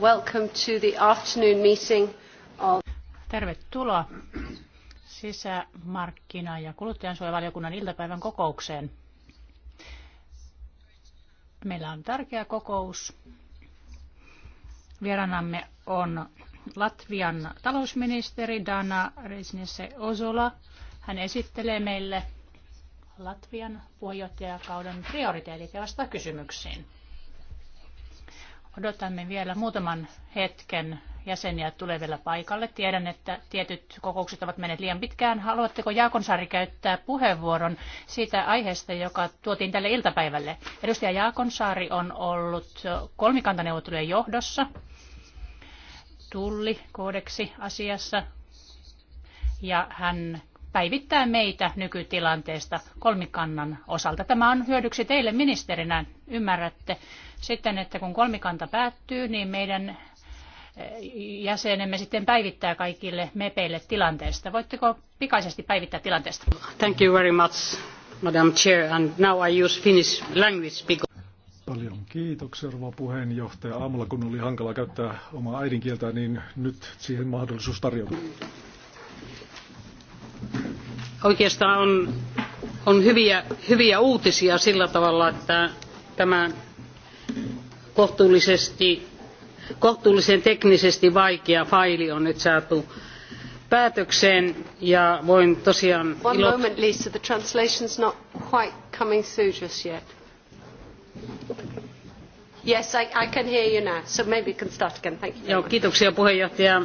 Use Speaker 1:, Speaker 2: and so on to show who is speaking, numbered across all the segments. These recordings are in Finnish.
Speaker 1: Welcome to the afternoon meeting of... Tervetuloa sisämarkkina- ja kuluttajansuojavaliokunnan iltapäivän kokoukseen. Meillä on tärkeä kokous. Vieraanamme on Latvian talousministeri Dana Resnese Ozola. Hän esittelee meille Latvian puheenjohtajakauden prioriteetit ja vastaa kysymyksiin. Odotamme vielä muutaman hetken jäseniä tulee vielä paikalle. Tiedän, että tietyt kokoukset ovat menneet liian pitkään. Haluatteko Jaakonsaari käyttää puheenvuoron siitä aiheesta, joka tuotiin tälle iltapäivälle? Edustaja Jaakonsaari on ollut kolmikantaneuvottelujen johdossa tulli koodeksi asiassa ja hän päivittää meitä nykytilanteesta kolmikannan osalta. Tämä on hyödyksi teille ministerinä, ymmärrätte sitten, että kun kolmikanta päättyy, niin meidän eh, jäsenemme sitten päivittää kaikille mepeille tilanteesta. Voitteko pikaisesti päivittää tilanteesta?
Speaker 2: Thank
Speaker 3: you very much, Madam Chair, and now
Speaker 2: I use Finnish language because... Paljon kiitoksia, rouva puheenjohtaja. Aamulla kun oli hankala käyttää omaa äidinkieltä, niin nyt siihen mahdollisuus tarjota.
Speaker 3: Oikeastaan on, on hyviä, hyviä uutisia sillä tavalla, että tämä kohtuullisesti, kohtuullisen teknisesti vaikea faili on nyt saatu päätökseen ja voin tosiaan One ilot... moment
Speaker 4: Lisa, the translation's not quite coming
Speaker 3: through just yet.
Speaker 4: Yes, I, I can hear you now, so maybe we can start again. Thank you. Joo, kiitoksia
Speaker 3: puheenjohtaja.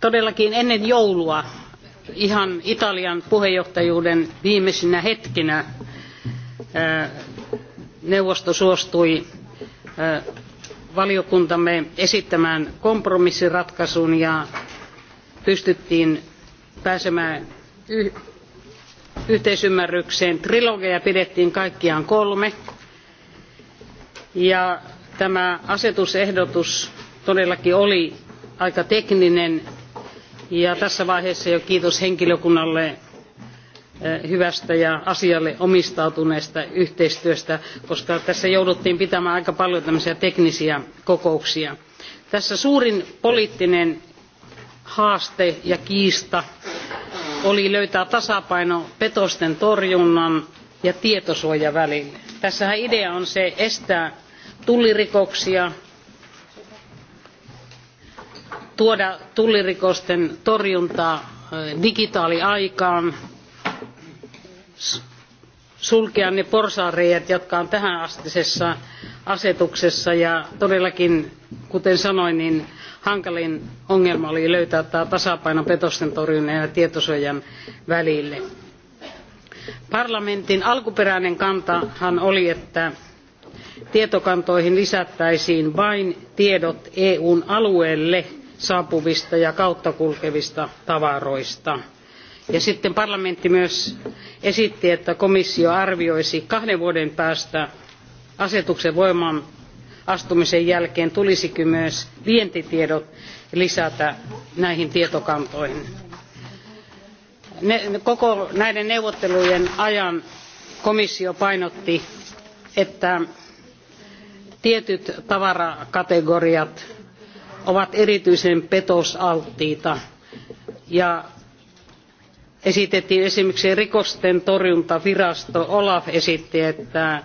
Speaker 3: Todellakin ennen joulua ihan Italian puheenjohtajuuden viimeisinä hetkinä neuvosto suostui valiokuntamme esittämään kompromissiratkaisuun ja pystyttiin pääsemään yhteisymmärrykseen. Trilogeja pidettiin kaikkiaan kolme. Ja tämä asetusehdotus todellakin oli aika tekninen ja tässä vaiheessa jo kiitos henkilökunnalle hyvästä ja asialle omistautuneesta yhteistyöstä, koska tässä jouduttiin pitämään aika paljon tämmöisiä teknisiä kokouksia. Tässä suurin poliittinen haaste ja kiista oli löytää tasapaino petosten torjunnan ja tietosuojan välille. Tässähän idea on se estää tullirikoksia, tuoda tullirikosten torjuntaa digitaaliaikaan sulkea ne porsaanreiät, jotka on tähän astisessa asetuksessa. Ja todellakin, kuten sanoin, niin hankalin ongelma oli löytää tämä tasapaino petosten torjunnan ja tietosuojan välille. Parlamentin alkuperäinen kantahan oli, että tietokantoihin lisättäisiin vain tiedot EUn alueelle saapuvista ja kautta kulkevista tavaroista ja sitten parlamentti myös esitti, että komissio arvioisi kahden vuoden päästä asetuksen voimaan astumisen jälkeen tulisikö myös vientitiedot lisätä näihin tietokantoihin. Ne, koko näiden neuvottelujen ajan komissio painotti, että tietyt tavarakategoriat ovat erityisen petosalttiita ja esitettiin esimerkiksi rikosten torjuntavirasto Olaf esitti, että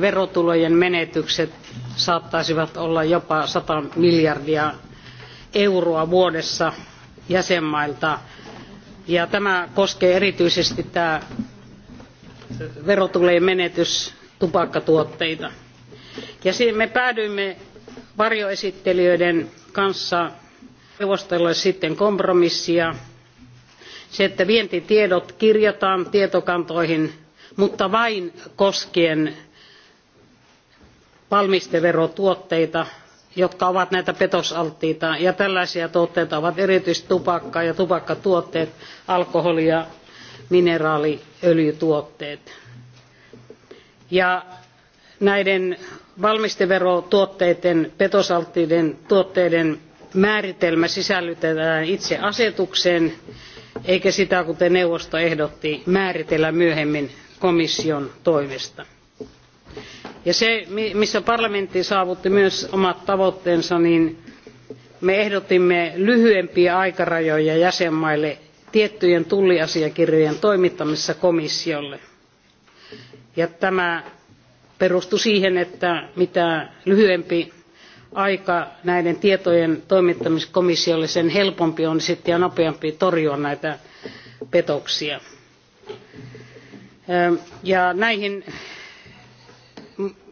Speaker 3: verotulojen menetykset saattaisivat olla jopa 100 miljardia euroa vuodessa jäsenmailta. Ja tämä koskee erityisesti tämä verotulojen menetys tupakkatuotteita. Ja me päädyimme varjoesittelijöiden kanssa neuvostolle sitten kompromissia se, että vientitiedot kirjataan tietokantoihin, mutta vain koskien valmisteverotuotteita, jotka ovat näitä petosalttiita. Ja tällaisia tuotteita ovat erityisesti tupakka ja tupakkatuotteet, alkoholi ja mineraaliöljytuotteet. Ja näiden valmisteverotuotteiden, petosalttiiden tuotteiden määritelmä sisällytetään itse asetukseen eikä sitä, kuten neuvosto ehdotti, määritellä myöhemmin komission toimesta. Ja se, missä parlamentti saavutti myös omat tavoitteensa, niin me ehdotimme lyhyempiä aikarajoja jäsenmaille tiettyjen tulliasiakirjojen toimittamisessa komissiolle. Ja tämä perustui siihen, että mitä lyhyempi aika näiden tietojen toimittamiskomissiolle, sen helpompi on sitten ja nopeampi torjua näitä petoksia. Ja näihin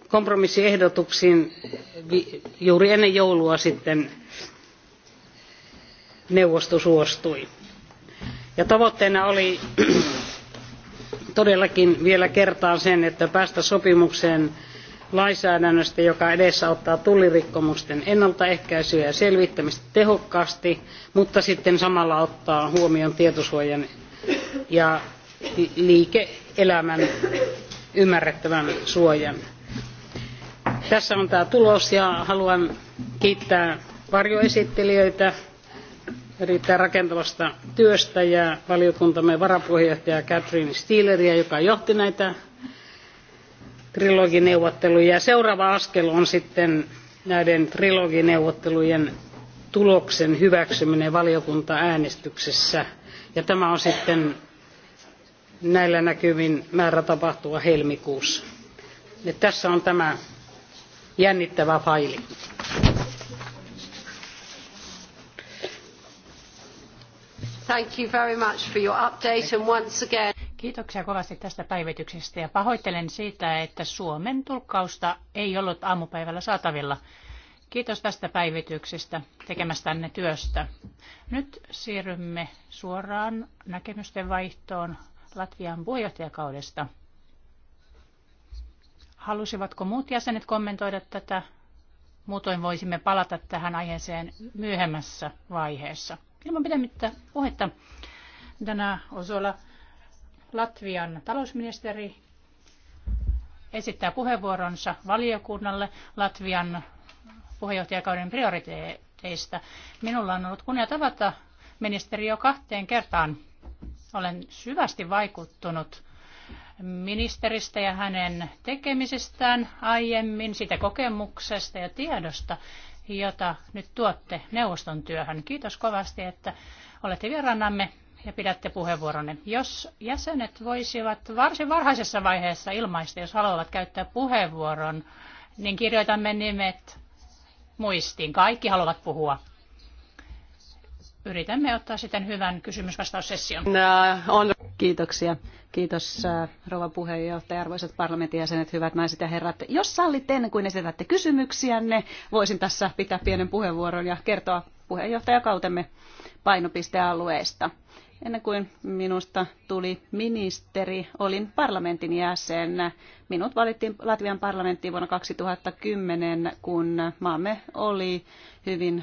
Speaker 3: kompromissiehdotuksiin juuri ennen joulua sitten neuvosto suostui. Ja tavoitteena oli todellakin vielä kertaan sen, että päästä sopimukseen lainsäädännöstä, joka edesauttaa tullirikkomusten ennaltaehkäisyä ja selvittämistä tehokkaasti, mutta sitten samalla ottaa huomioon tietosuojan ja liike-elämän ymmärrettävän suojan. Tässä on tämä tulos ja haluan kiittää varjoesittelijöitä erittäin rakentavasta työstä ja valiokuntamme varapuheenjohtaja Catherine Steeleria, joka johti näitä trilogineuvotteluja. Seuraava askel on sitten näiden trilogineuvottelujen tuloksen hyväksyminen valiokuntaäänestyksessä. Ja tämä on sitten näillä näkymin määrä tapahtua helmikuussa. Ja tässä on tämä jännittävä faili.
Speaker 1: Thank you very much for your update and once again Kiitoksia kovasti tästä päivityksestä ja pahoittelen siitä, että Suomen tulkkausta ei ollut aamupäivällä saatavilla. Kiitos tästä päivityksestä tekemästänne työstä. Nyt siirrymme suoraan näkemysten vaihtoon Latvian puheenjohtajakaudesta. Halusivatko muut jäsenet kommentoida tätä? Muutoin voisimme palata tähän aiheeseen myöhemmässä vaiheessa. Ilman pidemmittä puhetta Tänään Osola Latvian talousministeri esittää puheenvuoronsa valiokunnalle Latvian puheenjohtajakauden prioriteeteista. Minulla on ollut kunnia tavata ministeri jo kahteen kertaan. Olen syvästi vaikuttunut ministeristä ja hänen tekemisestään aiemmin, sitä kokemuksesta ja tiedosta, jota nyt tuotte neuvoston työhön. Kiitos kovasti, että olette vieraanamme ja pidätte puheenvuoronne. Jos jäsenet voisivat varsin varhaisessa vaiheessa ilmaista, jos haluavat käyttää puheenvuoron, niin kirjoitamme nimet muistiin. Kaikki haluavat puhua. Yritämme ottaa sitten hyvän kysymysvastaussession.
Speaker 5: on. Kiitoksia. Kiitos äh, rouva puheenjohtaja, arvoisat parlamentin jäsenet, hyvät naiset ja herrat. Jos sallitte ennen kuin esitätte kysymyksiänne, voisin tässä pitää pienen puheenvuoron ja kertoa puheenjohtajakautemme painopistealueesta. Ennen kuin minusta tuli ministeri, olin parlamentin jäsen. Minut valittiin Latvian parlamenttiin vuonna 2010, kun maamme oli hyvin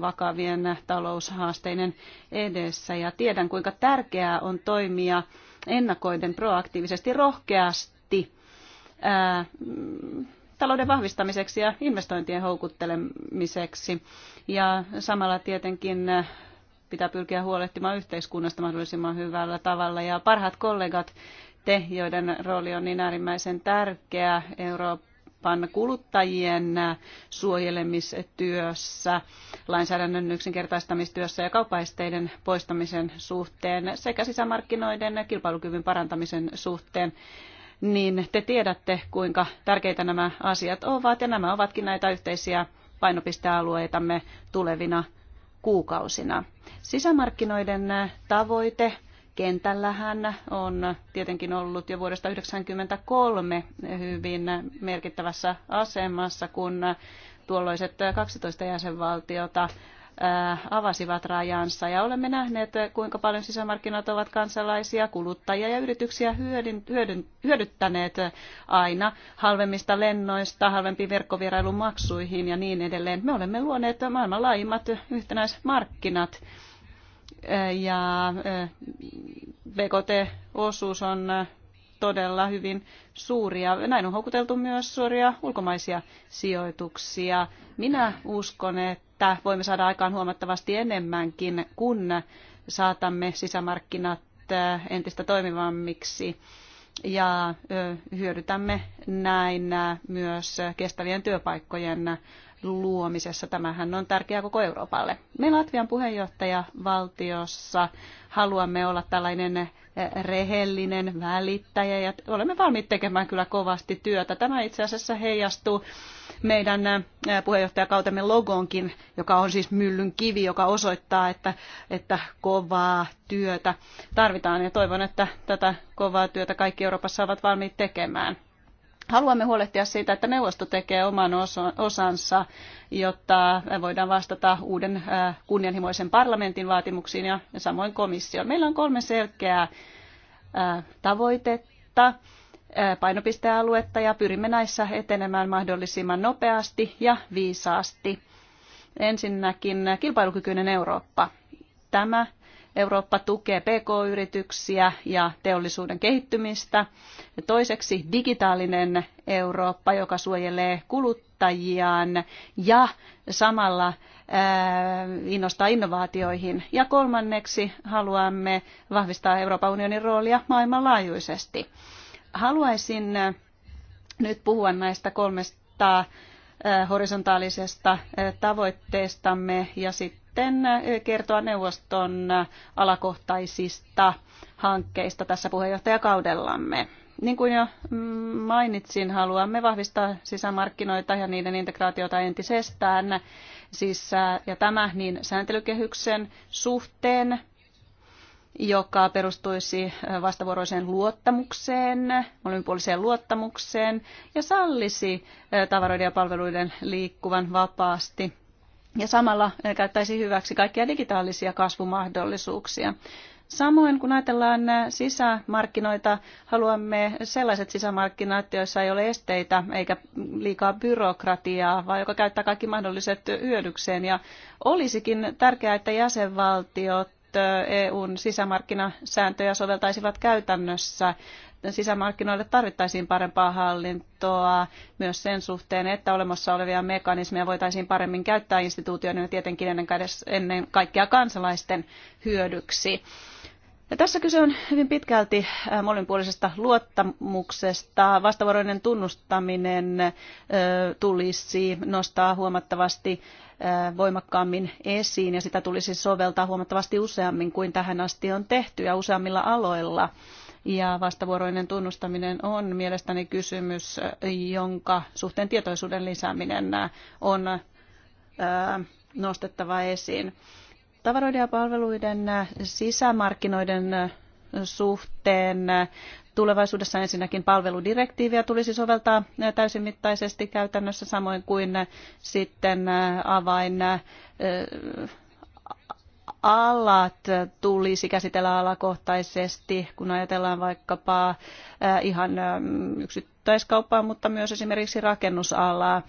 Speaker 5: vakavien taloushaasteiden edessä. Ja tiedän, kuinka tärkeää on toimia ennakoiden proaktiivisesti, rohkeasti ää, talouden vahvistamiseksi ja investointien houkuttelemiseksi. Ja samalla tietenkin pitää pyrkiä huolehtimaan yhteiskunnasta mahdollisimman hyvällä tavalla. Ja parhaat kollegat, te, joiden rooli on niin äärimmäisen tärkeä Euroopan kuluttajien suojelemistyössä, lainsäädännön yksinkertaistamistyössä ja kaupaisteiden poistamisen suhteen sekä sisämarkkinoiden kilpailukyvyn parantamisen suhteen niin te tiedätte, kuinka tärkeitä nämä asiat ovat, ja nämä ovatkin näitä yhteisiä painopistealueitamme tulevina kuukausina. Sisämarkkinoiden tavoite kentällähän on tietenkin ollut jo vuodesta 1993 hyvin merkittävässä asemassa, kun tuolloiset 12 jäsenvaltiota Äh, avasivat rajansa. Ja olemme nähneet, kuinka paljon sisämarkkinat ovat kansalaisia, kuluttajia ja yrityksiä hyödyttäneet aina halvemmista lennoista, halvempiin verkkovierailun maksuihin ja niin edelleen. Me olemme luoneet maailman laajimmat yhtenäismarkkinat. Äh, ja äh, BKT-osuus on todella hyvin suuria. Näin on houkuteltu myös suoria ulkomaisia sijoituksia. Minä uskon, että voimme saada aikaan huomattavasti enemmänkin, kun saatamme sisämarkkinat äh, entistä toimivammiksi ja hyödytämme näin äh, myös kestävien työpaikkojen luomisessa. Tämähän on tärkeää koko Euroopalle. Me Latvian puheenjohtajavaltiossa haluamme olla tällainen rehellinen välittäjä ja olemme valmiit tekemään kyllä kovasti työtä. Tämä itse asiassa heijastuu meidän äh, puheenjohtajakautemme logonkin, joka on siis myllyn kivi, joka osoittaa, että, että kovaa työtä tarvitaan ja toivon, että tätä kovaa työtä kaikki Euroopassa ovat valmiit tekemään. Haluamme huolehtia siitä, että neuvosto tekee oman osansa, jotta voidaan vastata uuden kunnianhimoisen parlamentin vaatimuksiin ja samoin komission. Meillä on kolme selkeää tavoitetta painopistealuetta ja pyrimme näissä etenemään mahdollisimman nopeasti ja viisaasti. Ensinnäkin kilpailukykyinen Eurooppa. Tämä Eurooppa tukee PK-yrityksiä ja teollisuuden kehittymistä. Ja toiseksi digitaalinen Eurooppa, joka suojelee kuluttajiaan ja samalla innostaa innovaatioihin. Ja kolmanneksi haluamme vahvistaa Euroopan unionin roolia maailmanlaajuisesti. Haluaisin nyt puhua näistä kolmesta horisontaalisesta tavoitteestamme ja sitten sitten eh, kertoa neuvoston alakohtaisista hankkeista tässä puheenjohtajakaudellamme. Niin kuin jo mm, mainitsin, haluamme vahvistaa sisämarkkinoita ja niiden integraatiota entisestään. Siis, ja tämä niin sääntelykehyksen suhteen, joka perustuisi eh, vastavuoroiseen luottamukseen, molemminpuoliseen luottamukseen ja sallisi eh, tavaroiden ja palveluiden liikkuvan vapaasti ja samalla eh, käyttäisi hyväksi kaikkia digitaalisia kasvumahdollisuuksia. Samoin kun ajatellaan eh, sisämarkkinoita, haluamme sellaiset sisämarkkinat, joissa ei ole esteitä eikä liikaa byrokratiaa, vaan joka käyttää kaikki mahdolliset hyödykseen. Ja olisikin tärkeää, että jäsenvaltiot EUn eh, e sisämarkkinasääntöjä soveltaisivat käytännössä sisämarkkinoille tarvittaisiin parempaa hallintoa myös sen suhteen, että olemassa olevia mekanismeja voitaisiin paremmin käyttää instituutioiden ja tietenkin ennen kaikkea kansalaisten hyödyksi. Ja tässä kyse on hyvin pitkälti äh, molinpuolisesta luottamuksesta. Vastavuoroinen tunnustaminen äh, tulisi nostaa huomattavasti voimakkaammin esiin ja sitä tulisi soveltaa huomattavasti useammin kuin tähän asti on tehty ja useammilla aloilla. Ja vastavuoroinen tunnustaminen on mielestäni kysymys, jonka suhteen tietoisuuden lisääminen on nostettava esiin. Tavaroiden ja palveluiden sisämarkkinoiden suhteen Tulevaisuudessa ensinnäkin palveludirektiiviä tulisi soveltaa täysimittaisesti käytännössä samoin kuin sitten avain alat tulisi käsitellä alakohtaisesti, kun ajatellaan vaikkapa ihan yksittäiskauppaa, mutta myös esimerkiksi rakennusalaa.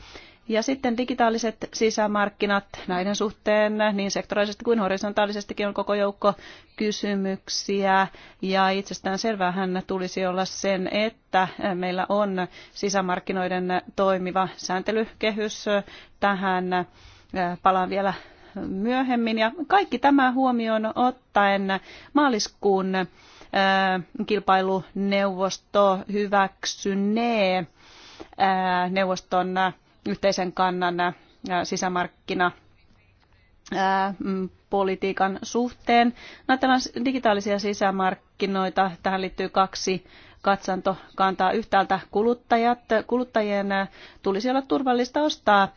Speaker 5: Ja sitten digitaaliset sisämarkkinat näiden suhteen niin sektoraalisesti kuin horisontaalisestikin on koko joukko kysymyksiä. Ja itsestään selvähän tulisi olla sen, että meillä on sisämarkkinoiden toimiva sääntelykehys tähän. Palaan vielä myöhemmin. Ja kaikki tämä huomioon ottaen maaliskuun kilpailuneuvosto hyväksynee neuvoston yhteisen kannan sisämarkkina mm, politiikan suhteen. Ajatellaan no, digitaalisia sisämarkkinoita. Tähän liittyy kaksi katsantokantaa. yhtäältä kuluttajat. Kuluttajien tulisi olla turvallista ostaa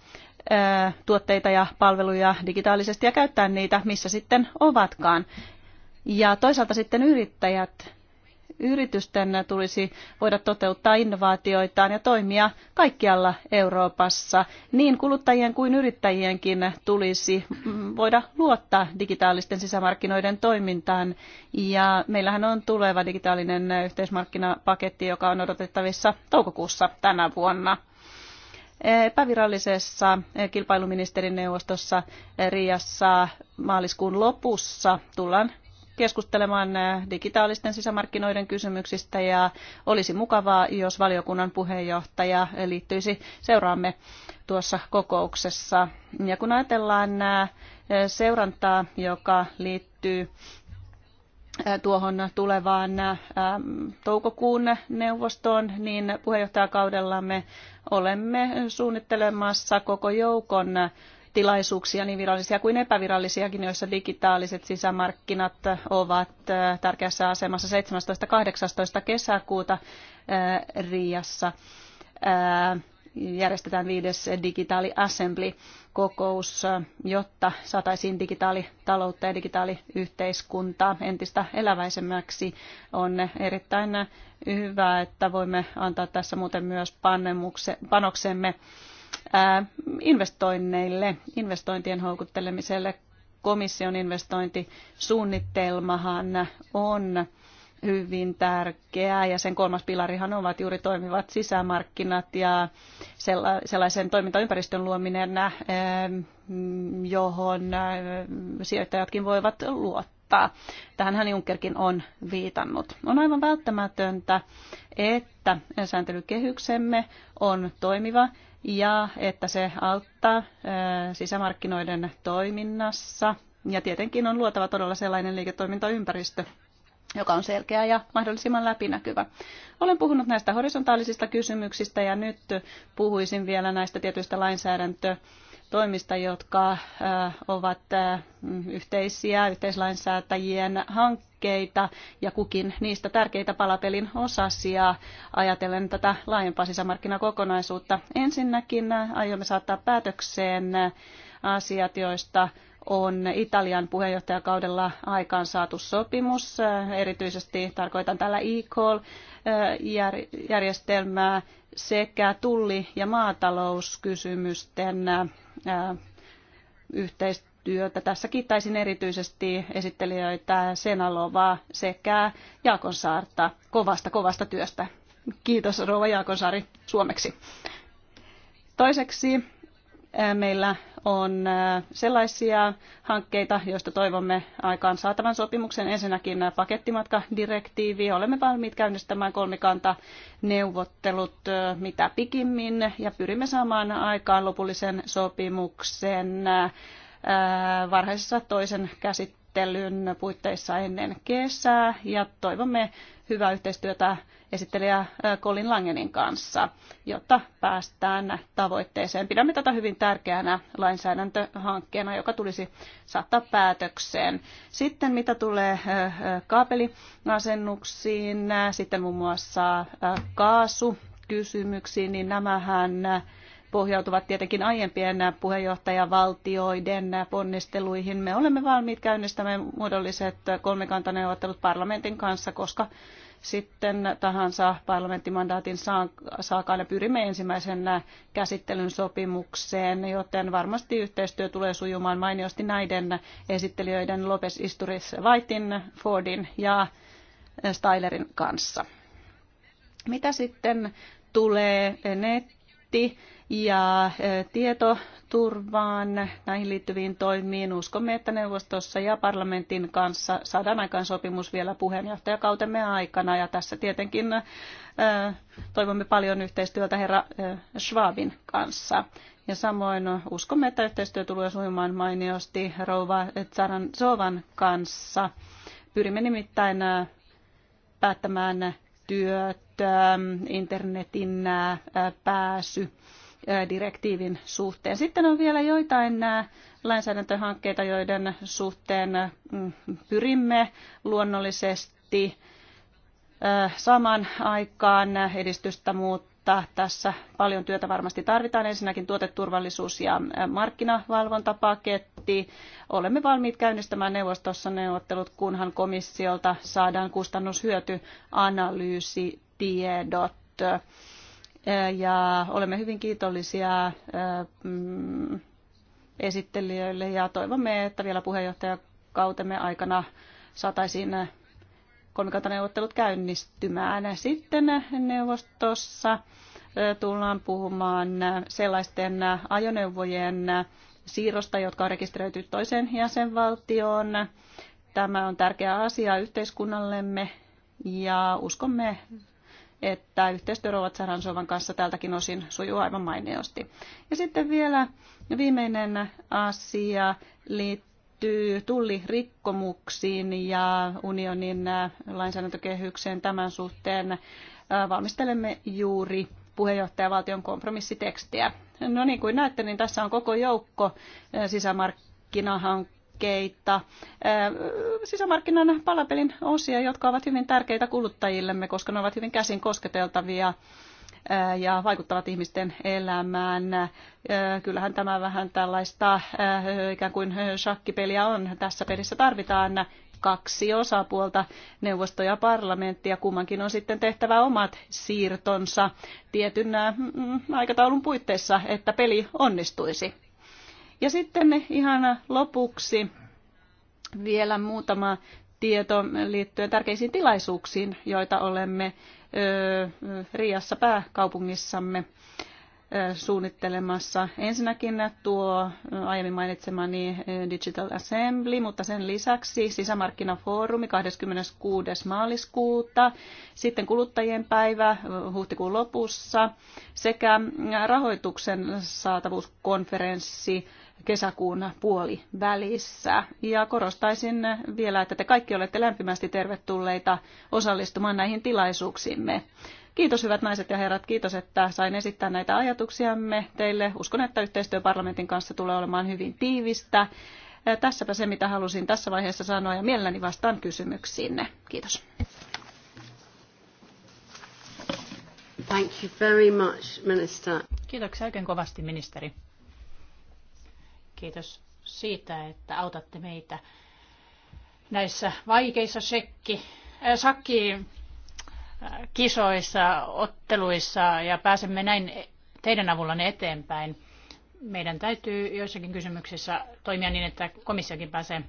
Speaker 5: tuotteita ja palveluja digitaalisesti ja käyttää niitä, missä sitten ovatkaan. Ja toisaalta sitten yrittäjät yritysten tulisi voida toteuttaa innovaatioitaan ja toimia kaikkialla Euroopassa. Niin kuluttajien kuin yrittäjienkin tulisi voida luottaa digitaalisten sisämarkkinoiden toimintaan. Ja meillähän on tuleva digitaalinen yhteismarkkinapaketti, joka on odotettavissa toukokuussa tänä vuonna epävirallisessa kilpailuministerineuvostossa Riassa maaliskuun lopussa tullaan keskustelemaan äh, digitaalisten sisämarkkinoiden kysymyksistä ja olisi mukavaa, jos valiokunnan puheenjohtaja liittyisi seuraamme tuossa kokouksessa. Ja kun ajatellaan äh, seurantaa, joka liittyy äh, tuohon tulevaan toukokuun neuvostoon, niin puheenjohtajakaudellamme olemme suunnittelemassa koko joukon tilaisuuksia, niin virallisia kuin epävirallisiakin, joissa digitaaliset sisämarkkinat ovat äh, tärkeässä asemassa 17.–18. kesäkuuta äh, Riassa äh, järjestetään viides digitaali assembly kokous, jotta saataisiin digitaalitaloutta ja digitaaliyhteiskuntaa entistä eläväisemmäksi. On erittäin hyvä, että voimme antaa tässä muuten myös panoksemme investoinneille, investointien houkuttelemiselle. Komission investointisuunnitelmahan on hyvin tärkeää ja sen kolmas pilarihan ovat juuri toimivat sisämarkkinat ja sellaisen toimintaympäristön luominen, johon sijoittajatkin voivat luottaa. Tähänhän Junckerkin on viitannut. On aivan välttämätöntä, että sääntelykehyksemme on toimiva ja että se auttaa sisämarkkinoiden toiminnassa. Ja tietenkin on luotava todella sellainen liiketoimintaympäristö, joka on selkeä ja mahdollisimman läpinäkyvä. Olen puhunut näistä horisontaalisista kysymyksistä ja nyt puhuisin vielä näistä tietyistä lainsäädäntöä toimista, jotka äh, ovat äh, yhteisiä yhteislainsäätäjien hankkeita ja kukin niistä tärkeitä palapelin osasia ajatellen tätä laajempaa sisämarkkinakokonaisuutta. Ensinnäkin äh, aiomme saattaa päätökseen asiat, joista on Italian puheenjohtajakaudella aikaan saatu sopimus. Erityisesti tarkoitan tällä e-call-järjestelmää eh, sekä tulli- ja maatalouskysymysten eh, yhteistyötä. Tässä kiittäisin erityisesti esittelijöitä Senalovaa sekä Jaakonsaarta kovasta kovasta työstä. Kiitos Rouva Jaakonsaari suomeksi. Toiseksi meillä on sellaisia hankkeita, joista toivomme aikaan saatavan sopimuksen. Ensinnäkin pakettimatkadirektiivi. Olemme valmiit käynnistämään kolmikanta neuvottelut mitä pikimmin ja pyrimme saamaan aikaan lopullisen sopimuksen varhaisessa toisen käsittelyssä esittelyn puitteissa ennen kesää ja toivomme hyvää yhteistyötä esittelijä Colin Langenin kanssa, jotta päästään tavoitteeseen. Pidämme tätä hyvin tärkeänä lainsäädäntöhankkeena, joka tulisi saattaa päätökseen. Sitten mitä tulee kaapeliasennuksiin, sitten muun muassa kaasukysymyksiin, kysymyksiin, niin nämähän pohjautuvat tietenkin aiempien puheenjohtajavaltioiden ponnisteluihin. Me olemme valmiit käynnistämään muodolliset kolmikantaneuvottelut parlamentin kanssa, koska sitten tahansa parlamenttimandaatin saakaan ja pyrimme ensimmäisen käsittelyn sopimukseen, joten varmasti yhteistyö tulee sujumaan mainiosti näiden esittelijöiden Lopes Isturis Vaitin, Fordin ja Stylerin kanssa. Mitä sitten tulee netti ja e, tietoturvaan näihin liittyviin toimiin. Uskomme, että neuvostossa ja parlamentin kanssa saadaan aikaan sopimus vielä puheenjohtajakautemme aikana. Ja tässä tietenkin e, toivomme paljon yhteistyötä herra e, Schwabin kanssa. Ja samoin uskomme, että yhteistyö tulee sujumaan mainiosti rouva Tsaran Zovan kanssa. Pyrimme nimittäin päättämään työt, internetin pääsy direktiivin suhteen. Sitten on vielä joitain nämä lainsäädäntöhankkeita, joiden suhteen mm, pyrimme luonnollisesti saman aikaan edistystä, mutta tässä paljon työtä varmasti tarvitaan. Ensinnäkin tuoteturvallisuus- ja markkinavalvontapaketti. Olemme valmiit käynnistämään neuvostossa neuvottelut, kunhan komissiolta saadaan kustannushyötyanalyysitiedot. tiedot ja olemme hyvin kiitollisia mm, esittelijöille ja toivomme, että vielä puheenjohtajakautemme aikana saataisiin kolmikantaneuvottelut käynnistymään. Sitten neuvostossa tullaan puhumaan sellaisten ajoneuvojen siirrosta, jotka on rekisteröity toiseen jäsenvaltioon. Tämä on tärkeä asia yhteiskunnallemme ja uskomme että yhteistyö Rovat Saransovan kanssa tältäkin osin sujuu aivan mainiosti. Ja sitten vielä viimeinen asia liittyy tullirikkomuksiin ja unionin lainsäädäntökehykseen tämän suhteen. Äh, valmistelemme juuri puheenjohtajavaltion kompromissitekstiä. No niin kuin näette, niin tässä on koko joukko äh, sisämarkkinahankkeita oikeita sisämarkkinan palapelin osia, jotka ovat hyvin tärkeitä kuluttajillemme, koska ne ovat hyvin käsin kosketeltavia ja vaikuttavat ihmisten elämään. Kyllähän tämä vähän tällaista ikään kuin shakkipeliä on. Tässä pelissä tarvitaan kaksi osapuolta, neuvosto ja parlamentti, ja kummankin on sitten tehtävä omat siirtonsa tietyn mm, aikataulun puitteissa, että peli onnistuisi. Ja sitten ihan lopuksi vielä muutama tieto liittyen tärkeisiin tilaisuuksiin, joita olemme Riassa pääkaupungissamme suunnittelemassa. Ensinnäkin tuo aiemmin mainitsemani Digital Assembly, mutta sen lisäksi sisämarkkinafoorumi 26. maaliskuuta, sitten kuluttajien päivä huhtikuun lopussa sekä mm, rahoituksen saatavuuskonferenssi kesäkuun puoli Ja korostaisin vielä, että te kaikki olette lämpimästi tervetulleita osallistumaan näihin tilaisuuksiimme. Kiitos hyvät naiset ja herrat, kiitos, että sain esittää näitä ajatuksiamme teille. Uskon, että yhteistyö parlamentin kanssa tulee olemaan hyvin tiivistä. Äh, tässäpä se, mitä halusin tässä vaiheessa sanoa ja mielelläni vastaan kysymyksiinne. Kiitos.
Speaker 4: Thank you very much, minister.
Speaker 1: Kiitoksia oikein kovasti, ministeri. Kiitos siitä, että autatte meitä näissä vaikeissa shekki, äh, sakki äh, kisoissa, otteluissa ja pääsemme näin teidän avullanne eteenpäin. Meidän täytyy joissakin kysymyksissä toimia niin, että komissiokin pääsee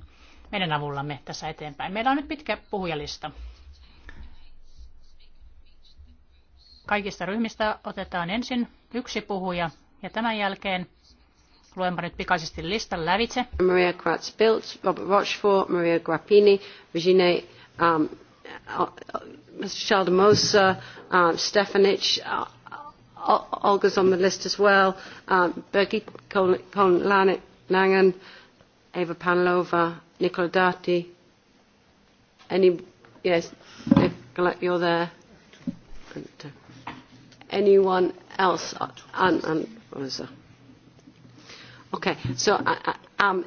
Speaker 1: meidän avullamme tässä eteenpäin. Meillä on nyt pitkä puhujalista. Kaikista ryhmistä otetaan ensin yksi puhuja ja tämän jälkeen Luenpa nyt pikaisesti listan lävitse.
Speaker 4: Maria Kratz-Bilt, Robert Rochefort, Maria Grappini, Virginie um, uh, Shaldemosa, um, Stefanic, uh, Olga's on the list as well, um, Birgit Kohn-Langen, Eva Panlova, Nicola Dati. Any, yes, Nicola, you're there. Anyone else? Anne, uh, Anne, uh, Okay, so uh, uh, um,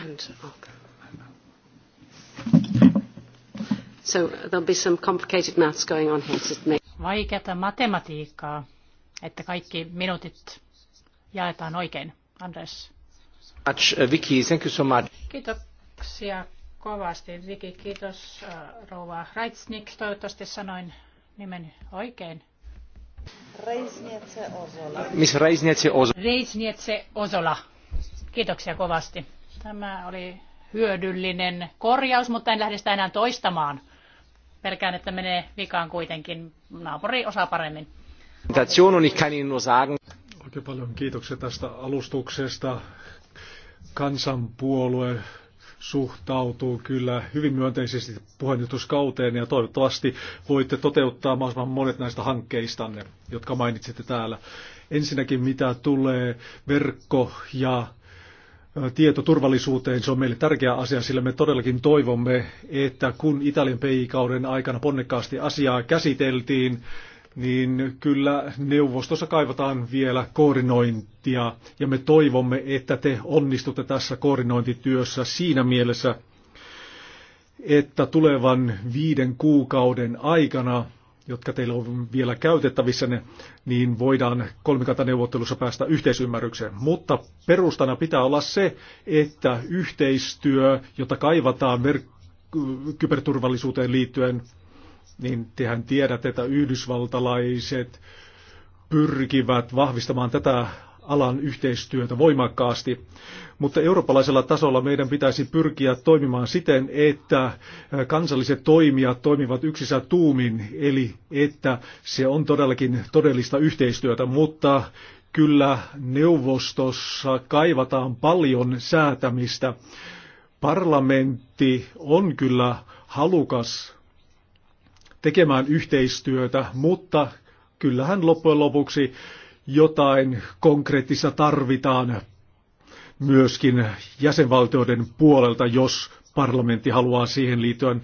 Speaker 4: and okay. so there'll be some complicated maths going on here.
Speaker 1: Vaikeata matematiikkaa, että kaikki minuutit jaetaan oikein. Andres.
Speaker 2: Much, uh, Vicky, thank you so much.
Speaker 1: Kiitoksia kovasti. Viki, kiitos uh, rouva Reitsnik. Toivottavasti sanoin nimen oikein. Reisnietse Miss Reisnietse Ozola. Reisnietse Ozola. Kiitoksia kovasti. Tämä oli hyödyllinen korjaus, mutta en lähde sitä enää toistamaan. Pelkään, että menee vikaan kuitenkin. Naapuri osaa paremmin.
Speaker 2: Oikein paljon kiitoksia tästä alustuksesta. Kansanpuolue suhtautuu kyllä hyvin myönteisesti puheenjohtajuuskauteen ja toivottavasti voitte toteuttaa mahdollisimman monet näistä hankkeistanne, jotka mainitsitte täällä. Ensinnäkin mitä tulee verkko- ja tietoturvallisuuteen, se on meille tärkeä asia, sillä me todellakin toivomme, että kun Italian PI-kauden aikana ponnekkaasti asiaa käsiteltiin, niin kyllä neuvostossa kaivataan vielä koordinointia ja me toivomme, että te onnistutte tässä koordinointityössä siinä mielessä, että tulevan viiden kuukauden aikana, jotka teillä on vielä käytettävissä, niin voidaan kolmikantaneuvottelussa päästä yhteisymmärrykseen. Mutta perustana pitää olla se, että yhteistyö, jota kaivataan verkkoon, kyberturvallisuuteen liittyen niin tehän tiedät, että yhdysvaltalaiset pyrkivät vahvistamaan tätä alan yhteistyötä voimakkaasti. Mutta eurooppalaisella tasolla meidän pitäisi pyrkiä toimimaan siten, että kansalliset toimijat toimivat yksissä tuumin, eli että se on todellakin todellista yhteistyötä, mutta kyllä neuvostossa kaivataan paljon säätämistä. Parlamentti on kyllä halukas tekemään yhteistyötä, mutta kyllähän loppujen lopuksi jotain konkreettista tarvitaan myöskin jäsenvaltioiden puolelta, jos parlamentti haluaa siihen liittyen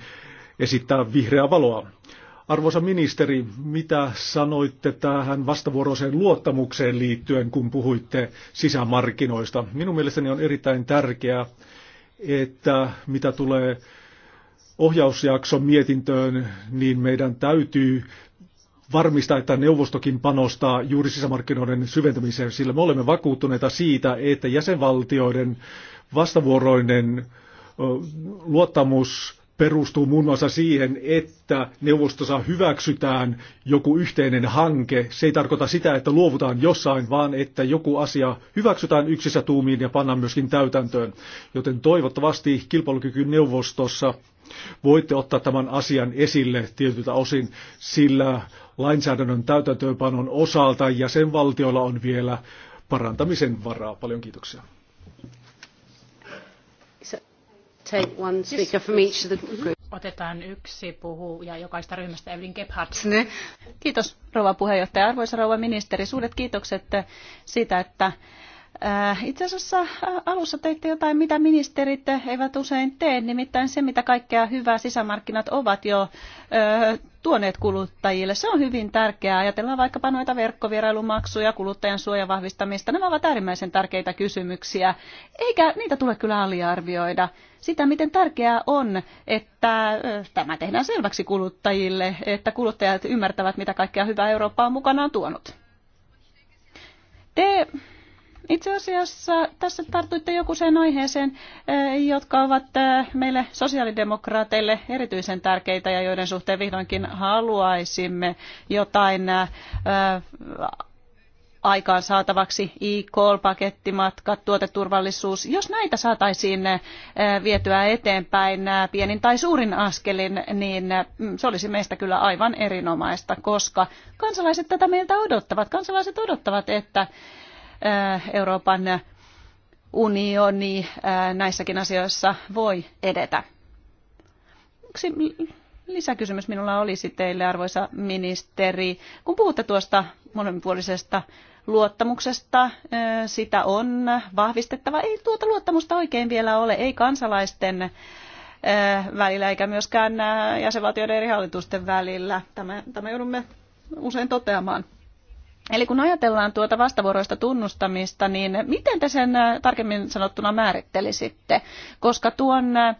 Speaker 2: esittää vihreää valoa. Arvoisa ministeri, mitä sanoitte tähän vastavuoroiseen luottamukseen liittyen, kun puhuitte sisämarkkinoista? Minun mielestäni on erittäin tärkeää, että mitä tulee ohjausjakson mietintöön, niin meidän täytyy varmistaa, että neuvostokin panostaa juuri sisämarkkinoiden syventämiseen, sillä me olemme vakuuttuneita siitä, että jäsenvaltioiden vastavuoroinen luottamus perustuu muun muassa siihen, että neuvostossa hyväksytään joku yhteinen hanke. Se ei tarkoita sitä, että luovutaan jossain, vaan että joku asia hyväksytään yksissä tuumiin ja pannaan myöskin täytäntöön. Joten toivottavasti kilpailukyky kilpailukyky-neuvostossa voitte ottaa tämän asian esille tietyltä osin, sillä lainsäädännön täytäntöönpanon osalta jäsenvaltioilla on vielä parantamisen varaa. Paljon kiitoksia
Speaker 1: take one speaker from each of the mm-hmm. group. Otetaan yksi puhuja
Speaker 5: jokaista ryhmästä, Evelyn Gebhardt. Kiitos rouva puheenjohtaja. Arvoisa rouva ministeri, suuret kiitokset siitä, että Äh, itse asiassa äh, alussa teitte jotain, mitä ministerit eivät usein tee, nimittäin se, mitä kaikkea hyvää sisämarkkinat ovat jo äh, tuoneet kuluttajille. Se on hyvin tärkeää. Ajatellaan vaikkapa noita verkkovierailumaksuja, kuluttajan suojan vahvistamista. Nämä ovat äärimmäisen tärkeitä kysymyksiä, eikä niitä tule kyllä aliarvioida. Sitä, miten tärkeää on, että tämä tehdään selväksi kuluttajille, että kuluttajat ymmärtävät, mitä kaikkea hyvää Eurooppa on mukanaan tuonut. Te itse asiassa tässä tartuitte joku sen aiheeseen, eh, jotka ovat eh, meille sosiaalidemokraateille erityisen tärkeitä ja joiden suhteen vihdoinkin haluaisimme jotain eh, aikaan saatavaksi e-call-pakettimatkat, tuoteturvallisuus. Jos näitä saataisiin vietyä eteenpäin pienin tai suurin askelin, niin mm, se olisi meistä kyllä aivan erinomaista, koska kansalaiset tätä meiltä odottavat. Kansalaiset odottavat, että Eh, Euroopan unioni eh, näissäkin asioissa voi edetä. Yksi lisäkysymys minulla olisi teille, arvoisa ministeri. Kun puhutte tuosta molemminpuolisesta luottamuksesta, eh, sitä on vahvistettava. Ei tuota luottamusta oikein vielä ole, ei kansalaisten välillä eikä myöskään jäsenvaltioiden eri hallitusten välillä. Tämä, tämä joudumme usein toteamaan. Eli kun ajatellaan tuota vastavuoroista tunnustamista, niin miten te sen äh, tarkemmin sanottuna määrittelisitte? Koska tuon äh,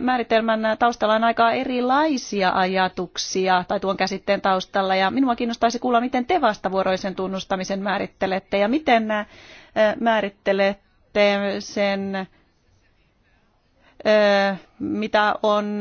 Speaker 5: määritelmän taustalla on aika erilaisia ajatuksia tai tuon käsitteen taustalla. Ja minua kiinnostaisi kuulla, miten te vastavuoroisen tunnustamisen määrittelette ja miten äh, määrittelette sen mitä on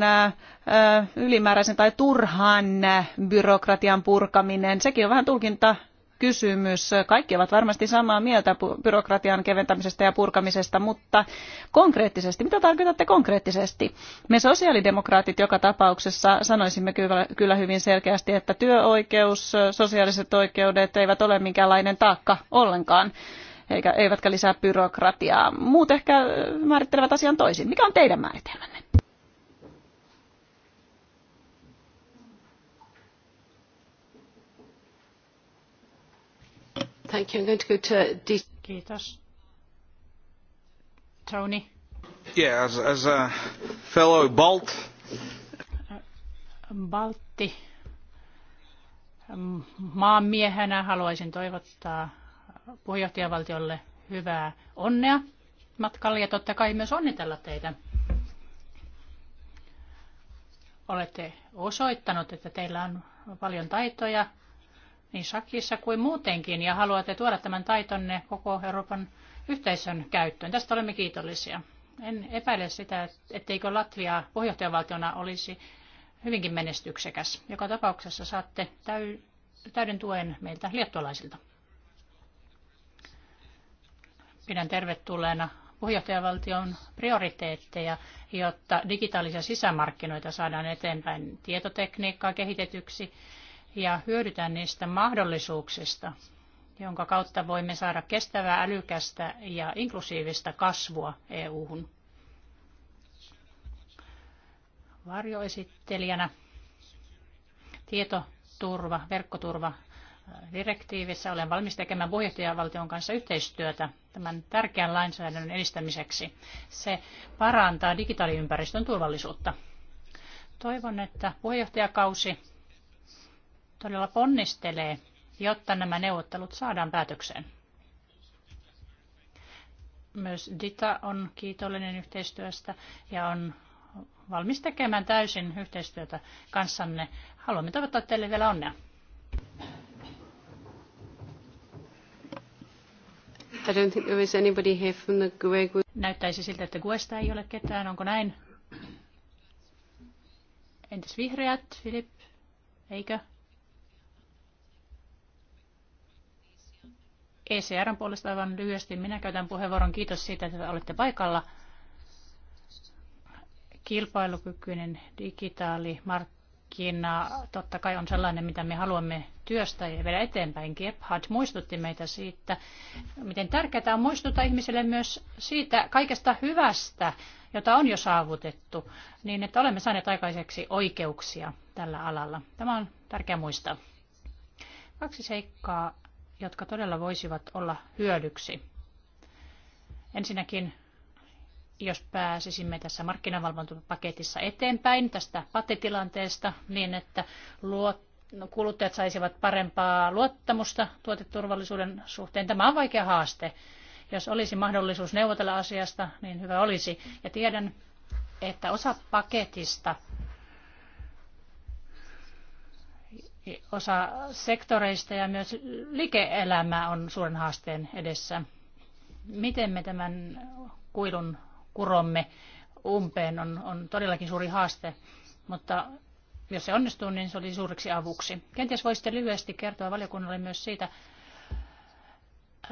Speaker 5: ylimääräisen tai turhan byrokratian purkaminen. Sekin on vähän tulkinta kysymys. Kaikki ovat varmasti samaa mieltä byrokratian keventämisestä ja purkamisesta, mutta konkreettisesti, mitä tarkoitatte konkreettisesti? Me sosiaalidemokraatit joka tapauksessa sanoisimme kyllä hyvin selkeästi, että työoikeus, sosiaaliset oikeudet eivät ole minkäänlainen taakka ollenkaan eikä, eivätkä lisää byrokratiaa. Muut ehkä määrittelevät asian toisin. Mikä on teidän määritelmänne?
Speaker 1: Kiitos. Tony.
Speaker 2: Äh,
Speaker 1: Baltti. Ähm, maanmiehenä haluaisin toivottaa puheenjohtajavaltiolle hyvää onnea matkalle ja totta kai myös onnitella teitä. Olette osoittanut, että teillä on paljon taitoja niin Shakissa kuin muutenkin ja haluatte tuoda tämän taitonne koko Euroopan yhteisön käyttöön. Tästä olemme kiitollisia. En epäile sitä, etteikö Latvia puheenjohtajavaltiona olisi hyvinkin menestyksekäs. Joka tapauksessa saatte täy- täyden tuen meiltä liettualaisilta. Pidän tervetulleena puheenjohtajavaltion prioriteetteja, jotta digitaalisia sisämarkkinoita saadaan eteenpäin tietotekniikkaa kehitetyksi ja hyödytä niistä mahdollisuuksista, jonka kautta voimme saada kestävää, älykästä ja inklusiivista kasvua EU-hun. Varjoesittelijänä tietoturva, verkkoturva direktiivissä olen valmis tekemään puheenjohtajavaltion kanssa yhteistyötä tämän tärkeän lainsäädännön edistämiseksi. Se parantaa digitaaliympäristön turvallisuutta. Toivon, että puheenjohtajakausi todella ponnistelee, jotta nämä neuvottelut saadaan päätökseen. Myös Dita on kiitollinen yhteistyöstä ja on valmis tekemään täysin yhteistyötä kanssanne. Haluamme toivottaa teille vielä onnea. I don't think there is anybody here from the GUE Näyttäisi siltä, että GUEsta ei ole ketään. Onko näin? Entäs vihreät, Filip? Eikö? ECRn puolesta aivan lyhyesti. Minä käytän puheenvuoron. Kiitos siitä, että olette paikalla. Kilpailukykyinen digitaali markkina totta kai on sellainen, mitä me haluamme työstä ja vielä eteenpäin. Gebhard muistutti meitä siitä, miten tärkeää on muistuttaa ihmisille myös siitä kaikesta hyvästä, jota on jo saavutettu, niin että olemme saaneet aikaiseksi oikeuksia tällä alalla. Tämä on tärkeää muistaa. Kaksi seikkaa jotka todella voisivat olla hyödyksi. Ensinnäkin, jos pääsisimme tässä markkinavalvontapaketissa eteenpäin tästä patetilanteesta niin, että luot, kuluttajat saisivat parempaa luottamusta tuoteturvallisuuden suhteen. Tämä on vaikea haaste. Jos olisi mahdollisuus neuvotella asiasta, niin hyvä olisi. Ja tiedän, että osa paketista Osa sektoreista ja myös liike-elämä on suuren haasteen edessä. Miten me tämän kuilun kuromme umpeen on, on todellakin suuri haaste, mutta jos se onnistuu, niin se oli suureksi avuksi. Kenties voisitte lyhyesti kertoa valiokunnalle myös siitä,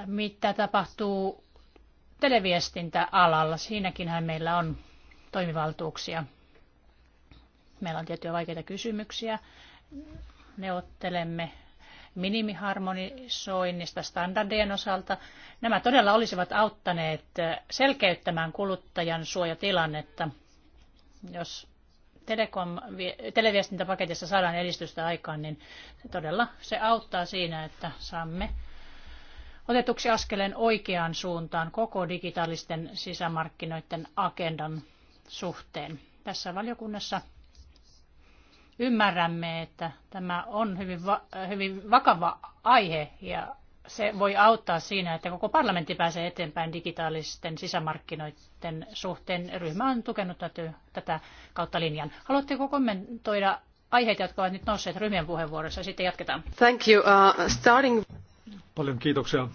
Speaker 1: mitä tapahtuu televiestintäalalla. Siinäkinhän meillä on toimivaltuuksia. Meillä on tiettyjä vaikeita kysymyksiä neuvottelemme minimiharmonisoinnista standardien osalta. Nämä todella olisivat auttaneet selkeyttämään kuluttajan suojatilannetta, jos telekom, televiestintäpaketissa saadaan edistystä aikaan, niin todella se auttaa siinä, että saamme otetuksi askeleen oikeaan suuntaan koko digitaalisten sisämarkkinoiden agendan suhteen. Tässä valiokunnassa Ymmärrämme, että tämä on hyvin, va- hyvin vakava aihe ja se voi auttaa siinä, että koko parlamentti pääsee eteenpäin digitaalisten sisämarkkinoiden suhteen. Ryhmä on tukenut tätä kautta linjan. Haluatteko kommentoida aiheita, jotka ovat nyt nousseet ryhmien puheenvuorossa? Sitten jatketaan.
Speaker 2: Thank you. Uh, starting... Paljon kiitoksia.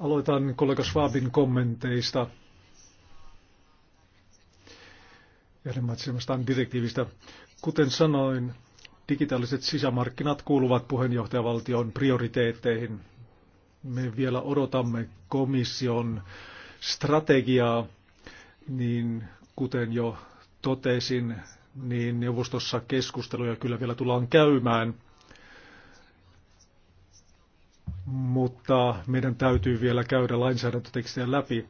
Speaker 2: Aloitan kollega Schwabin kommenteista ja direktiivistä. Kuten sanoin, digitaaliset sisämarkkinat kuuluvat puheenjohtajavaltion prioriteetteihin. Me vielä odotamme komission strategiaa, niin kuten jo totesin, niin neuvostossa keskusteluja kyllä vielä tullaan käymään. Mutta meidän täytyy vielä käydä lainsäädäntötekstejä läpi.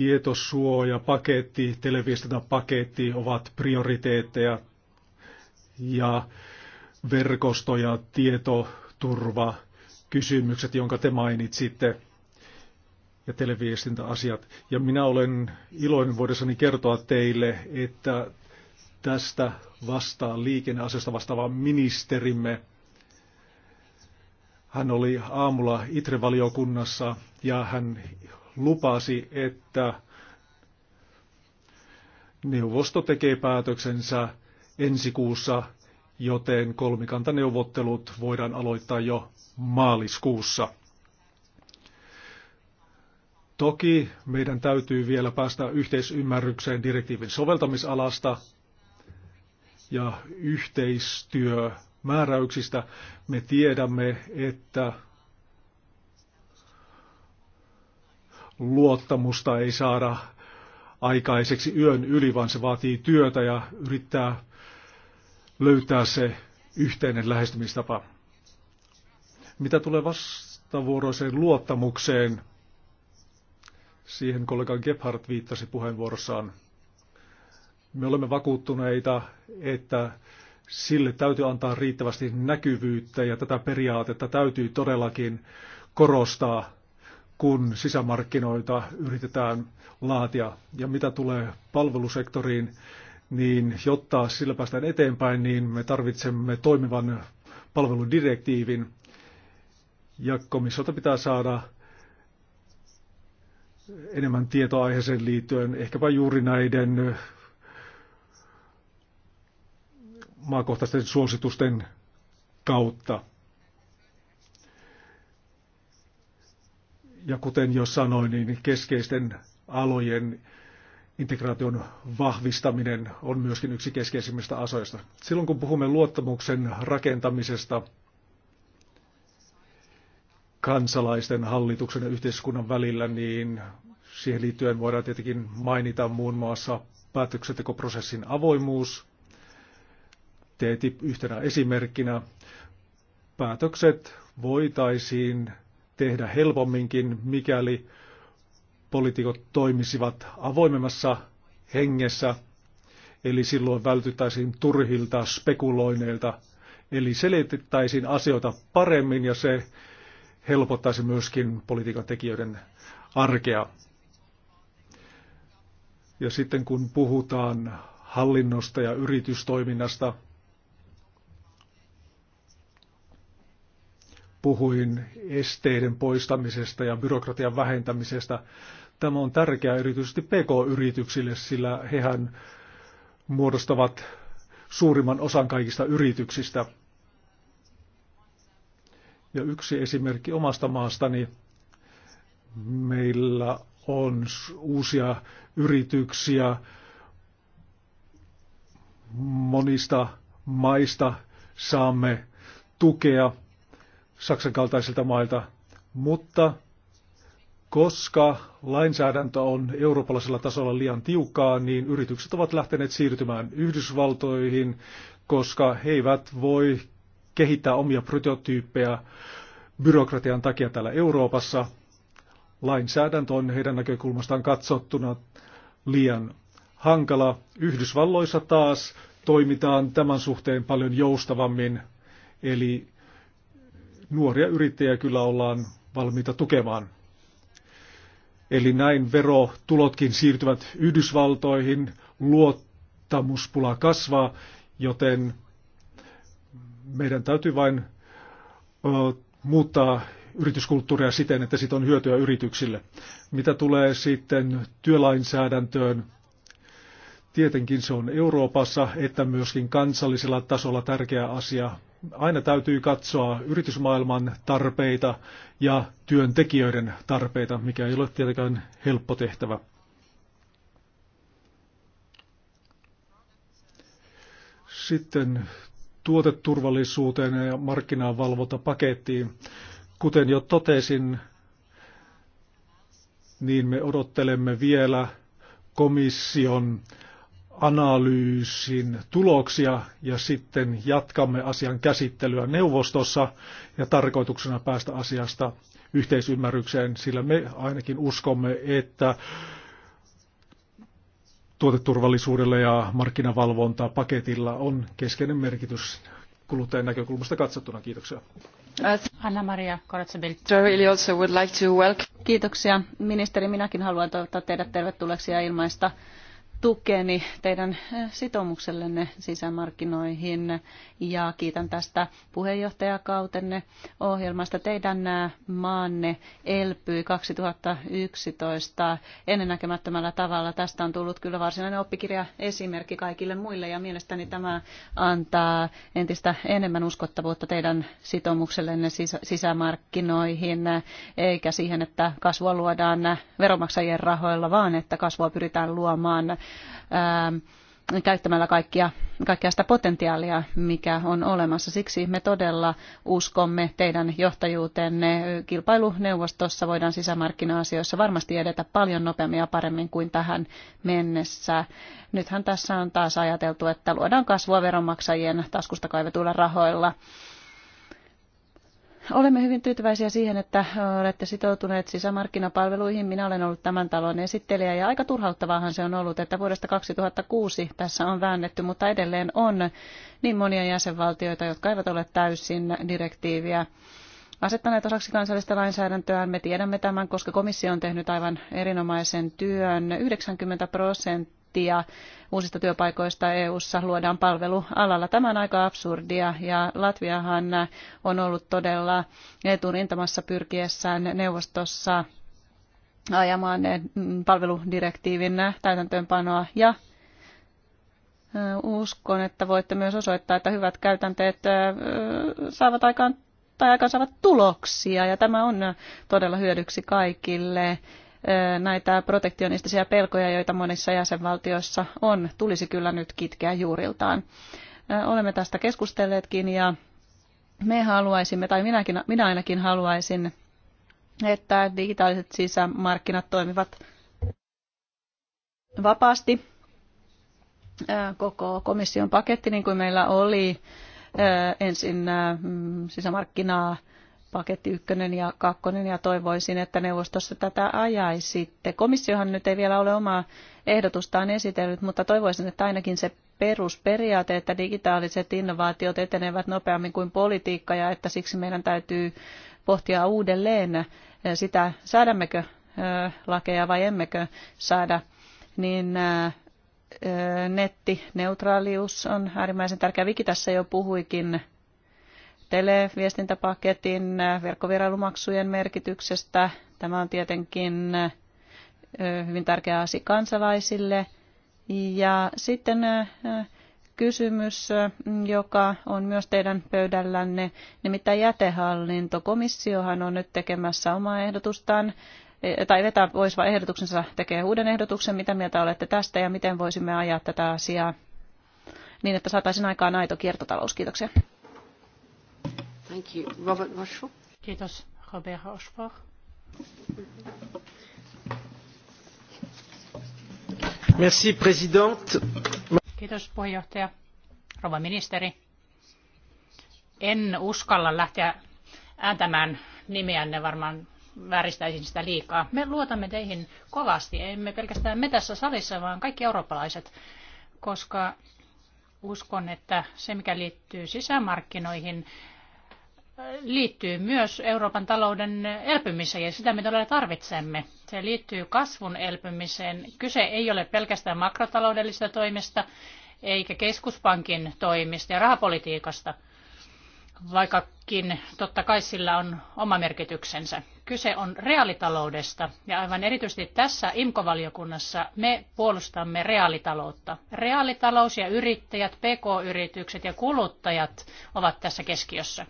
Speaker 2: tietosuojapaketti, televiestintäpaketti ovat prioriteetteja ja verkosto- ja tietoturva kysymykset, jonka te mainitsitte ja televiestintäasiat. Ja minä olen iloinen voidessani kertoa teille, että tästä vastaa liikenneasiasta vastaava ministerimme. Hän oli aamulla ITRE-valiokunnassa ja hän lupasi, että neuvosto tekee päätöksensä ensi kuussa, joten kolmikantaneuvottelut voidaan aloittaa jo maaliskuussa. Toki meidän täytyy vielä päästä yhteisymmärrykseen direktiivin soveltamisalasta ja yhteistyömääräyksistä. Me tiedämme, että luottamusta ei saada aikaiseksi yön yli, vaan se vaatii työtä ja yrittää löytää se yhteinen lähestymistapa. Mitä tulee vastavuoroiseen luottamukseen, siihen kollega Gebhardt viittasi puheenvuorossaan, me olemme vakuuttuneita, että sille täytyy antaa riittävästi näkyvyyttä ja tätä periaatetta täytyy todellakin korostaa kun sisämarkkinoita yritetään laatia. Ja mitä tulee palvelusektoriin, niin jotta sillä päästään eteenpäin, niin me tarvitsemme toimivan palveludirektiivin. Ja komissiolta pitää saada enemmän tietoa aiheeseen liittyen, ehkäpä juuri näiden maakohtaisten suositusten kautta. Ja kuten jo sanoin, niin keskeisten alojen integraation vahvistaminen on myöskin yksi keskeisimmistä asioista. Silloin kun puhumme luottamuksen rakentamisesta kansalaisten, hallituksen ja yhteiskunnan välillä, niin siihen liittyen voidaan tietenkin mainita muun muassa päätöksentekoprosessin avoimuus, TTIP yhtenä esimerkkinä. Päätökset voitaisiin tehdä helpomminkin, mikäli poliitikot toimisivat avoimemmassa hengessä, eli silloin vältyttäisiin turhilta spekuloineilta, eli selitettäisiin asioita paremmin ja se helpottaisi myöskin politiikan tekijöiden arkea. Ja sitten kun puhutaan hallinnosta ja yritystoiminnasta, puhuin esteiden poistamisesta ja byrokratian vähentämisestä. Tämä on tärkeää erityisesti PK-yrityksille, sillä hehän muodostavat suurimman osan kaikista yrityksistä. Ja yksi esimerkki omasta maastani. Meillä on uusia yrityksiä monista maista saamme tukea Saksan kaltaisilta mailta, mutta koska lainsäädäntö on eurooppalaisella tasolla liian tiukkaa, niin yritykset ovat lähteneet siirtymään Yhdysvaltoihin, koska he eivät voi kehittää omia prototyyppejä byrokratian takia täällä Euroopassa. Lainsäädäntö on heidän näkökulmastaan katsottuna liian hankala. Yhdysvalloissa taas toimitaan tämän suhteen paljon joustavammin, eli nuoria yrittäjiä kyllä ollaan valmiita tukemaan. Eli näin verotulotkin siirtyvät Yhdysvaltoihin, luottamuspula kasvaa, joten meidän täytyy vain muuttaa yrityskulttuuria siten, että siitä on hyötyä yrityksille. Mitä tulee sitten työlainsäädäntöön, tietenkin se on Euroopassa että myöskin kansallisella tasolla tärkeä asia, aina täytyy katsoa yritysmaailman tarpeita ja työntekijöiden tarpeita, mikä ei ole tietenkään helppo tehtävä. Sitten tuoteturvallisuuteen ja markkinavalvontapakettiin. Kuten jo totesin, niin me odottelemme vielä komission analyysin tuloksia ja sitten jatkamme asian käsittelyä neuvostossa ja tarkoituksena päästä asiasta yhteisymmärrykseen, sillä me ainakin uskomme, että tuoteturvallisuudella ja markkinavalvontaa paketilla on keskeinen merkitys kuluttajan näkökulmasta katsottuna. Kiitoksia.
Speaker 1: Anna-Maria
Speaker 5: Kiitoksia. Ministeri, minäkin haluan toivottaa teidät tervetulleeksi ja ilmaista tukeni teidän sitoumuksellenne sisämarkkinoihin ja kiitän tästä puheenjohtajakautenne ohjelmasta. Teidän maanne elpyi 2011 ennennäkemättömällä tavalla. Tästä on tullut kyllä varsinainen oppikirja esimerkki kaikille muille ja mielestäni tämä antaa entistä enemmän uskottavuutta teidän sitoumuksellenne sisämarkkinoihin eikä siihen, että kasvua luodaan veromaksajien rahoilla, vaan että kasvua pyritään luomaan Ähm, käyttämällä kaikkia, kaikkea sitä potentiaalia, mikä on olemassa. Siksi me todella uskomme teidän johtajuuteenne. Kilpailuneuvostossa voidaan sisämarkkina-asioissa varmasti edetä paljon nopeammin ja paremmin kuin tähän mennessä. Nythän tässä on taas ajateltu, että luodaan kasvua veronmaksajien taskusta kaivetuilla rahoilla. Olemme hyvin tyytyväisiä siihen, että olette sitoutuneet sisämarkkinapalveluihin. Minä olen ollut tämän talon esittelijä ja aika turhauttavaahan se on ollut, että vuodesta 2006 tässä on väännetty, mutta edelleen on niin monia jäsenvaltioita, jotka eivät ole täysin direktiiviä asettaneet osaksi kansallista lainsäädäntöä. Me tiedämme tämän, koska komissio on tehnyt aivan erinomaisen työn. 90 prosenttia prosenttia uusista työpaikoista EU-ssa luodaan palvelualalla. Tämä on aika absurdia ja Latviahan on ollut todella eturintamassa pyrkiessään neuvostossa ajamaan mm, palveludirektiivin täytäntöönpanoa ja uskon, että voitte myös osoittaa, että hyvät käytänteet saavat aikaan tai aikaansaavat tuloksia ja tämä on todella hyödyksi kaikille näitä protektionistisia pelkoja, joita monissa jäsenvaltioissa on, tulisi kyllä nyt kitkeä juuriltaan. Olemme tästä keskustelleetkin ja me haluaisimme, tai minäkin, minä ainakin haluaisin, että digitaaliset sisämarkkinat toimivat vapaasti. Koko komission paketti, niin kuin meillä oli ensin mm, sisämarkkinaa paketti ykkönen ja kakkonen ja toivoisin, että neuvostossa tätä ajaisitte. Komissiohan nyt ei vielä ole omaa ehdotustaan esitellyt, mutta toivoisin, että ainakin se perusperiaate, että digitaaliset innovaatiot etenevät nopeammin kuin politiikka ja että siksi meidän täytyy pohtia uudelleen eh, sitä, säädämmekö eh, lakeja vai emmekö saada, niin eh, nettineutraalius on äärimmäisen tärkeä. Viki tässä jo puhuikin viestintäpaketin äh, verkkovierailumaksujen merkityksestä. Tämä on tietenkin äh, hyvin tärkeä asia kansalaisille. Ja sitten äh, kysymys, joka on myös teidän pöydällänne, nimittäin jätehallinto. Komissiohan on nyt tekemässä omaa ehdotustaan eh, tai vetää pois vai ehdotuksensa tekee uuden ehdotuksen. Mitä mieltä olette tästä ja miten voisimme ajaa tätä asiaa niin, että saataisiin aikaan aito kiertotalous? Kiitoksia.
Speaker 1: Kiitos, Robert Kiitos, ministeri. En uskalla lähteä ääntämään nimeänne varmaan vääristäisin sitä liikaa. Me luotamme teihin kovasti, emme pelkästään me tässä salissa, vaan kaikki eurooppalaiset, koska uskon, että se mikä liittyy sisämarkkinoihin liittyy myös Euroopan talouden elpymiseen ja sitä me todella tarvitsemme. Se liittyy kasvun elpymiseen. Kyse ei ole pelkästään makrotaloudellisista toimista eikä keskuspankin toimista ja rahapolitiikasta, vaikkakin totta kai sillä on oma merkityksensä. Kyse on reaalitaloudesta ja aivan erityisesti tässä Imkovaliokunnassa valiokunnassa me puolustamme reaalitaloutta. Reaalitalous ja yrittäjät, pk-yritykset ja kuluttajat ovat tässä keskiössä.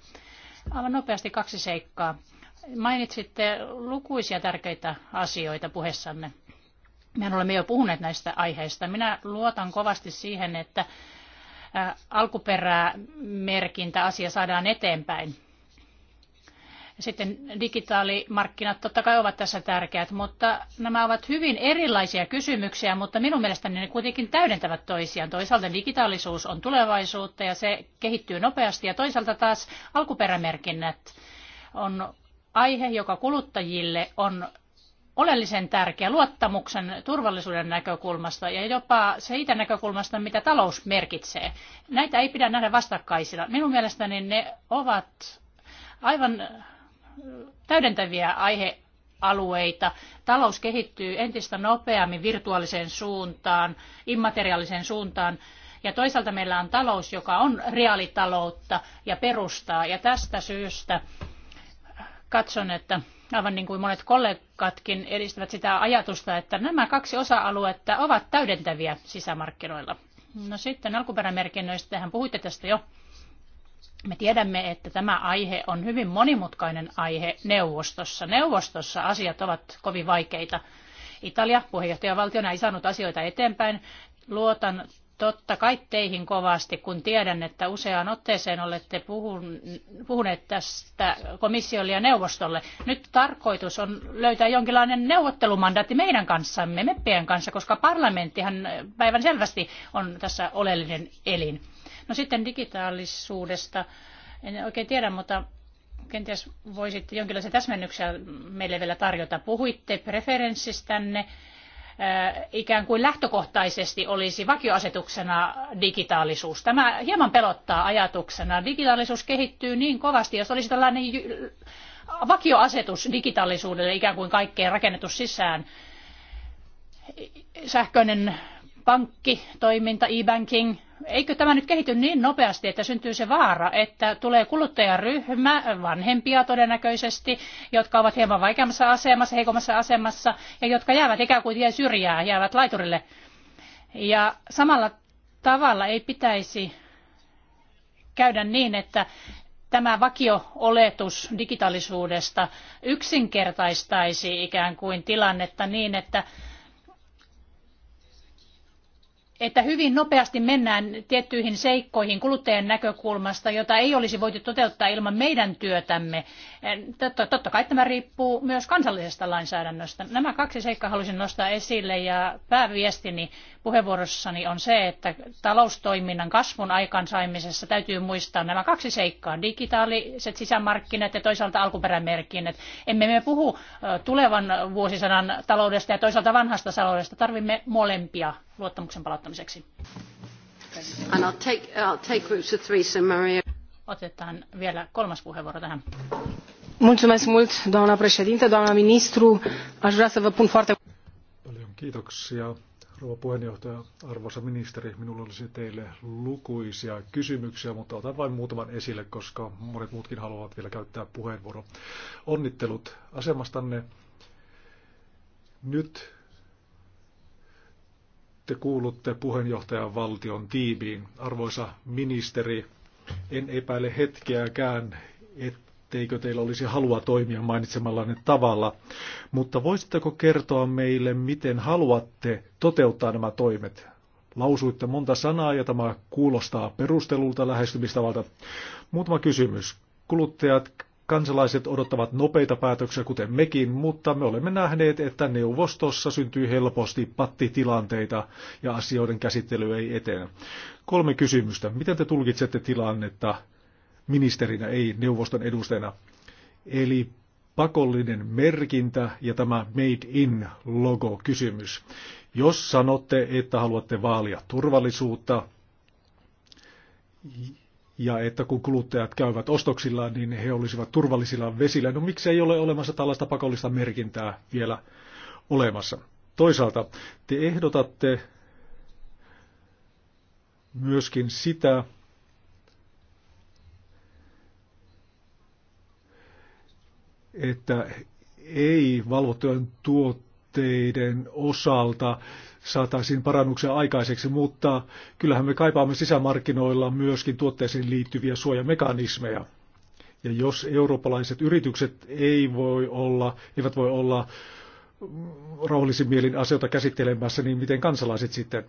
Speaker 1: Aivan nopeasti kaksi seikkaa. Mainitsitte lukuisia tärkeitä asioita puheessanne. Mehän olemme jo puhuneet näistä aiheista. Minä luotan kovasti siihen, että alkuperämerkintäasia saadaan eteenpäin. Sitten digitaalimarkkinat totta kai ovat tässä tärkeät, mutta nämä ovat hyvin erilaisia kysymyksiä, mutta minun mielestäni ne kuitenkin täydentävät toisiaan. Toisaalta digitaalisuus on tulevaisuutta ja se kehittyy nopeasti ja toisaalta taas alkuperämerkinnät on aihe, joka kuluttajille on oleellisen tärkeä luottamuksen turvallisuuden näkökulmasta ja jopa siitä näkökulmasta, mitä talous merkitsee. Näitä ei pidä nähdä vastakkaisina. Minun mielestäni ne ovat aivan täydentäviä aihealueita. Talous kehittyy entistä nopeammin virtuaaliseen suuntaan, immateriaaliseen suuntaan. Ja toisaalta meillä on talous, joka on reaalitaloutta ja perustaa. Ja tästä syystä katson, että aivan niin kuin monet kollegatkin edistävät sitä ajatusta, että nämä kaksi osa-aluetta ovat täydentäviä sisämarkkinoilla. No sitten alkuperämerkinnöistä, hän puhuitte tästä jo. Me tiedämme, että tämä aihe on hyvin monimutkainen aihe neuvostossa. Neuvostossa asiat ovat kovin vaikeita. Italia puheenjohtajavaltiona ei saanut asioita eteenpäin. Luotan totta kai teihin kovasti, kun tiedän, että useaan otteeseen olette puhuneet tästä komissiolle ja neuvostolle. Nyt tarkoitus on löytää jonkinlainen neuvottelumandaatti meidän kanssamme, meppien kanssa, koska parlamenttihan päivän selvästi on tässä oleellinen elin. No sitten digitaalisuudesta. En oikein tiedä, mutta kenties voisitte jonkinlaisia täsmennyksiä meille vielä tarjota. Puhuitte preferenssistänne äh, ikään kuin lähtökohtaisesti olisi vakioasetuksena digitaalisuus. Tämä hieman pelottaa ajatuksena. Digitaalisuus kehittyy niin kovasti, jos olisi tällainen vakioasetus digitaalisuudelle ikään kuin kaikkeen rakennettu sisään. Sähköinen pankkitoiminta, e-banking, eikö tämä nyt kehity niin nopeasti, että syntyy se vaara, että tulee kuluttajaryhmä, vanhempia todennäköisesti, jotka ovat hieman vaikeammassa asemassa, heikommassa asemassa ja jotka jäävät ikään kuin tie syrjää, jäävät laiturille. Ja samalla tavalla ei pitäisi käydä niin, että tämä vakio-oletus digitaalisuudesta yksinkertaistaisi ikään kuin tilannetta niin, että että hyvin nopeasti mennään tiettyihin seikkoihin kuluttajan näkökulmasta, jota ei olisi voitu toteuttaa ilman meidän työtämme. Eh, totta, totta kai tämä riippuu myös kansallisesta lainsäädännöstä. Nämä kaksi seikkaa halusin nostaa esille ja pääviestini puheenvuorossani on se, että taloustoiminnan kasvun aikansaamisessa täytyy muistaa nämä kaksi seikkaa, digitaaliset sisämarkkinat ja toisaalta alkuperämerkinnät. Emme me puhu eh, tulevan vuosisadan taloudesta ja toisaalta vanhasta taloudesta, tarvimme molempia luottamuksen palauttamiseksi. And I'll take, I'll take groups of three, so Maria. Otetaan vielä kolmas puheenvuoro tähän.
Speaker 4: Mulțumesc mult, doamna președinte, doamna ministru. Aș vrea să vă pun foarte...
Speaker 2: Paljon kiitoksia, rouva puheenjohtaja. Arvoisa ministeri, minulla olisi teille lukuisia kysymyksiä, mutta otan vain muutaman esille, koska monet muutkin haluavat vielä käyttää puheenvuoro. Onnittelut asemastanne. Nyt te kuulutte puheenjohtajan valtion tiimiin. Arvoisa ministeri, en epäile hetkeäkään, etteikö teillä olisi halua toimia mainitsemallanne tavalla, mutta voisitteko kertoa meille, miten haluatte toteuttaa nämä toimet? Lausuitte monta sanaa ja tämä kuulostaa perustelulta lähestymistavalta. Muutama kysymys. Kuluttajat Kansalaiset odottavat nopeita päätöksiä, kuten mekin, mutta me olemme nähneet, että neuvostossa syntyy helposti pattitilanteita ja asioiden käsittely ei etene. Kolme kysymystä. Miten te tulkitsette tilannetta ministerinä, ei neuvoston edustajana? Eli pakollinen merkintä ja tämä Made in logo kysymys. Jos sanotte, että haluatte vaalia turvallisuutta, ja että kun kuluttajat käyvät ostoksilla, niin he olisivat turvallisilla vesillä. No miksi ei ole olemassa tällaista pakollista merkintää vielä olemassa? Toisaalta te ehdotatte myöskin sitä, että ei valvottujen tuotteiden osalta saataisiin parannuksia aikaiseksi, mutta kyllähän me kaipaamme sisämarkkinoilla myöskin tuotteisiin liittyviä suojamekanismeja. Ja jos eurooppalaiset yritykset ei voi olla, eivät voi olla rauhallisin mielin asioita käsittelemässä, niin miten kansalaiset sitten?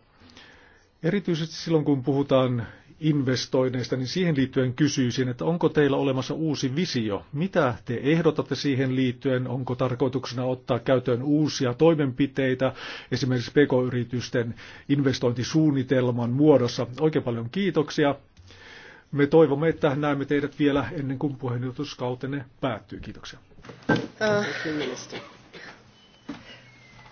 Speaker 2: Erityisesti silloin, kun puhutaan investoinneista, niin siihen liittyen kysyisin, että onko teillä olemassa uusi visio? Mitä te ehdotatte siihen liittyen? Onko tarkoituksena ottaa käyttöön uusia toimenpiteitä, esimerkiksi pk-yritysten investointisuunnitelman muodossa? Oikein paljon kiitoksia. Me toivomme, että näemme teidät vielä ennen kuin puheenjohtajuuskautenne päättyy. Kiitoksia. Uh,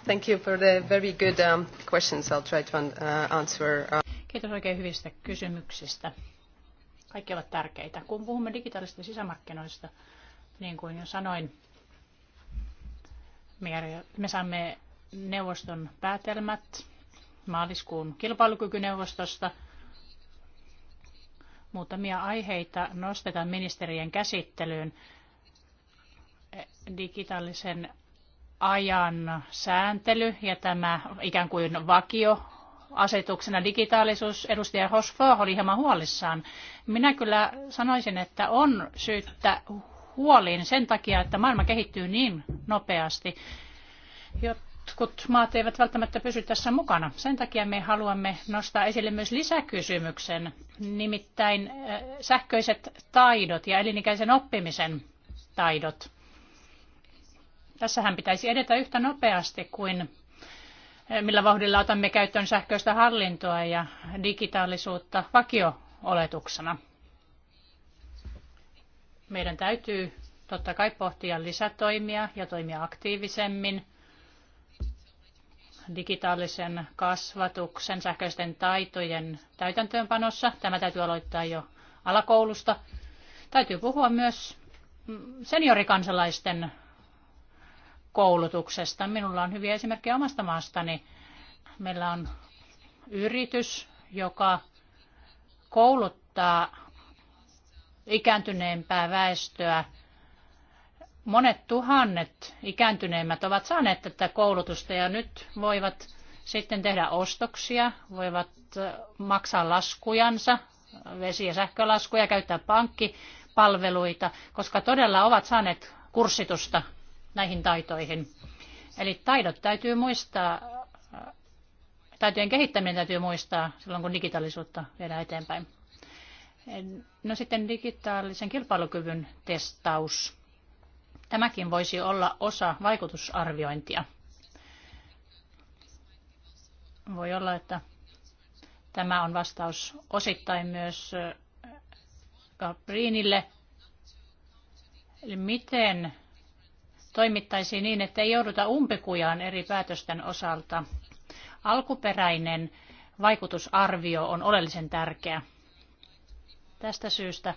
Speaker 4: thank you for the very good um, questions. I'll try to uh, answer. Uh...
Speaker 1: Kiitos oikein hyvistä kysymyksistä. Kaikki ovat tärkeitä. Kun puhumme digitaalisista sisämarkkinoista, niin kuin jo sanoin, me saamme neuvoston päätelmät maaliskuun kilpailukykyneuvostosta. Muutamia aiheita nostetaan ministerien käsittelyyn. Digitaalisen ajan sääntely ja tämä ikään kuin vakio asetuksena digitaalisuus. Edustaja Hosfor oli hieman huolissaan. Minä kyllä sanoisin, että on syyttä huoliin sen takia, että maailma kehittyy niin nopeasti. Jotkut maat eivät välttämättä pysy tässä mukana. Sen takia me haluamme nostaa esille myös lisäkysymyksen, nimittäin äh, sähköiset taidot ja elinikäisen oppimisen taidot. Tässähän pitäisi edetä yhtä nopeasti kuin Eh, millä vauhdilla otamme käyttöön sähköistä hallintoa ja digitaalisuutta vakiooletuksena. Meidän täytyy totta kai pohtia lisätoimia ja toimia aktiivisemmin digitaalisen kasvatuksen, sähköisten taitojen täytäntöönpanossa. Tämä täytyy aloittaa jo alakoulusta. Täytyy puhua myös seniorikansalaisten koulutuksesta. Minulla on hyviä esimerkkejä omasta maastani. Meillä on yritys, joka kouluttaa ikääntyneempää väestöä. Monet tuhannet ikääntyneemmät ovat saaneet tätä koulutusta ja nyt voivat sitten tehdä ostoksia, voivat eh, maksaa laskujansa, vesi- ja sähkölaskuja, käyttää pankkipalveluita, koska todella ovat saaneet kurssitusta näihin taitoihin. Eli taidot täytyy muistaa, taitojen kehittäminen täytyy muistaa silloin, kun digitaalisuutta viedään eteenpäin. No sitten digitaalisen kilpailukyvyn testaus. Tämäkin voisi olla osa vaikutusarviointia. Voi olla, että tämä on vastaus osittain myös äh, Gabriinille. Eli miten toimittaisiin niin, että ei jouduta umpikujaan eri päätösten osalta. Alkuperäinen vaikutusarvio on oleellisen tärkeä. Tästä syystä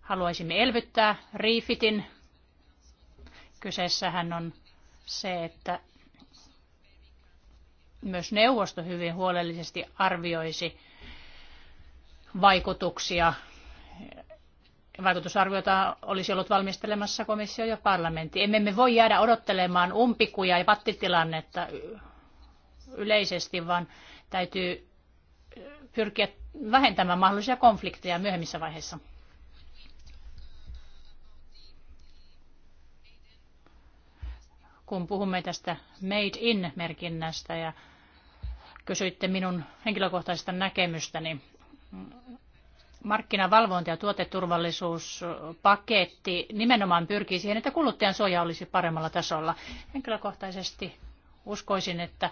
Speaker 1: haluaisimme elvyttää Riifitin. Kyseessähän on se, että myös neuvosto hyvin huolellisesti arvioisi vaikutuksia Vaikutusarviota olisi ollut valmistelemassa komissio ja parlamentti. Emme me voi jäädä odottelemaan umpikuja ja pattitilannetta yleisesti, vaan täytyy pyrkiä vähentämään mahdollisia konflikteja myöhemmissä vaiheissa. Kun puhumme tästä Made in-merkinnästä ja kysyitte minun henkilökohtaisesta näkemystäni markkinavalvonta- ja tuoteturvallisuuspaketti nimenomaan pyrkii siihen, että kuluttajan suoja olisi paremmalla tasolla. Henkilökohtaisesti uskoisin, että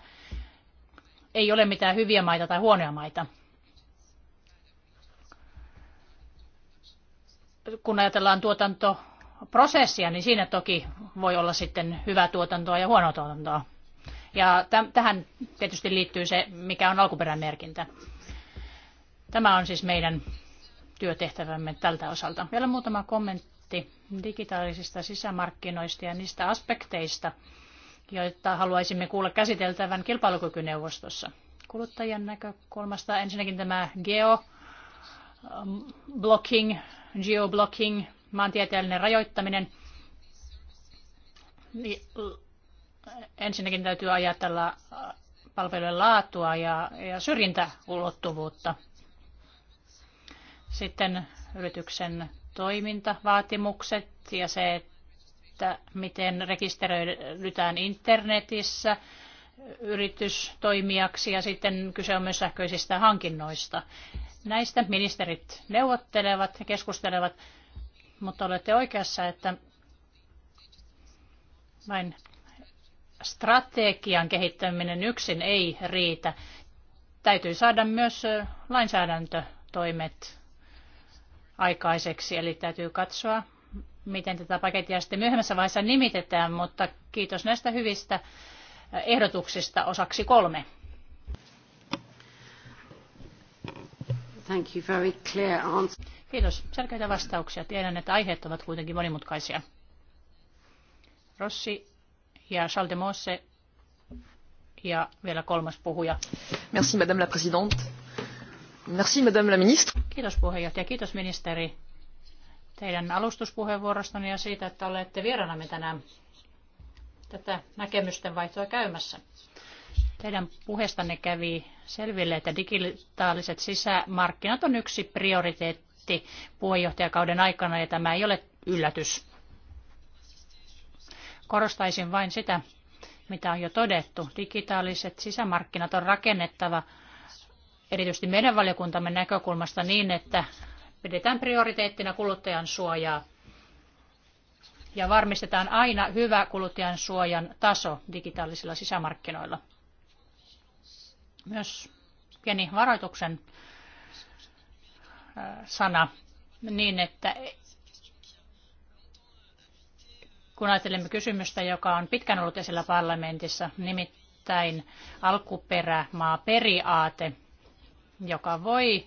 Speaker 1: ei ole mitään hyviä maita tai huonoja maita. Kun ajatellaan tuotantoprosessia, niin siinä toki voi olla sitten hyvää tuotantoa ja huonoa tuotantoa. Ja täm, tähän tietysti liittyy se, mikä on alkuperämerkintä. Tämä on siis meidän työtehtävämme tältä osalta. Vielä muutama kommentti digitaalisista sisämarkkinoista ja niistä aspekteista, joita haluaisimme kuulla käsiteltävän kilpailukykyneuvostossa. Kuluttajan näkökulmasta ensinnäkin tämä geo ähm, blocking, geoblocking, maantieteellinen rajoittaminen. Niin, äh, ensinnäkin täytyy ajatella äh, palvelujen laatua ja, ja syrjintäulottuvuutta. Sitten yrityksen toimintavaatimukset ja se, että miten rekisteröidytään internetissä yritystoimijaksi ja sitten kyse on myös sähköisistä hankinnoista. Näistä ministerit neuvottelevat ja keskustelevat, mutta olette oikeassa, että vain strategian kehittäminen yksin ei riitä. Täytyy saada myös lainsäädäntötoimet aikaiseksi, eli täytyy katsoa, miten tätä pakettia sitten myöhemmässä vaiheessa nimitetään, mutta kiitos näistä hyvistä ehdotuksista osaksi kolme. Thank you, very clear Kiitos. Selkeitä vastauksia. Tiedän, että aiheet ovat kuitenkin monimutkaisia. Rossi ja Charles de Mosse ja vielä kolmas puhuja. Merci, Madame la Présidente. Merci, Madame la Ministre. Kiitos puheenjohtaja, kiitos ministeri teidän alustuspuheenvuorostani ja siitä, että olette vieraanamme tänään tätä näkemysten vaihtoa käymässä. Teidän puheestanne kävi selville, että digitaaliset sisämarkkinat on yksi prioriteetti puheenjohtajakauden aikana ja tämä ei ole yllätys. Korostaisin vain sitä, mitä on jo todettu. Digitaaliset sisämarkkinat on rakennettava erityisesti meidän valiokuntamme näkökulmasta niin, että pidetään prioriteettina kuluttajan suojaa ja varmistetaan aina hyvä kuluttajan suojan taso digitaalisilla sisämarkkinoilla. Myös pieni varoituksen sana niin, että kun ajattelemme kysymystä, joka on pitkään ollut esillä parlamentissa, nimittäin alkuperämaa periaate, joka voi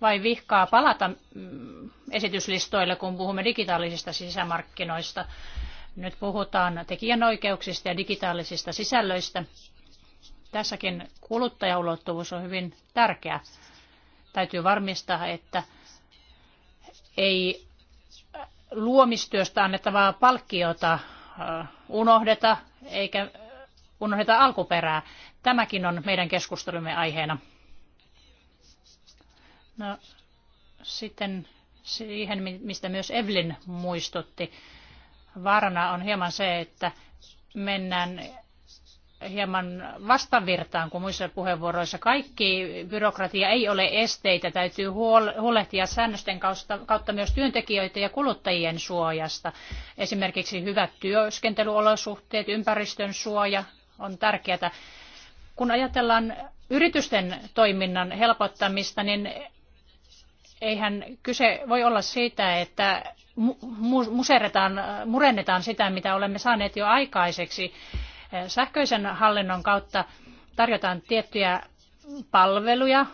Speaker 1: vai vihkaa palata mm, esityslistoille, kun puhumme digitaalisista sisämarkkinoista. Nyt puhutaan tekijänoikeuksista ja digitaalisista sisällöistä. Tässäkin kuluttajaulottuvuus on hyvin tärkeä. Täytyy varmistaa, että ei luomistyöstä annettavaa palkkiota äh, unohdeta, eikä unohdeta alkuperää. Tämäkin on meidän keskustelumme aiheena. No, sitten siihen, mistä myös Evelyn muistutti. Vaarana on hieman se, että mennään hieman vastavirtaan kuin muissa puheenvuoroissa. Kaikki byrokratia ei ole esteitä. Täytyy huolehtia säännösten kautta myös työntekijöitä ja kuluttajien suojasta. Esimerkiksi hyvät työskentelyolosuhteet, ympäristön suoja on tärkeää. Kun ajatellaan yritysten toiminnan helpottamista, niin eihän kyse voi olla siitä, että museretaan, murennetaan sitä, mitä olemme saaneet jo aikaiseksi. Sähköisen hallinnon kautta tarjotaan tiettyjä palveluja,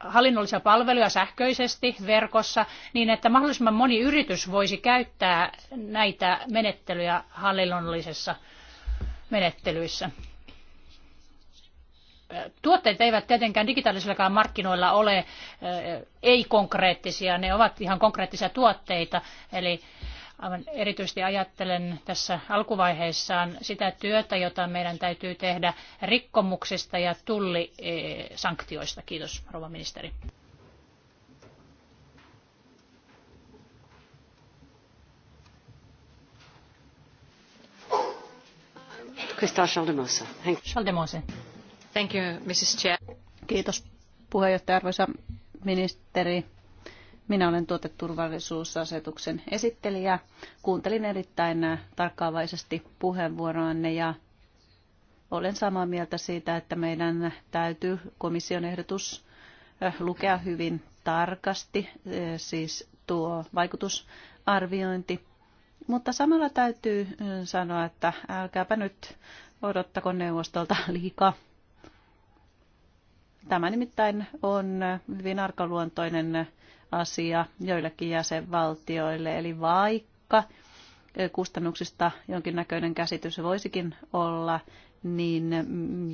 Speaker 1: hallinnollisia palveluja sähköisesti verkossa, niin että mahdollisimman moni yritys voisi käyttää näitä menettelyjä hallinnollisessa menettelyissä tuotteet eivät tietenkään digitaalisillakaan markkinoilla ole ei-konkreettisia, ne ovat ihan konkreettisia tuotteita. Eli aivan erityisesti ajattelen tässä alkuvaiheessaan sitä työtä, jota meidän täytyy tehdä rikkomuksista ja tullisanktioista. Kiitos, rouva ministeri.
Speaker 5: Kristal Schaldemose. Schaldemose. Kiitos puheenjohtaja, arvoisa ministeri. Minä olen tuoteturvallisuusasetuksen esittelijä. Kuuntelin erittäin tarkkaavaisesti puheenvuoroanne ja olen samaa mieltä siitä, että meidän täytyy komission ehdotus eh, lukea hyvin tarkasti, eh, siis tuo vaikutusarviointi. Mutta samalla täytyy eh, sanoa, että älkääpä nyt odottako neuvostolta liikaa Tämä nimittäin on hyvin arkaluontoinen asia joillekin jäsenvaltioille, eli vaikka kustannuksista jonkinnäköinen käsitys voisikin olla, niin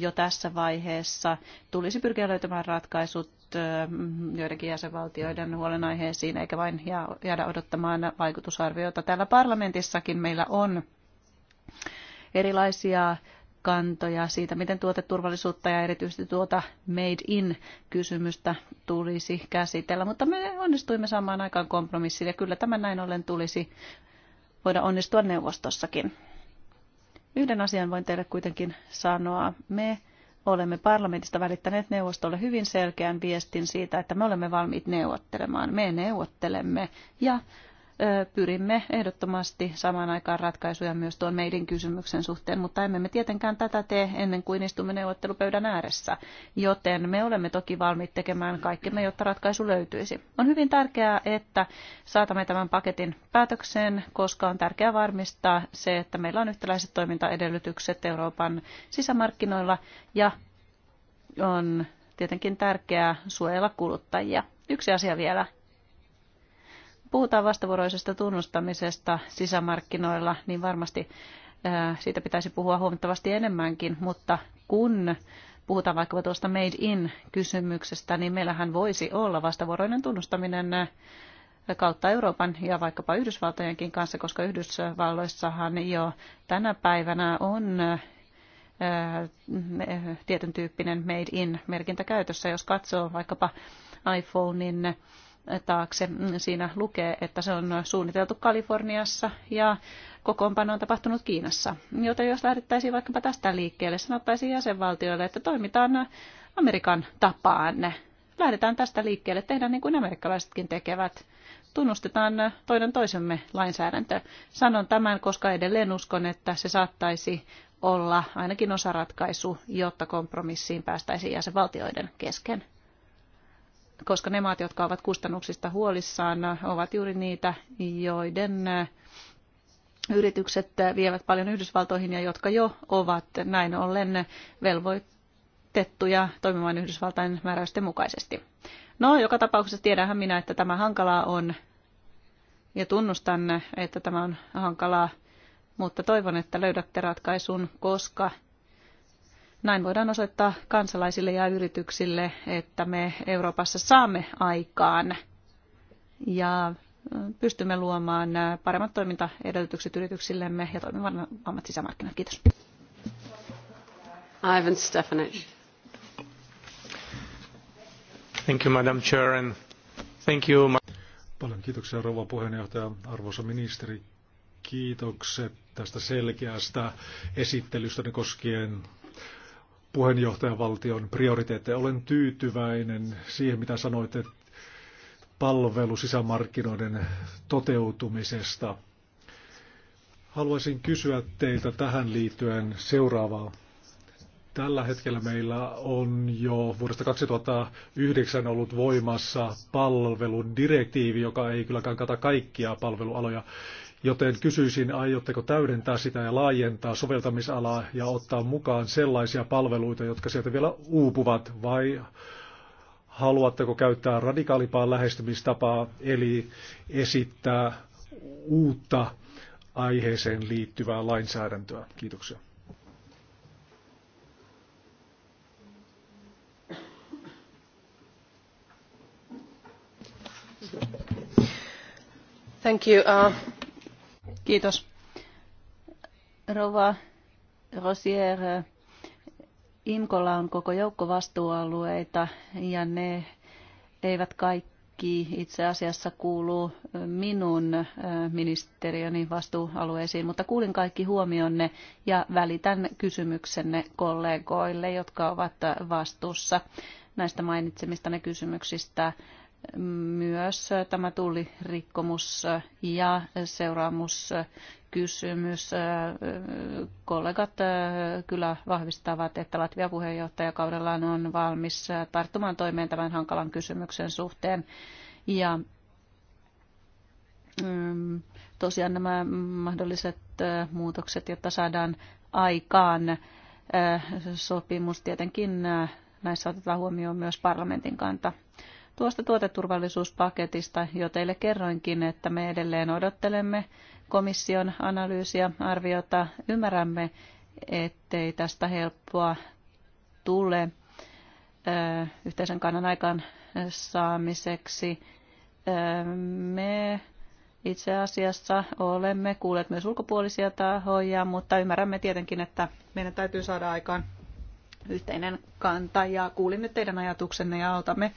Speaker 5: jo tässä vaiheessa tulisi pyrkiä löytämään ratkaisut mm, joidenkin jäsenvaltioiden huolenaiheisiin, eikä vain jäädä odottamaan vaikutusarviota. Täällä parlamentissakin meillä on erilaisia kantoja siitä, miten tuoteturvallisuutta ja erityisesti tuota made in kysymystä tulisi käsitellä. Mutta me onnistuimme saamaan aikaan kompromissin ja kyllä tämä näin ollen tulisi voida onnistua neuvostossakin. Yhden asian voin teille kuitenkin sanoa. Me olemme parlamentista välittäneet neuvostolle hyvin selkeän viestin siitä, että me olemme valmiit neuvottelemaan. Me neuvottelemme ja pyrimme ehdottomasti samaan aikaan ratkaisuja myös tuon meidän kysymyksen suhteen, mutta emme me tietenkään tätä tee ennen kuin istumme neuvottelupöydän ääressä, joten me olemme toki valmiit tekemään kaikkemme, jotta ratkaisu löytyisi. On hyvin tärkeää, että saatamme tämän paketin päätökseen, koska on tärkeää varmistaa se, että meillä on yhtäläiset toimintaedellytykset Euroopan sisämarkkinoilla ja on tietenkin tärkeää suojella kuluttajia. Yksi asia vielä puhutaan vastavuoroisesta tunnustamisesta sisämarkkinoilla, niin varmasti äh, siitä pitäisi puhua huomattavasti enemmänkin, mutta kun puhutaan vaikkapa tuosta made in kysymyksestä, niin meillähän voisi olla vastavuoroinen tunnustaminen äh, kautta Euroopan ja vaikkapa Yhdysvaltojenkin kanssa, koska Yhdysvalloissahan jo tänä päivänä on äh, tietyn tyyppinen made in merkintä käytössä. Jos katsoo vaikkapa iPhonein taakse. Mm, Siinä lukee, että se on suunniteltu Kaliforniassa ja kokoonpano on tapahtunut Kiinassa. Joten jos lähdettäisiin vaikkapa tästä liikkeelle, sanottaisiin jäsenvaltioille, että toimitaan Amerikan tapaan. Lähdetään tästä liikkeelle, tehdään niin kuin amerikkalaisetkin tekevät. Tunnustetaan toinen toisemme lainsäädäntö. Sanon tämän, koska edelleen uskon, että se saattaisi olla ainakin osaratkaisu, jotta kompromissiin päästäisiin jäsenvaltioiden kesken koska ne maat, jotka ovat kustannuksista huolissaan, ovat juuri niitä, joiden yritykset vievät paljon Yhdysvaltoihin ja jotka jo ovat näin ollen velvoitettuja toimimaan Yhdysvaltain määräysten mukaisesti. No, joka tapauksessa tiedänhän minä, että tämä hankalaa on ja tunnustan, että tämä on hankalaa, mutta toivon, että löydätte ratkaisun, koska näin voidaan osoittaa kansalaisille ja yrityksille, että me Euroopassa saamme aikaan ja pystymme luomaan paremmat toimintaedellytykset yrityksillemme ja toimivammat sisämarkkinat. Kiitos. Ivan Stefanich.
Speaker 2: Thank you, Madam Chair, and thank you. Paljon kiitoksia, rouva puheenjohtaja, arvoisa ministeri. Kiitokset tästä selkeästä esittelystä koskien puheenjohtajavaltion prioriteetteja. Olen tyytyväinen siihen, mitä että palvelu sisämarkkinoiden toteutumisesta. Haluaisin kysyä teiltä tähän liittyen seuraavaa. Tällä hetkellä meillä on jo vuodesta 2009 ollut voimassa palveludirektiivi, joka ei kylläkään kata kaikkia palvelualoja. Joten kysyisin, aiotteko täydentää sitä ja laajentaa soveltamisalaa ja ottaa mukaan sellaisia palveluita, jotka sieltä vielä uupuvat, vai haluatteko käyttää radikaalipaa lähestymistapaa, eli esittää uutta aiheeseen liittyvää lainsäädäntöä? Kiitoksia.
Speaker 5: Thank you. Uh... Kiitos. Rova Rosier, IMKOlla on koko joukko vastuualueita ja ne eivät kaikki itse asiassa kuulu minun ministeriöni vastuualueisiin, mutta kuulin kaikki huomionne ja välitän kysymyksenne kollegoille, jotka ovat vastuussa näistä mainitsemista kysymyksistä myös tämä tullirikkomus ja seuraamuskysymys. Kollegat kyllä vahvistavat, että Latvia puheenjohtajakaudellaan on valmis tarttumaan toimeen tämän hankalan kysymyksen suhteen. Ja mm, tosiaan nämä mahdolliset muutokset, jotta saadaan aikaan eh, sopimus, tietenkin eh, näissä otetaan huomioon myös parlamentin kanta tuosta tuoteturvallisuuspaketista jo teille kerroinkin, että me edelleen odottelemme komission analyysiä, arviota. Ymmärrämme, ettei tästä helppoa tule yhteisen kannan aikaan saamiseksi. Me itse asiassa olemme kuulleet myös ulkopuolisia tahoja, mutta ymmärrämme tietenkin, että meidän täytyy saada aikaan yhteinen kanta ja kuulimme teidän ajatuksenne ja autamme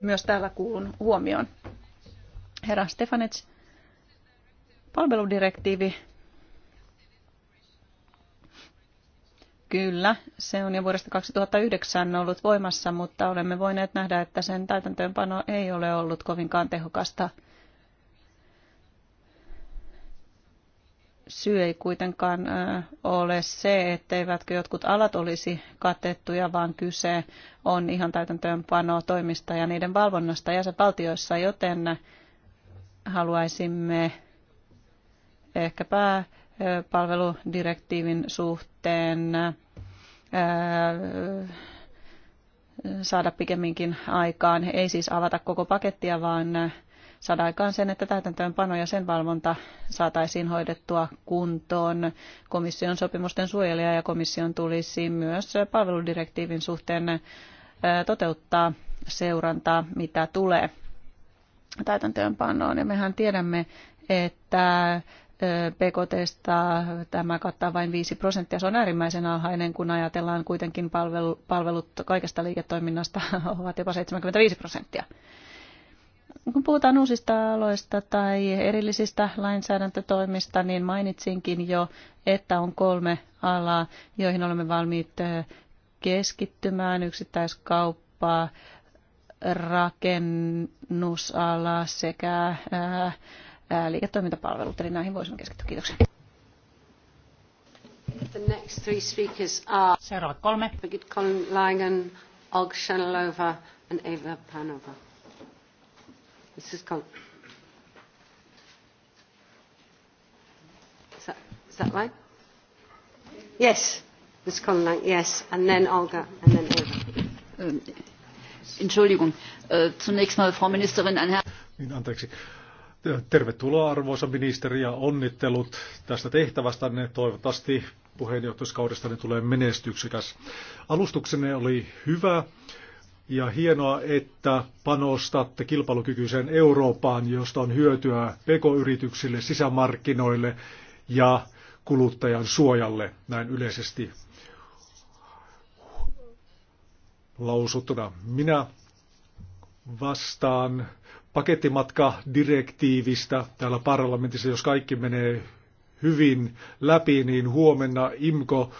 Speaker 5: myös täällä kuulun huomioon. Herra Stefanets, palveludirektiivi. Kyllä, se on jo vuodesta 2009 ollut voimassa, mutta olemme voineet nähdä, että sen täytäntöönpano ei ole ollut kovinkaan tehokasta – syy ei kuitenkaan ole se, etteivätkö jotkut alat olisi katettuja, vaan kyse on ihan täytäntöönpanoa toimista ja niiden valvonnasta jäsenvaltioissa, joten haluaisimme ehkäpä palveludirektiivin suhteen saada pikemminkin aikaan, ei siis avata koko pakettia, vaan saada aikaan sen, että täytäntöönpano ja sen valvonta saataisiin hoidettua kuntoon. Komission sopimusten suojelija ja komission tulisi myös palveludirektiivin suhteen toteuttaa seurantaa, mitä tulee täytäntöönpanoon. Ja mehän tiedämme, että PKTstä tämä kattaa vain 5 prosenttia. Se on äärimmäisen alhainen, kun ajatellaan kuitenkin palvelut kaikesta liiketoiminnasta ovat jopa 75 prosenttia kun puhutaan uusista aloista tai erillisistä lainsäädäntötoimista, niin mainitsinkin jo, että on kolme alaa, joihin olemme valmiit keskittymään, yksittäiskauppaa, rakennusala sekä ää, ää, liiketoimintapalvelut. Eli näihin voisimme keskittyä. Kiitoksia.
Speaker 4: The next three speakers are Seuraavat kolme. Birgit Colin langen Olga Shanalova and Eva Panova. Mrs. Col- is, that, is that right? Yes, Ms. Conlang, yes, and then Olga, and then Eva. Ähm, Entschuldigung. Äh, zunächst mal, Frau Ministerin, ein
Speaker 2: niin, anteeksi. Tervetuloa arvoisa ministeri ja onnittelut tästä tehtävästänne. Toivottavasti puheenjohtajuuskaudestanne tulee menestyksekäs. Alustuksenne oli hyvä ja hienoa, että panostatte kilpailukykyiseen Eurooppaan, josta on hyötyä pekoyrityksille, sisämarkkinoille ja kuluttajan suojalle, näin yleisesti lausuttuna. Minä vastaan pakettimatkadirektiivistä täällä parlamentissa, jos kaikki menee hyvin läpi, niin huomenna IMKO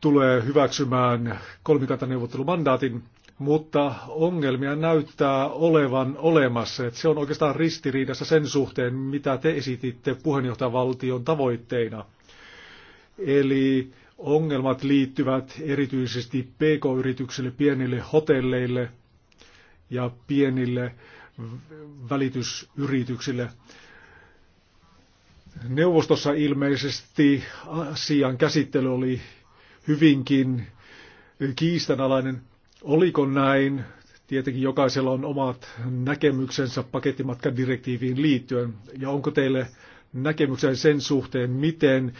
Speaker 2: tulee hyväksymään kolmikantaneuvottelumandaatin mutta ongelmia näyttää olevan olemassa. Että se on oikeastaan ristiriidassa sen suhteen, mitä te esititte puheenjohtajavaltion tavoitteina. Eli ongelmat liittyvät erityisesti pk-yrityksille, pienille hotelleille ja pienille välitysyrityksille. Neuvostossa ilmeisesti asian käsittely oli hyvinkin kiistanalainen Oliko näin? Tietenkin jokaisella on omat näkemyksensä pakettimatkadirektiiviin liittyen. Ja onko teille näkemyksen sen suhteen, miten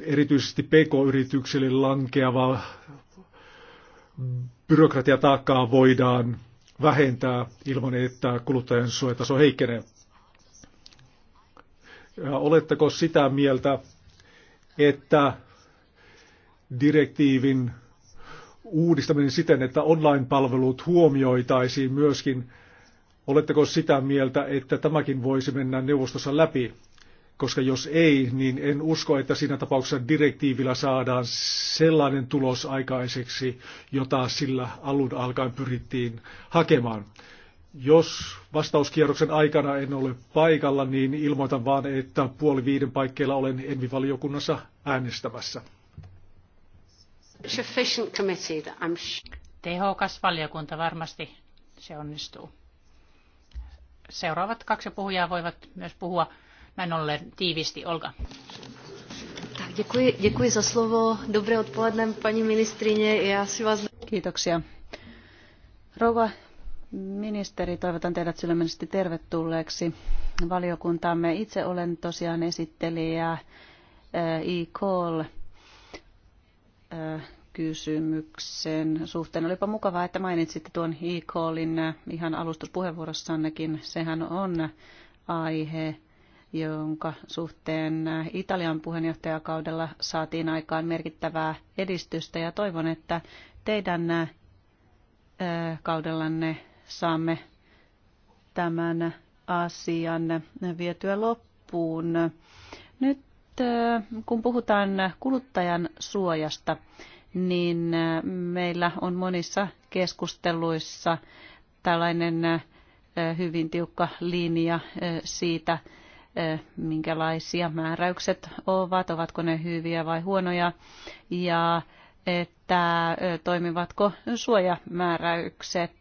Speaker 2: erityisesti PK-yrityksille lankeava byrokratiataakkaa voidaan vähentää ilman, että kuluttajan suojataso heikkenee. Ja oletteko sitä mieltä, että direktiivin uudistaminen siten, että online-palvelut huomioitaisiin myöskin. Oletteko sitä mieltä, että tämäkin voisi mennä neuvostossa läpi? Koska jos ei, niin en usko, että siinä tapauksessa direktiivillä saadaan sellainen tulos aikaiseksi, jota sillä alun alkaen pyrittiin hakemaan. Jos vastauskierroksen aikana en ole paikalla, niin ilmoitan vaan, että puoli viiden paikkeilla olen Envivaliokunnassa äänestämässä.
Speaker 1: Tehokas valiokunta varmasti se onnistuu. Seuraavat kaksi puhujaa voivat myös puhua en ole tiivisti. Olga. Děkuji, děkuji za slovo. Dobré
Speaker 5: odpoledne, paní ministrině. Já si vás... Kiitoksia. Rouva ministeri, toivotan teidät sydämellisesti tervetulleeksi valiokuntaamme. Itse olen tosiaan esittelijä e-call eh, kysymyksen suhteen. Olipa mukavaa, että mainitsitte tuon e-callin ihan alustuspuheenvuorossannekin. Sehän on aihe, jonka suhteen Italian puheenjohtajakaudella saatiin aikaan merkittävää edistystä ja toivon, että teidän kaudellanne saamme tämän asian vietyä loppuun. Nyt kun puhutaan kuluttajan suojasta, niin meillä on monissa keskusteluissa tällainen hyvin tiukka linja siitä, minkälaisia määräykset ovat, ovatko ne hyviä vai huonoja, ja että toimivatko suojamääräykset.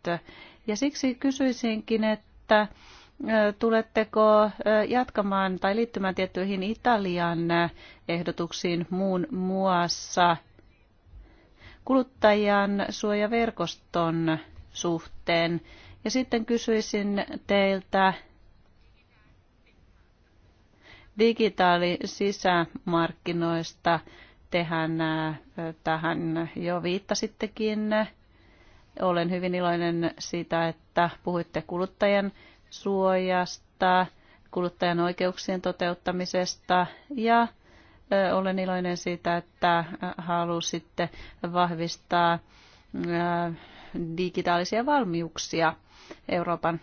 Speaker 5: Ja siksi kysyisinkin, että Tuletteko jatkamaan tai liittymään tiettyihin Italian ehdotuksiin muun muassa kuluttajan suojaverkoston suhteen? Ja sitten kysyisin teiltä digitaalisisämarkkinoista. Tehän tähän jo viittasittekin. Olen hyvin iloinen siitä, että puhuitte kuluttajan suojasta, kuluttajan oikeuksien toteuttamisesta ja olen iloinen siitä, että halusitte vahvistaa digitaalisia valmiuksia Euroopan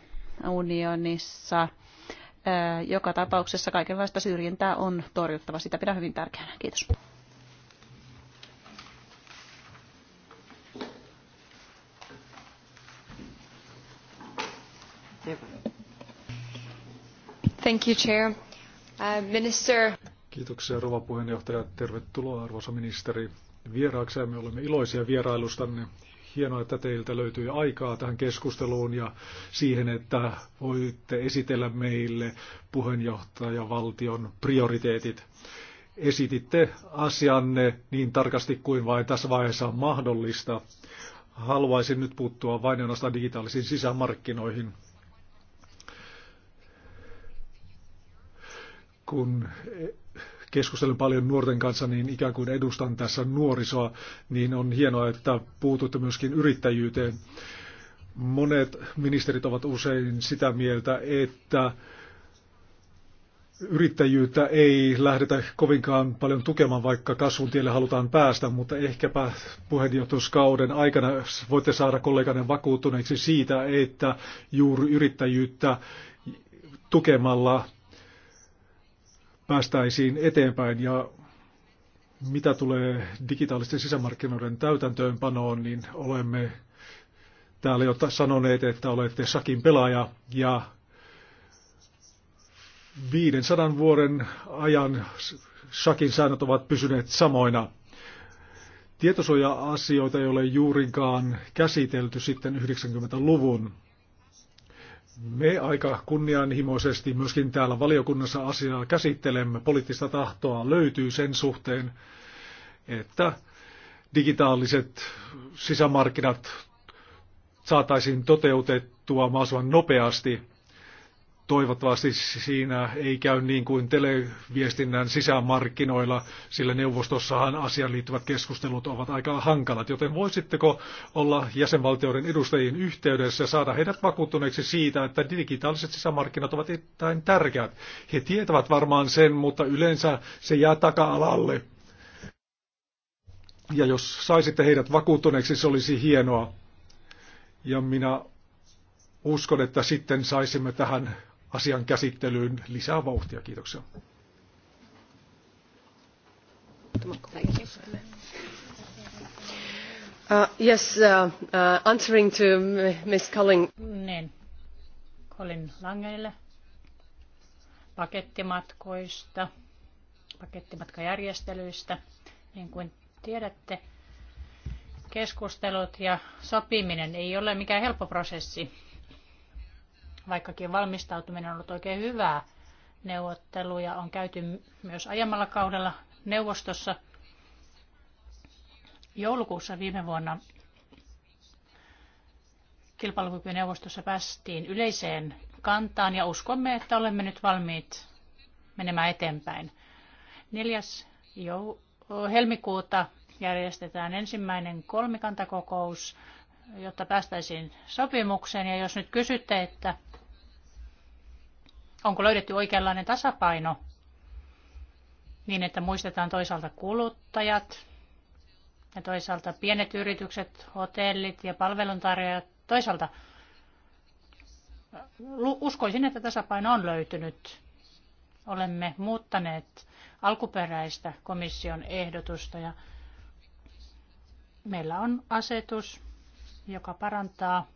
Speaker 5: unionissa. Joka tapauksessa kaikenlaista syrjintää on torjuttava. Sitä pidän hyvin tärkeänä. Kiitos.
Speaker 1: you. Thank you, Chair. Uh, minister.
Speaker 2: Kiitoksia rouva puheenjohtaja. Tervetuloa arvoisa ministeri Vieraaksi Me olemme iloisia vierailustanne. Hienoa, että teiltä löytyy aikaa tähän keskusteluun ja siihen, että voitte esitellä meille puheenjohtajavaltion prioriteetit. Esititte asianne niin tarkasti kuin vain tässä vaiheessa on mahdollista. Haluaisin nyt puuttua vain ainoastaan digitaalisiin sisämarkkinoihin. kun eh, keskustelen paljon nuorten kanssa, niin ikään kuin edustan tässä nuorisoa, niin on hienoa, että puututte myöskin yrittäjyyteen. Monet ministerit ovat usein sitä mieltä, että yrittäjyyttä ei lähdetä kovinkaan paljon tukemaan, vaikka kasvun tielle halutaan päästä, mutta ehkäpä puheenjohtajuuskauden aikana voitte saada kolleganne vakuuttuneeksi siitä, että juuri yrittäjyyttä tukemalla päästäisiin eteenpäin ja mitä tulee digitaalisten sisämarkkinoiden täytäntöönpanoon, niin olemme täällä jo sanoneet, että olette Sakin pelaaja ja 500 vuoden ajan Sakin säännöt ovat pysyneet samoina. Tietosuoja-asioita ei ole juurikaan käsitelty sitten 90-luvun me aika kunnianhimoisesti myöskin täällä valiokunnassa asiaa käsittelemme. Poliittista tahtoa löytyy sen suhteen, että digitaaliset sisämarkkinat saataisiin toteutettua mahdollisimman nopeasti Toivottavasti siinä ei käy niin kuin televiestinnän sisämarkkinoilla, sillä neuvostossahan asiaan liittyvät keskustelut ovat aika hankalat, joten voisitteko olla jäsenvaltioiden edustajien yhteydessä ja saada heidät vakuuttuneeksi siitä, että digitaaliset sisämarkkinat ovat erittäin tärkeät. He tietävät varmaan sen, mutta yleensä se jää taka-alalle. Ja jos saisitte heidät vakuuttuneeksi, se olisi hienoa. Ja minä uskon, että sitten saisimme tähän asian käsittelyyn lisää vauhtia. Kiitoksia.
Speaker 1: Uh, yes, uh, uh, answering to Ms. Culling. Niin. Colin Langeille pakettimatkoista, pakettimatkajärjestelyistä. Niin kuin tiedätte, keskustelut ja sopiminen ei ole mikään helppo prosessi vaikkakin valmistautuminen on ollut oikein hyvää. Neuvotteluja on käyty myös aiemmalla kaudella neuvostossa. Joulukuussa viime vuonna kilpailukykyneuvostossa päästiin yleiseen kantaan ja uskomme, että olemme nyt valmiit menemään eteenpäin. 4. helmikuuta järjestetään ensimmäinen kolmikantakokous, jotta päästäisiin sopimukseen. Ja jos nyt kysytte, että Onko löydetty oikeanlainen tasapaino niin, että muistetaan toisaalta kuluttajat ja toisaalta pienet yritykset, hotellit ja palveluntarjoajat toisaalta? Uskoisin, että tasapaino on löytynyt. Olemme muuttaneet alkuperäistä komission ehdotusta ja meillä on asetus, joka parantaa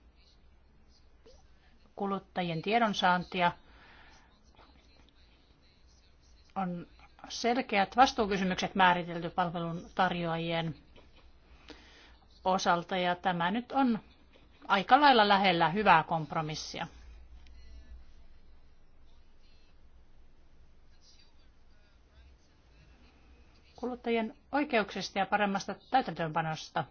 Speaker 1: kuluttajien tiedonsaantia – on selkeät vastuukysymykset määritelty palvelun tarjoajien osalta ja tämä nyt on aika lailla lähellä hyvää kompromissia. Kuluttajien oikeuksista ja paremmasta täytäntöönpanosta.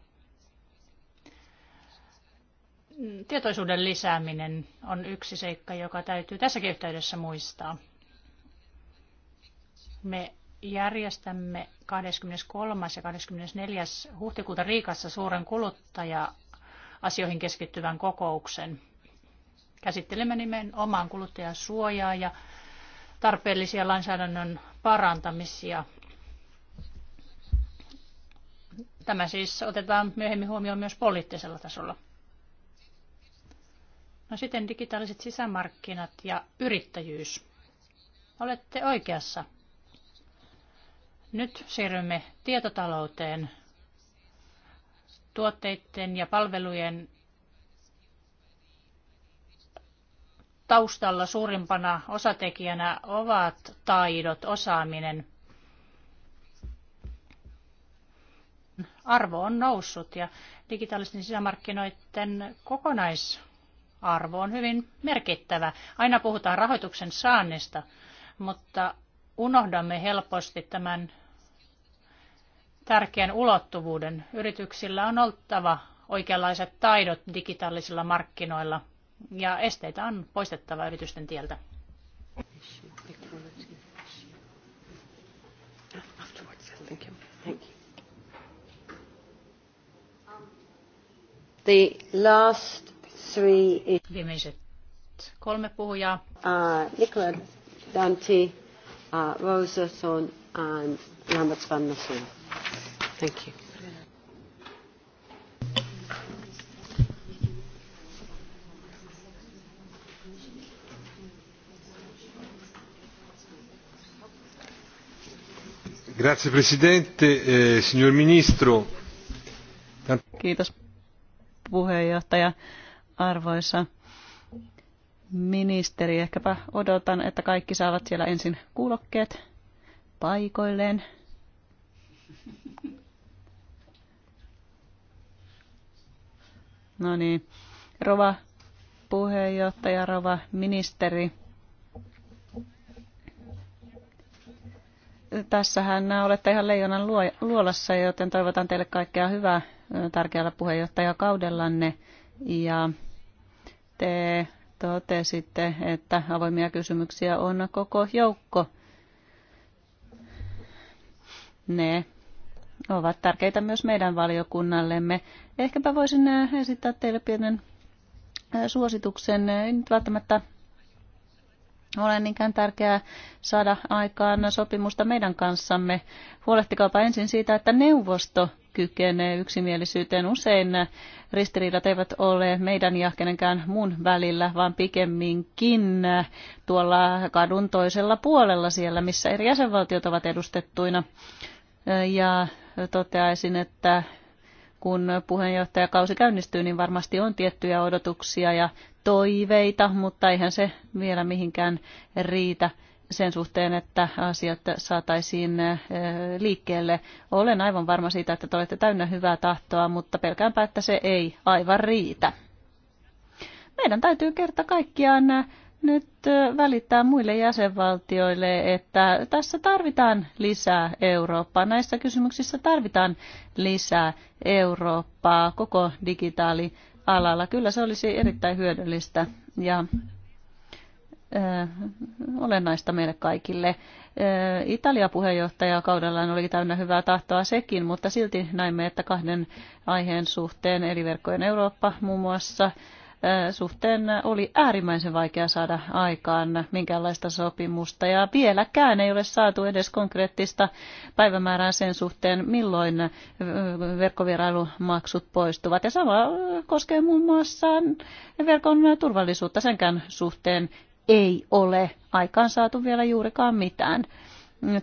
Speaker 1: Tietoisuuden lisääminen on yksi seikka, joka täytyy tässäkin yhteydessä muistaa. Me järjestämme 23. ja 24. huhtikuuta Riikassa suuren kuluttaja-asioihin keskittyvän kokouksen. Käsittelemme nimenomaan kuluttajasuojaa ja tarpeellisia lainsäädännön parantamisia. Tämä siis otetaan myöhemmin huomioon myös poliittisella tasolla. No sitten digitaaliset sisämarkkinat ja yrittäjyys. Olette oikeassa. Nyt siirrymme tietotalouteen. Tuotteiden ja palvelujen taustalla suurimpana osatekijänä ovat taidot, osaaminen. Arvo on noussut ja digitaalisten sisämarkkinoiden kokonaisarvo on hyvin merkittävä. Aina puhutaan rahoituksen saannista, mutta unohdamme helposti tämän tärkeän ulottuvuuden. Yrityksillä on oltava oikeanlaiset taidot digitaalisilla markkinoilla ja esteitä on poistettava yritysten tieltä.
Speaker 4: The last three
Speaker 1: Viimeiset kolme puhujaa.
Speaker 4: Uh, Nicola Dante, uh, Rosa and van Thank you.
Speaker 2: Grazie Presidente, eh, signor Ministro.
Speaker 5: Kiitos puheenjohtaja. Arvoisa ministeri. Ehkäpä odotan, että kaikki saavat siellä ensin kuulokkeet paikoilleen. No niin, rova puheenjohtaja, rova ministeri. Tässähän olette ihan leijonan luolassa, joten toivotan teille kaikkea hyvää tärkeällä puheenjohtajakaudellanne. Ja te totesitte, että avoimia kysymyksiä on koko joukko. Ne ovat tärkeitä myös meidän valiokunnallemme. Ehkäpä voisin esittää teille pienen suosituksen. Ei nyt välttämättä ole niinkään tärkeää saada aikaan sopimusta meidän kanssamme. Huolehtikaapa ensin siitä, että neuvosto kykenee yksimielisyyteen. Usein ristiriidat eivät ole meidän ja kenenkään muun välillä, vaan pikemminkin tuolla kadun toisella puolella siellä, missä eri jäsenvaltiot ovat edustettuina. Ja toteaisin, että kun puheenjohtajakausi käynnistyy, niin varmasti on tiettyjä odotuksia ja toiveita, mutta eihän se vielä mihinkään riitä sen suhteen, että asiat saataisiin liikkeelle. Olen aivan varma siitä, että te olette täynnä hyvää tahtoa, mutta pelkäänpä, että se ei aivan riitä. Meidän täytyy kerta kaikkiaan nyt välittää muille jäsenvaltioille, että tässä tarvitaan lisää Eurooppaa. Näissä kysymyksissä tarvitaan lisää Eurooppaa koko digitaalialalla. Kyllä se olisi erittäin hyödyllistä ja olennaista meille kaikille. Italia puheenjohtajakaudellaan oli täynnä hyvää tahtoa sekin, mutta silti näimme, että kahden aiheen suhteen, eli verkkojen Eurooppa muun muassa, suhteen oli äärimmäisen vaikea saada aikaan minkäänlaista sopimusta ja vieläkään ei ole saatu edes konkreettista päivämäärää sen suhteen, milloin verkkovierailumaksut poistuvat. Ja sama koskee muun muassa verkon turvallisuutta. Senkään suhteen ei ole aikaan saatu vielä juurikaan mitään.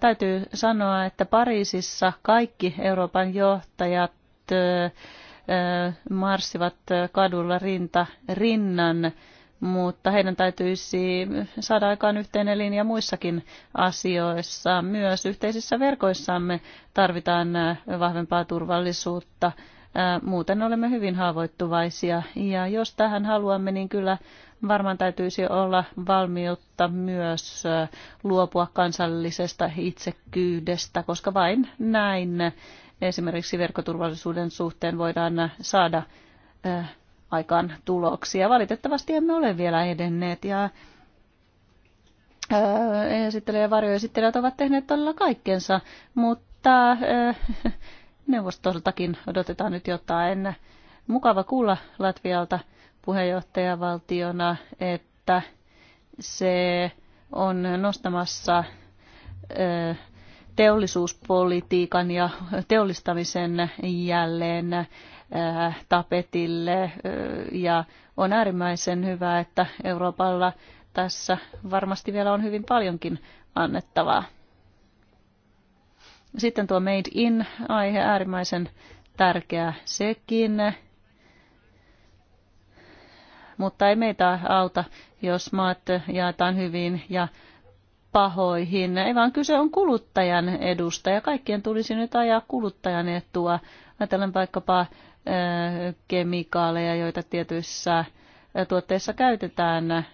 Speaker 5: Täytyy sanoa, että Pariisissa kaikki Euroopan johtajat marssivat kadulla rinta rinnan, mutta heidän täytyisi saada aikaan yhteinen linja muissakin asioissa. Myös yhteisissä verkoissamme tarvitaan vahvempaa turvallisuutta. Muuten olemme hyvin haavoittuvaisia ja jos tähän haluamme, niin kyllä varmaan täytyisi olla valmiutta myös luopua kansallisesta itsekyydestä, koska vain näin esimerkiksi verkkoturvallisuuden suhteen voidaan saada aikaan tuloksia. Valitettavasti emme ole vielä edenneet ja esittelijä ja varjoesittelijät ovat tehneet todella kaikkensa, mutta neuvostoltakin odotetaan nyt jotain. Mukava kuulla Latvialta puheenjohtajavaltiona, että se on nostamassa teollisuuspolitiikan ja teollistamisen jälleen tapetille ja on äärimmäisen hyvä, että Euroopalla tässä varmasti vielä on hyvin paljonkin annettavaa. Sitten tuo Made in-aihe äärimmäisen tärkeä sekin mutta ei meitä auta, jos maat jaetaan hyvin ja pahoihin. Ei vaan kyse on kuluttajan edusta ja kaikkien tulisi nyt ajaa kuluttajan etua. Ajatellaan vaikkapa äh, kemikaaleja, joita tietyissä äh, tuotteissa käytetään. Äh,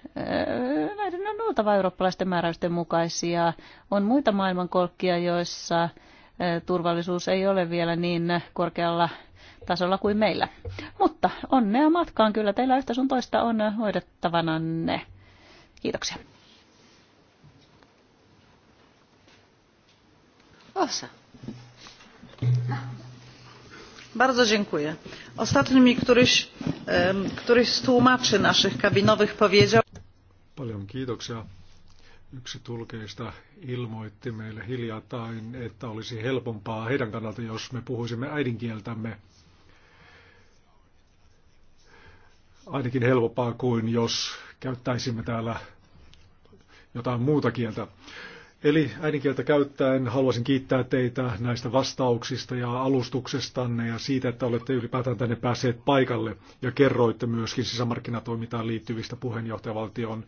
Speaker 5: näiden on oltava eurooppalaisten määräysten mukaisia. On muita maailmankolkkia, joissa turvallisuus ei ole vielä niin korkealla tasolla kuin meillä. Mutta onnea matkaan kyllä. Teillä yhtä sun toista on ne. Kiitoksia. Osa. Bardzo dziękuję. Ostatni mi któryś, um, któryś z tłumaczy naszych kabinowych
Speaker 2: powiedział... Paljon kiitoksia. Yksi tulkeista ilmoitti meille hiljattain, että olisi helpompaa heidän kannalta, jos me puhuisimme äidinkieltämme. ainakin helpompaa kuin jos käyttäisimme täällä jotain muuta kieltä. Eli äidinkieltä käyttäen haluaisin kiittää teitä näistä vastauksista ja alustuksestanne ja siitä, että olette ylipäätään tänne päässeet paikalle ja kerroitte myöskin sisämarkkinatoimintaan liittyvistä puheenjohtajavaltion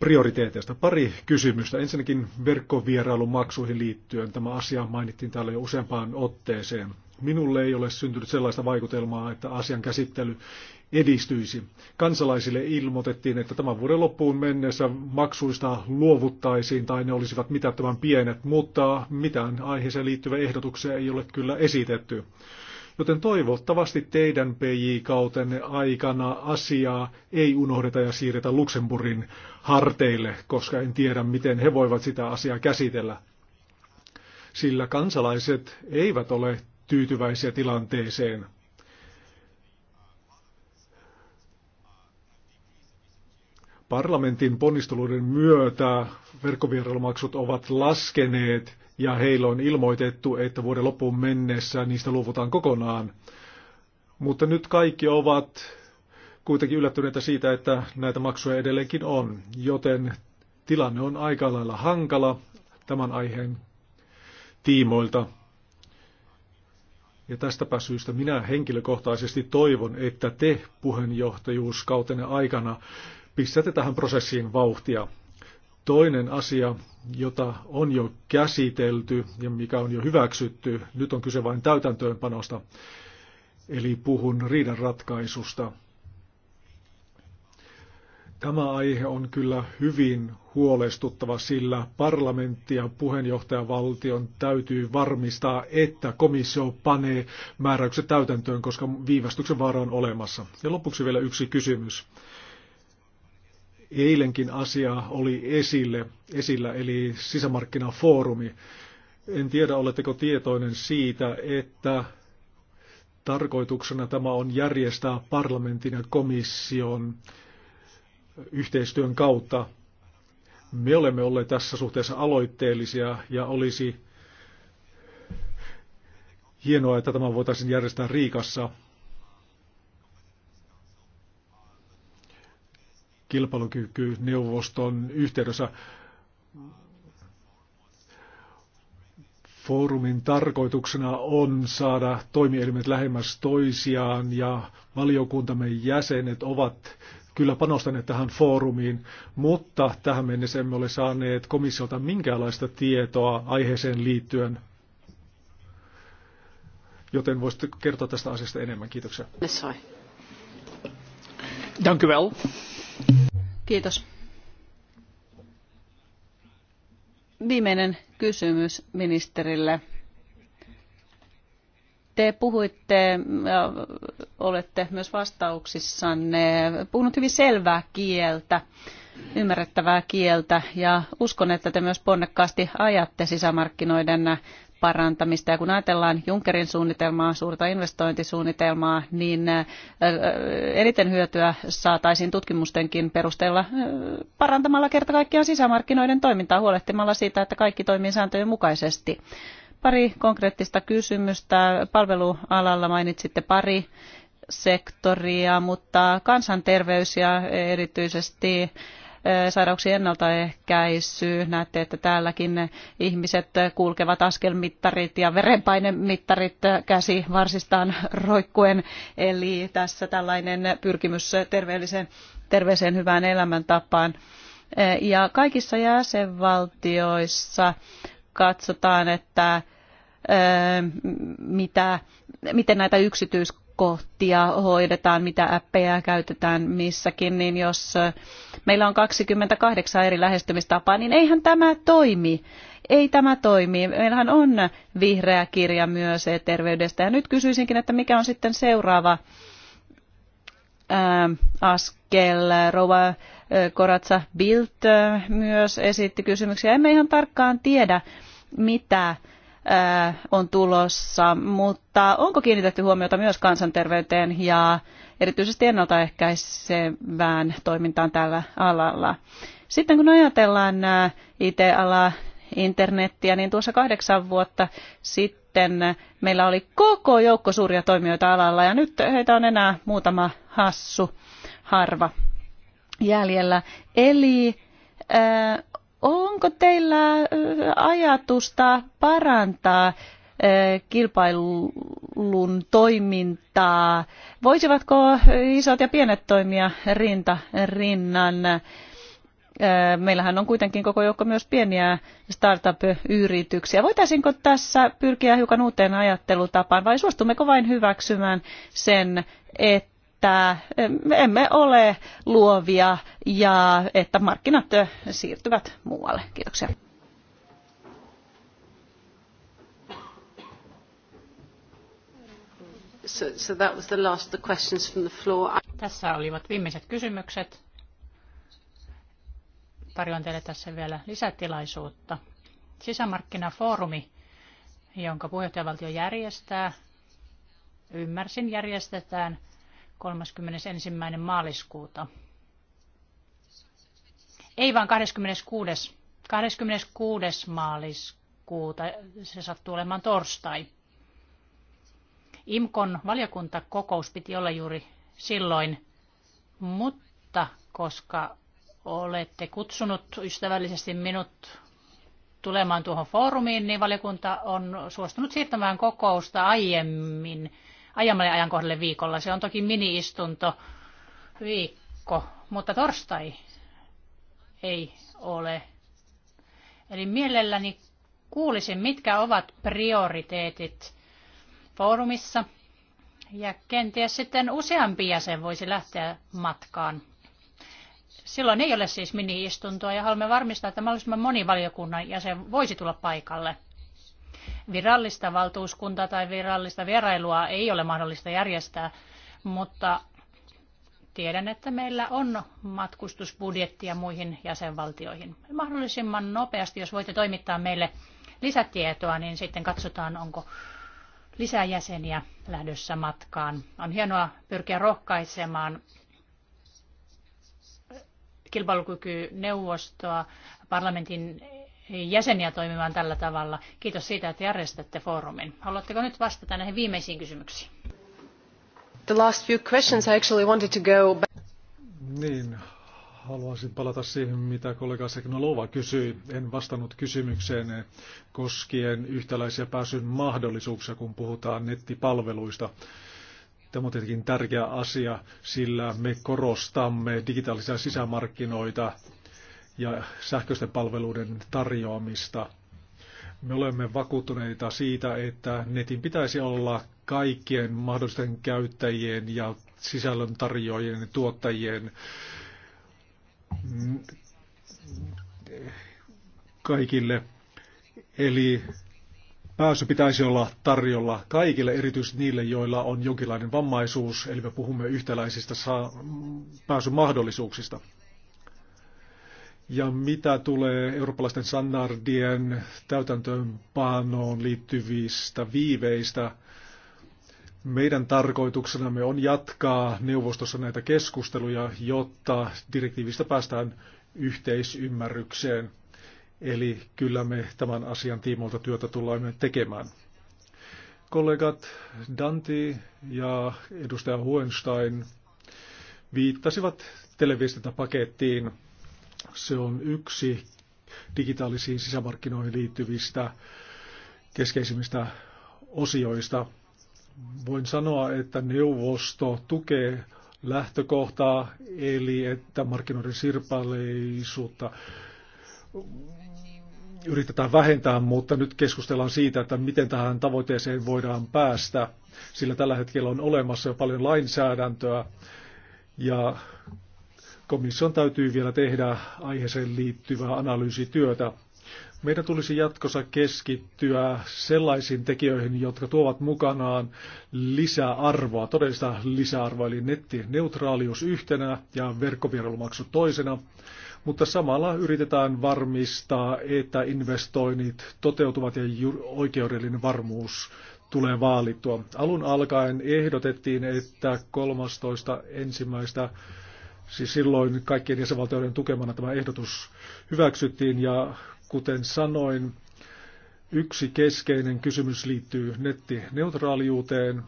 Speaker 2: prioriteeteista. Pari kysymystä. Ensinnäkin verkkovierailun maksuihin liittyen. Tämä asia mainittiin täällä jo useampaan otteeseen. Minulle ei ole syntynyt sellaista vaikutelmaa, että asian käsittely edistyisi. Kansalaisille ilmoitettiin, että tämän vuoden loppuun mennessä maksuista luovuttaisiin tai ne olisivat mitättömän pienet, mutta mitään aiheeseen liittyviä ehdotuksia ei ole kyllä esitetty. Joten toivottavasti teidän PJ-kautenne aikana asiaa ei unohdeta ja siirretä Luxemburgin harteille, koska en tiedä, miten he voivat sitä asiaa käsitellä. Sillä kansalaiset eivät ole tyytyväisiä tilanteeseen. Parlamentin ponnisteluiden myötä verkkovierailumaksut ovat laskeneet ja heillä on ilmoitettu, että vuoden loppuun mennessä niistä luovutaan kokonaan. Mutta nyt kaikki ovat kuitenkin yllättyneitä siitä, että näitä maksuja edelleenkin on, joten tilanne on aika lailla hankala tämän aiheen tiimoilta. Ja tästäpä syystä minä henkilökohtaisesti toivon, että te puheenjohtajuuskautenne aikana pistätte tähän prosessiin vauhtia. Toinen asia, jota on jo käsitelty ja mikä on jo hyväksytty, nyt on kyse vain täytäntöönpanosta, eli puhun riidan ratkaisusta. Tämä aihe on kyllä hyvin huolestuttava, sillä parlamentti ja puheenjohtajavaltion täytyy varmistaa, että komissio panee määräykset täytäntöön, koska viivästyksen vaara on olemassa. Ja lopuksi vielä yksi kysymys. Eilenkin asia oli esille, esillä, eli sisämarkkinafoorumi. En tiedä, oletteko tietoinen siitä, että tarkoituksena tämä on järjestää parlamentin ja komission yhteistyön kautta. Me olemme olleet tässä suhteessa aloitteellisia ja olisi hienoa, että tämä voitaisiin järjestää Riikassa kilpailukykyneuvoston yhteydessä foorumin tarkoituksena on saada toimielimet lähemmäs toisiaan ja valiokuntamme jäsenet ovat kyllä panostaneet tähän foorumiin, mutta tähän mennessä emme ole saaneet komissiolta minkäänlaista tietoa aiheeseen liittyen. Joten voisitte kertoa tästä asiasta enemmän. Kiitoksia. Dank u wel.
Speaker 5: Kiitos. Viimeinen kysymys ministerille. Te puhuitte, olette myös vastauksissanne puhunut hyvin selvää kieltä, ymmärrettävää kieltä ja uskon, että te myös ponnekkaasti ajatte sisämarkkinoiden parantamista. Ja kun ajatellaan Junckerin suunnitelmaa, suurta investointisuunnitelmaa, niin eniten hyötyä saataisiin tutkimustenkin perusteella parantamalla kerta kaikkiaan sisämarkkinoiden toimintaa, huolehtimalla siitä, että kaikki toimii sääntöjen mukaisesti. Pari konkreettista kysymystä. Palvelualalla mainitsitte pari sektoria, mutta kansanterveys ja erityisesti sairauksien ennaltaehkäisy. Näette, että täälläkin ihmiset kulkevat askelmittarit ja verenpainemittarit käsi varsistaan roikkuen. Eli tässä tällainen pyrkimys terveelliseen, terveeseen hyvään elämäntapaan. Ja kaikissa jäsenvaltioissa katsotaan, että mitä, miten näitä yksityis kohtia hoidetaan, mitä appeja käytetään missäkin, niin jos meillä on 28 eri lähestymistapaa, niin eihän tämä toimi. Ei tämä toimi. Meillähän on vihreä kirja myös terveydestä. Ja nyt kysyisinkin, että mikä on sitten seuraava askel. rova Koratsa Bilt myös esitti kysymyksiä. Emme ihan tarkkaan tiedä, mitä on tulossa, mutta onko kiinnitetty huomiota myös kansanterveyteen ja erityisesti ennaltaehkäisevään toimintaan tällä alalla? Sitten kun ajatellaan IT-alaa, internettiä, niin tuossa kahdeksan vuotta sitten meillä oli koko joukko suuria toimijoita alalla ja nyt heitä on enää muutama hassu harva jäljellä. Eli Onko teillä ajatusta parantaa kilpailun toimintaa? Voisivatko isot ja pienet toimia rinta rinnan? Meillähän on kuitenkin koko joukko myös pieniä startup-yrityksiä. Voitaisinko tässä pyrkiä hiukan uuteen ajattelutapaan vai suostummeko vain hyväksymään sen, että että eh, emme ole luovia ja että markkinat eh, siirtyvät muualle. Kiitoksia.
Speaker 4: So, so that was the last the questions from the floor.
Speaker 1: Tässä olivat viimeiset kysymykset. Tarjoan teille tässä vielä lisätilaisuutta. Sisämarkkinafoorumi, jonka puheenjohtajavaltio järjestää, ymmärsin järjestetään – 31. maaliskuuta. Ei vaan 26. 26. maaliskuuta, se sattuu olemaan torstai. IMKON valiokuntakokous piti olla juuri silloin, mutta koska olette kutsunut ystävällisesti minut tulemaan tuohon foorumiin, niin valiokunta on suostunut siirtämään kokousta aiemmin ajamalle ajankohdalle viikolla. Se on toki mini-istunto viikko, mutta torstai ei ole. Eli mielelläni kuulisin, mitkä ovat prioriteetit foorumissa. Ja kenties sitten useampi jäsen voisi lähteä matkaan. Silloin ei ole siis mini-istuntoa ja haluamme varmistaa, että mahdollisimman moni valiokunnan jäsen voisi tulla paikalle – Virallista valtuuskuntaa tai virallista vierailua ei ole mahdollista järjestää, mutta tiedän, että meillä on matkustusbudjettia muihin jäsenvaltioihin. Mahdollisimman nopeasti, jos voitte toimittaa meille lisätietoa, niin sitten katsotaan, onko lisää jäseniä lähdössä matkaan. On hienoa pyrkiä rohkaisemaan kilpailukykyneuvostoa, parlamentin jäseniä toimimaan tällä tavalla. Kiitos siitä, että järjestätte foorumin. Haluatteko nyt vastata näihin viimeisiin kysymyksiin?
Speaker 4: The last few questions I actually wanted to go back.
Speaker 2: Niin, haluaisin palata siihen, mitä kollega Seknolova kysyi. En vastannut kysymykseen koskien yhtäläisiä pääsyn mahdollisuuksia, kun puhutaan nettipalveluista. Tämä on tietenkin tärkeä asia, sillä me korostamme digitaalisia sisämarkkinoita ja sähköisten palveluiden tarjoamista. Me olemme vakuuttuneita siitä, että netin pitäisi olla kaikkien mahdollisten käyttäjien ja sisällön tarjoajien ja tuottajien mm, kaikille. Eli pääsy pitäisi olla tarjolla kaikille, erityisesti niille, joilla on jonkinlainen vammaisuus, eli me puhumme yhtäläisistä mm, pääsymahdollisuuksista. Ja mitä tulee eurooppalaisten standardien täytäntöönpanoon liittyvistä viiveistä, meidän tarkoituksenamme on jatkaa neuvostossa näitä keskusteluja, jotta direktiivistä päästään yhteisymmärrykseen. Eli kyllä me tämän asian tiimoilta työtä tullaan tekemään. Kollegat Danti ja edustaja Huenstein viittasivat televiestintäpakettiin, se on yksi digitaalisiin sisämarkkinoihin liittyvistä keskeisimmistä osioista. Voin sanoa, että neuvosto tukee lähtökohtaa, eli että markkinoiden sirpaleisuutta yritetään vähentää, mutta nyt keskustellaan siitä, että miten tähän tavoitteeseen voidaan päästä, sillä tällä hetkellä on olemassa jo paljon lainsäädäntöä ja Komission täytyy vielä tehdä aiheeseen liittyvää analyysityötä. Meidän tulisi jatkossa keskittyä sellaisiin tekijöihin, jotka tuovat mukanaan lisäarvoa, todellista lisäarvoa, eli nettineutraalius yhtenä ja verkkovierailumaksu toisena, mutta samalla yritetään varmistaa, että investoinnit toteutuvat ja oikeudellinen varmuus tulee vaalittua. Alun alkaen ehdotettiin, että 13. ensimmäistä Siis silloin kaikkien jäsenvaltioiden tukemana tämä ehdotus hyväksyttiin ja kuten sanoin, yksi keskeinen kysymys liittyy nettineutraaliuteen.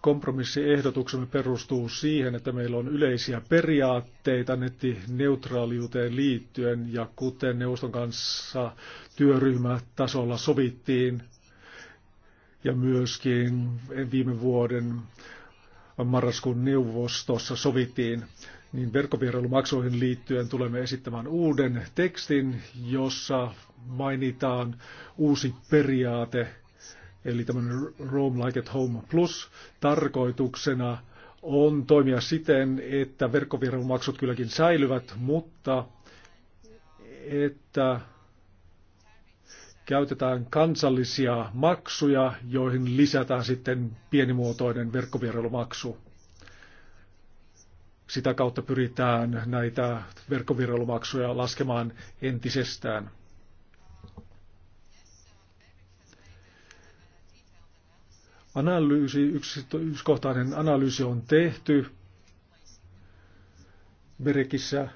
Speaker 2: Kompromissiehdotuksemme perustuu siihen, että meillä on yleisiä periaatteita nettineutraaliuteen liittyen ja kuten neuvoston kanssa työryhmätasolla sovittiin ja myöskin viime vuoden marraskuun neuvostossa sovittiin, niin verkkovierailumaksuihin liittyen tulemme esittämään uuden tekstin, jossa mainitaan uusi periaate, eli tämmöinen Roam Like at Home Plus tarkoituksena on toimia siten, että verkkovierailumaksut kylläkin säilyvät, mutta että käytetään kansallisia maksuja, joihin lisätään sitten pienimuotoinen verkkovierailumaksu. Sitä kautta pyritään näitä verkkovierailumaksuja laskemaan entisestään. Analyysi, yksikohtainen analyysi on tehty Berekissä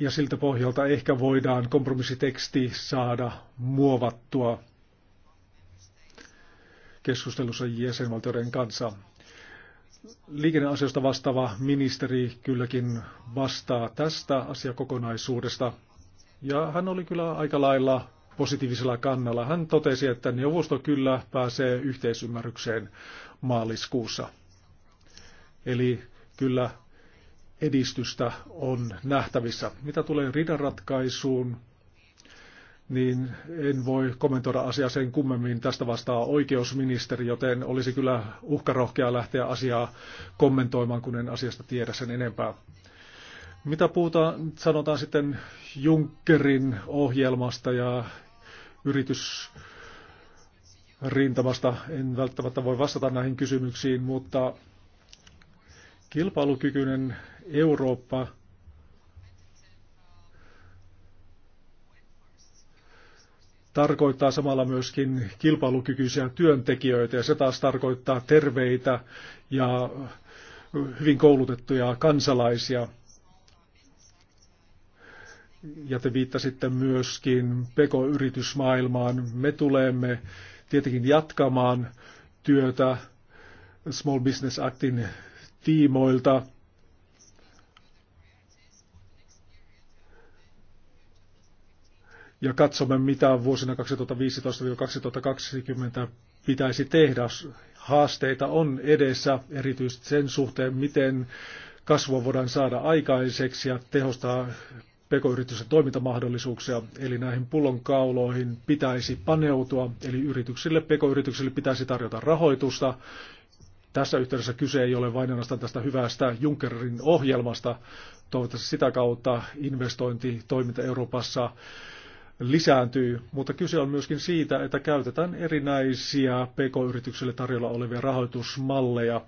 Speaker 2: ja siltä pohjalta ehkä voidaan kompromissiteksti saada muovattua keskustelussa jäsenvaltioiden kanssa. Liikenneasioista vastaava ministeri kylläkin vastaa tästä asiakokonaisuudesta. Ja hän oli kyllä aika lailla positiivisella kannalla. Hän totesi, että neuvosto kyllä pääsee yhteisymmärrykseen maaliskuussa. Eli kyllä edistystä on nähtävissä. Mitä tulee ridanratkaisuun, niin en voi kommentoida asiaa sen kummemmin. Tästä vastaa oikeusministeri, joten olisi kyllä uhkarohkea lähteä asiaa kommentoimaan, kun en asiasta tiedä sen enempää. Mitä puhutaan, sanotaan sitten Junckerin ohjelmasta ja yritysrintamasta, en välttämättä voi vastata näihin kysymyksiin, mutta Kilpailukykyinen Eurooppa tarkoittaa samalla myöskin kilpailukykyisiä työntekijöitä ja se taas tarkoittaa terveitä ja hyvin koulutettuja kansalaisia. Ja te viittasitte myöskin PK-yritysmaailmaan. Me tulemme tietenkin jatkamaan työtä Small Business Actin tiimoilta. Ja katsomme, mitä vuosina 2015-2020 pitäisi tehdä. Haasteita on edessä, erityisesti sen suhteen, miten kasvua voidaan saada aikaiseksi ja tehostaa pk toimintamahdollisuuksia, eli näihin pullonkauloihin pitäisi paneutua, eli yrityksille, pk-yrityksille pitäisi tarjota rahoitusta, tässä yhteydessä kyse ei ole vain ainoastaan tästä hyvästä Junckerin ohjelmasta. Toivottavasti sitä kautta investointitoiminta Euroopassa lisääntyy, mutta kyse on myöskin siitä, että käytetään erinäisiä pk-yrityksille tarjolla olevia rahoitusmalleja.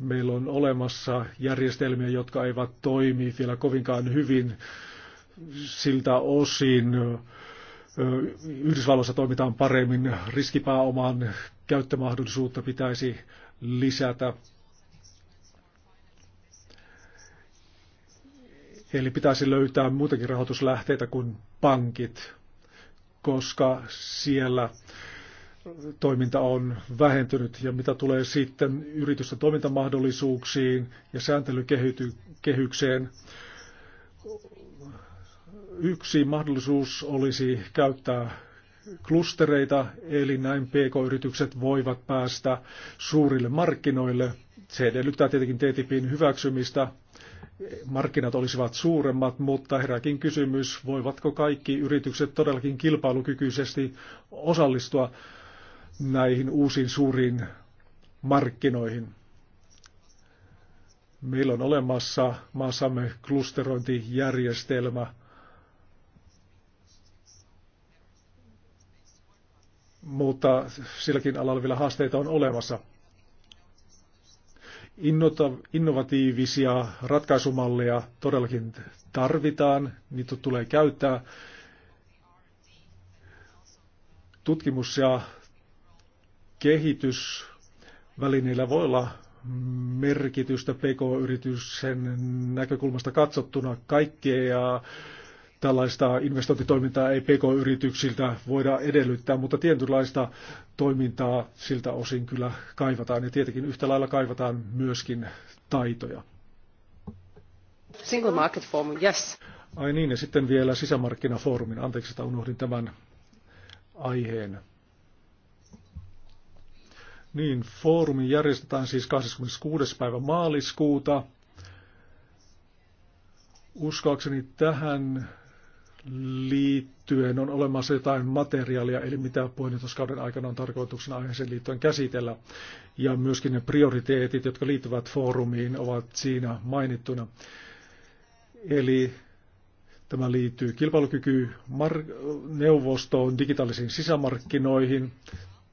Speaker 2: Meillä on olemassa järjestelmiä, jotka eivät toimi vielä kovinkaan hyvin siltä osin. Yhdysvalloissa toimitaan paremmin riskipääoman käyttömahdollisuutta pitäisi lisätä. Eli pitäisi löytää muitakin rahoituslähteitä kuin pankit, koska siellä toiminta on vähentynyt ja mitä tulee sitten yritysten toimintamahdollisuuksiin ja sääntelykehykseen. Yksi mahdollisuus olisi käyttää klustereita, eli näin PK-yritykset voivat päästä suurille markkinoille. Se edellyttää tietenkin TTIPin hyväksymistä. Markkinat olisivat suuremmat, mutta herääkin kysymys, voivatko kaikki yritykset todellakin kilpailukykyisesti osallistua näihin uusiin suuriin markkinoihin. Meillä on olemassa maassamme klusterointijärjestelmä, mutta silläkin alalla vielä haasteita on olemassa. Innovatiivisia ratkaisumalleja todellakin tarvitaan, niitä tulee käyttää. Tutkimus ja kehitysvälineillä voi olla merkitystä PK-yrityksen näkökulmasta katsottuna kaikkea tällaista investointitoimintaa ei PK-yrityksiltä voida edellyttää, mutta tietynlaista toimintaa siltä osin kyllä kaivataan ja tietenkin yhtä lailla kaivataan myöskin taitoja.
Speaker 4: Single Market
Speaker 2: Forum, yes. Ai niin, ja sitten vielä sisämarkkinafoorumin. Anteeksi, että unohdin tämän aiheen. Niin, foorumi järjestetään siis 26. päivä maaliskuuta. Uskoakseni tähän liittyen on olemassa jotain materiaalia, eli mitä puheenjohtajuuskauden aikana on tarkoituksena aiheeseen liittyen käsitellä. Ja myöskin ne prioriteetit, jotka liittyvät foorumiin, ovat siinä mainittuna. Eli tämä liittyy kilpailukyky neuvostoon, digitaalisiin sisämarkkinoihin,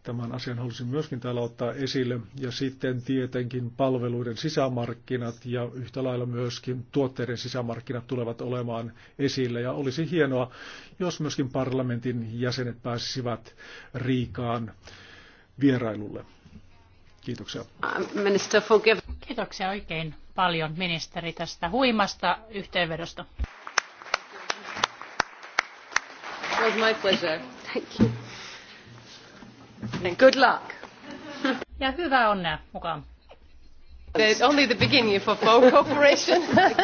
Speaker 2: Tämän asian halusin myöskin täällä ottaa esille. Ja sitten tietenkin palveluiden sisämarkkinat ja yhtä lailla myöskin tuotteiden sisämarkkinat tulevat olemaan esille Ja olisi hienoa, jos myöskin parlamentin jäsenet pääsisivät Riikaan vierailulle. Kiitoksia.
Speaker 1: Uh, Kiitoksia oikein paljon ministeri tästä huimasta yhteenvedosta.
Speaker 4: It was my pleasure. Thank you. And good luck. Ja hyvää onnea mukaan. It's only the beginning for full cooperation.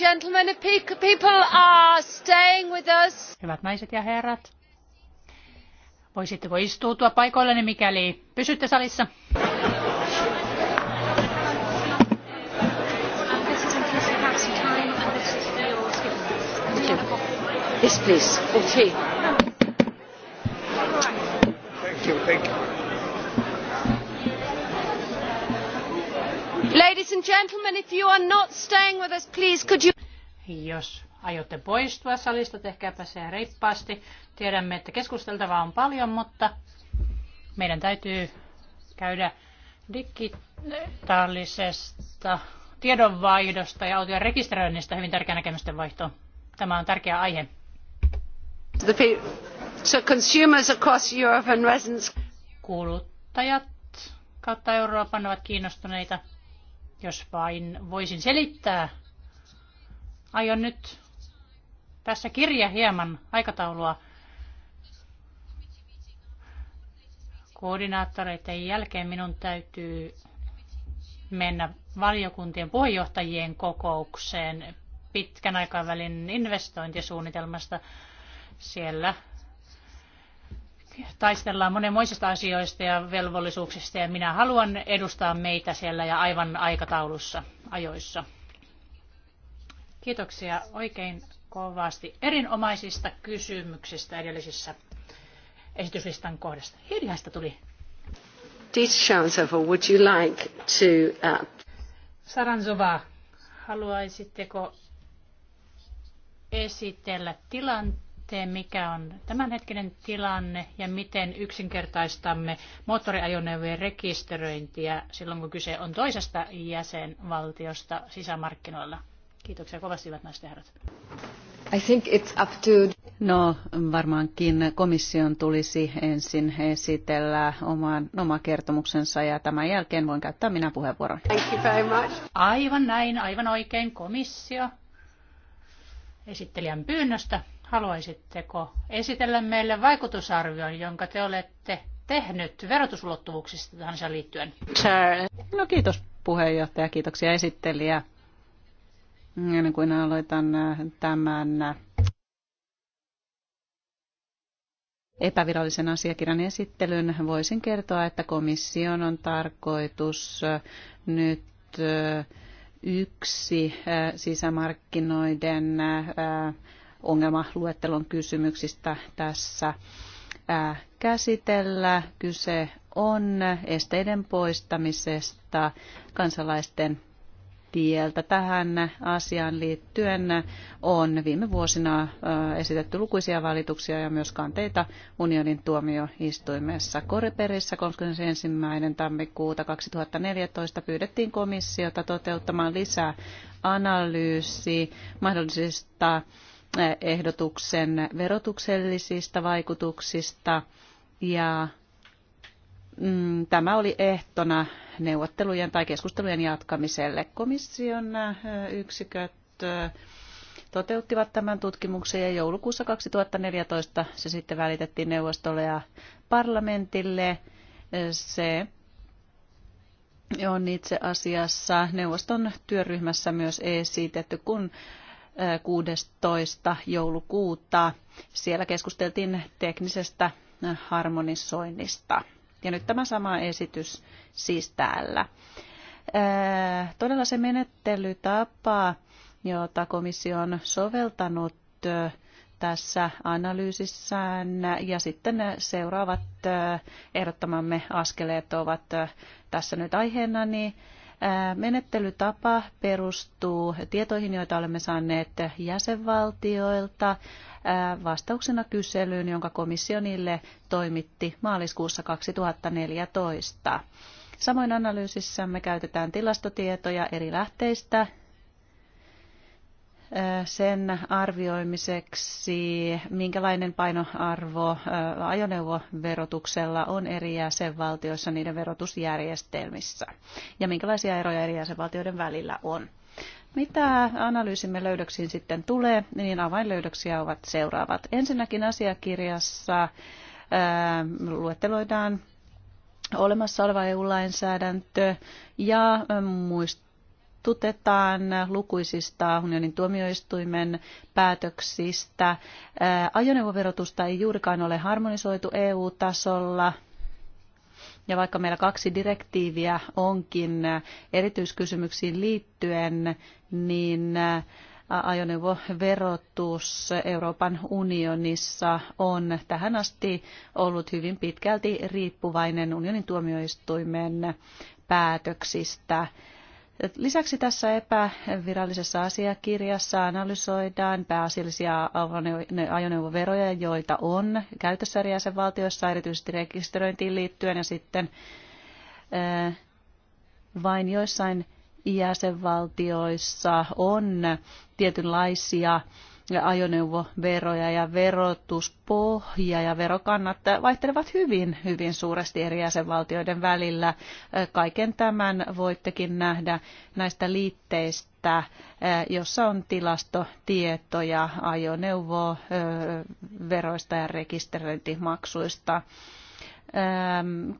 Speaker 4: gentlemen, people are staying
Speaker 1: with us. Hyvät naiset ja herrat, voisitteko istuutua paikoillenne, mikäli pysytte salissa?
Speaker 4: Yes, please. Okay. Gentlemen, if you are not staying with us, please could you...
Speaker 1: Jos aiotte poistua salista, tehkääpä se reippaasti. Tiedämme, että keskusteltavaa on paljon, mutta meidän täytyy käydä digitaalisesta tiedonvaihdosta ja autojen rekisteröinnistä hyvin tärkeä näkemysten vaihto. Tämä on tärkeä aihe. Kuluttajat kautta Euroopan ovat kiinnostuneita jos vain voisin selittää, aion nyt tässä kirja hieman aikataulua koordinaattoreiden jälkeen minun täytyy mennä valiokuntien puheenjohtajien kokoukseen pitkän aikavälin investointisuunnitelmasta. Siellä taistellaan monenmoisista asioista ja velvollisuuksista ja minä haluan edustaa meitä siellä ja aivan aikataulussa ajoissa. Kiitoksia oikein kovasti erinomaisista kysymyksistä edellisissä esityslistan kohdasta. Hiljaista tuli.
Speaker 4: would you like to... Uh...
Speaker 1: Saranzova, haluaisitteko esitellä tilanteen? suhteen, mikä on tämänhetkinen tilanne ja miten yksinkertaistamme moottoriajoneuvojen rekisteröintiä silloin, kun kyse on toisesta jäsenvaltiosta sisämarkkinoilla? Kiitoksia kovasti, hyvät naiset ja herrat.
Speaker 5: I think it's up to... No, varmaankin komission tulisi ensin esitellä oman, oma kertomuksensa ja tämän jälkeen voin käyttää minä puheenvuoron.
Speaker 1: Thank you very much. Aivan näin, aivan oikein komissio esittelijän pyynnöstä. Haluaisitteko esitellä meille vaikutusarvion, jonka te olette tehnyt verotusulottuvuuksista tähän liittyen?
Speaker 5: No kiitos puheenjohtaja, kiitoksia esittelijä. Ennen kuin aloitan äh, tämän äh, epävirallisen asiakirjan esittelyn, voisin kertoa, että komission on tarkoitus äh, nyt yksi sisämarkkinoiden ongelmaluettelon kysymyksistä tässä käsitellä. Kyse on esteiden poistamisesta kansalaisten tieltä. Tähän asiaan liittyen on viime vuosina esitetty lukuisia valituksia ja myös kanteita unionin tuomioistuimessa. Koreperissä 31. tammikuuta 2014 pyydettiin komissiota toteuttamaan lisää analyysi mahdollisista ehdotuksen verotuksellisista vaikutuksista ja mm, tämä oli ehtona neuvottelujen tai keskustelujen jatkamiselle. Komission äh, yksiköt äh, toteuttivat tämän tutkimuksen ja joulukuussa 2014 se sitten välitettiin neuvostolle ja parlamentille. Se on itse asiassa neuvoston työryhmässä myös esitetty, kun 16. joulukuuta. Siellä keskusteltiin teknisestä harmonisoinnista. Ja nyt tämä sama esitys siis täällä. Todella se menettelytapa, jota komissio on soveltanut tässä analyysissään ja sitten seuraavat ehdottamamme askeleet ovat tässä nyt aiheena, niin Menettelytapa perustuu tietoihin, joita olemme saaneet jäsenvaltioilta vastauksena kyselyyn, jonka komissio niille toimitti maaliskuussa 2014. Samoin analyysissämme käytetään tilastotietoja eri lähteistä sen arvioimiseksi, minkälainen painoarvo ajoneuvoverotuksella on eri jäsenvaltioissa niiden verotusjärjestelmissä ja minkälaisia eroja eri jäsenvaltioiden välillä on. Mitä analyysimme löydöksiin sitten tulee, niin avainlöydöksiä ovat seuraavat. Ensinnäkin asiakirjassa ää, luetteloidaan olemassa oleva EU-lainsäädäntö ja muist muistutetaan lukuisista unionin tuomioistuimen päätöksistä. Ajoneuvoverotusta ei juurikaan ole harmonisoitu EU-tasolla. Ja vaikka meillä kaksi direktiiviä onkin erityiskysymyksiin liittyen, niin ajoneuvoverotus Euroopan unionissa on tähän asti ollut hyvin pitkälti riippuvainen unionin tuomioistuimen päätöksistä. Lisäksi tässä epävirallisessa asiakirjassa analysoidaan pääasiallisia ajoneuvoveroja, joita on käytössä eri jäsenvaltioissa, erityisesti rekisteröintiin liittyen ja sitten eh, vain joissain jäsenvaltioissa on tietynlaisia ajoneuvoveroja ja verotuspohja ja verokannat vaihtelevat hyvin, hyvin suuresti eri jäsenvaltioiden välillä. Kaiken tämän voittekin nähdä näistä liitteistä, jossa on tilastotietoja ajoneuvoveroista ja rekisteröintimaksuista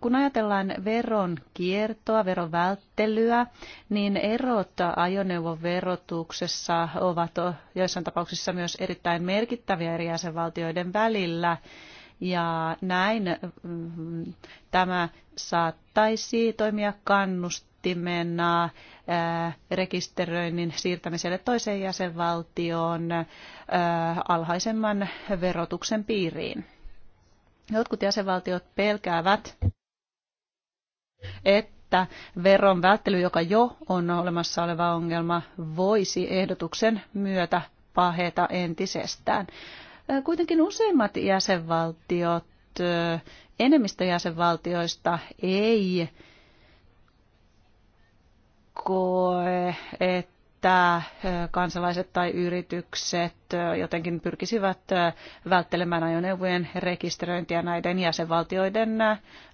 Speaker 5: kun ajatellaan veron kiertoa, veron välttelyä, niin erot ajoneuvon verotuksessa ovat joissain tapauksissa myös erittäin merkittäviä eri jäsenvaltioiden välillä. Ja näin mm, tämä saattaisi toimia kannustimena rekisteröinnin siirtämiselle toiseen jäsenvaltioon alhaisemman verotuksen piiriin. Jotkut jäsenvaltiot pelkäävät, että veron välttely, joka jo on olemassa oleva ongelma, voisi ehdotuksen myötä paheta entisestään. Kuitenkin useimmat jäsenvaltiot, enemmistö jäsenvaltioista ei koe, että että kansalaiset tai yritykset jotenkin pyrkisivät välttelemään ajoneuvojen rekisteröintiä näiden jäsenvaltioiden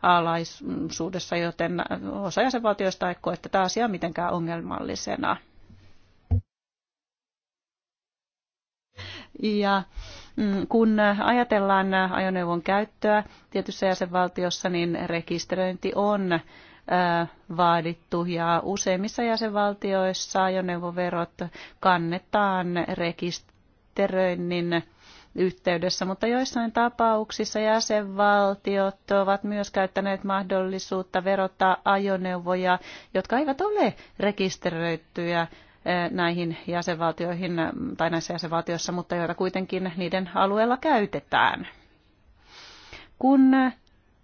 Speaker 5: alaisuudessa, joten osa jäsenvaltioista ei koe tätä asiaa mitenkään ongelmallisena. Ja mm, kun ajatellaan ajoneuvon käyttöä tietyssä jäsenvaltiossa, niin rekisteröinti on vaadittu ja useimmissa jäsenvaltioissa ajoneuvoverot kannetaan rekisteröinnin yhteydessä, mutta joissain tapauksissa jäsenvaltiot ovat myös käyttäneet mahdollisuutta verottaa ajoneuvoja, jotka eivät ole rekisteröityjä näihin jäsenvaltioihin tai näissä jäsenvaltioissa, mutta joita kuitenkin niiden alueella käytetään. Kun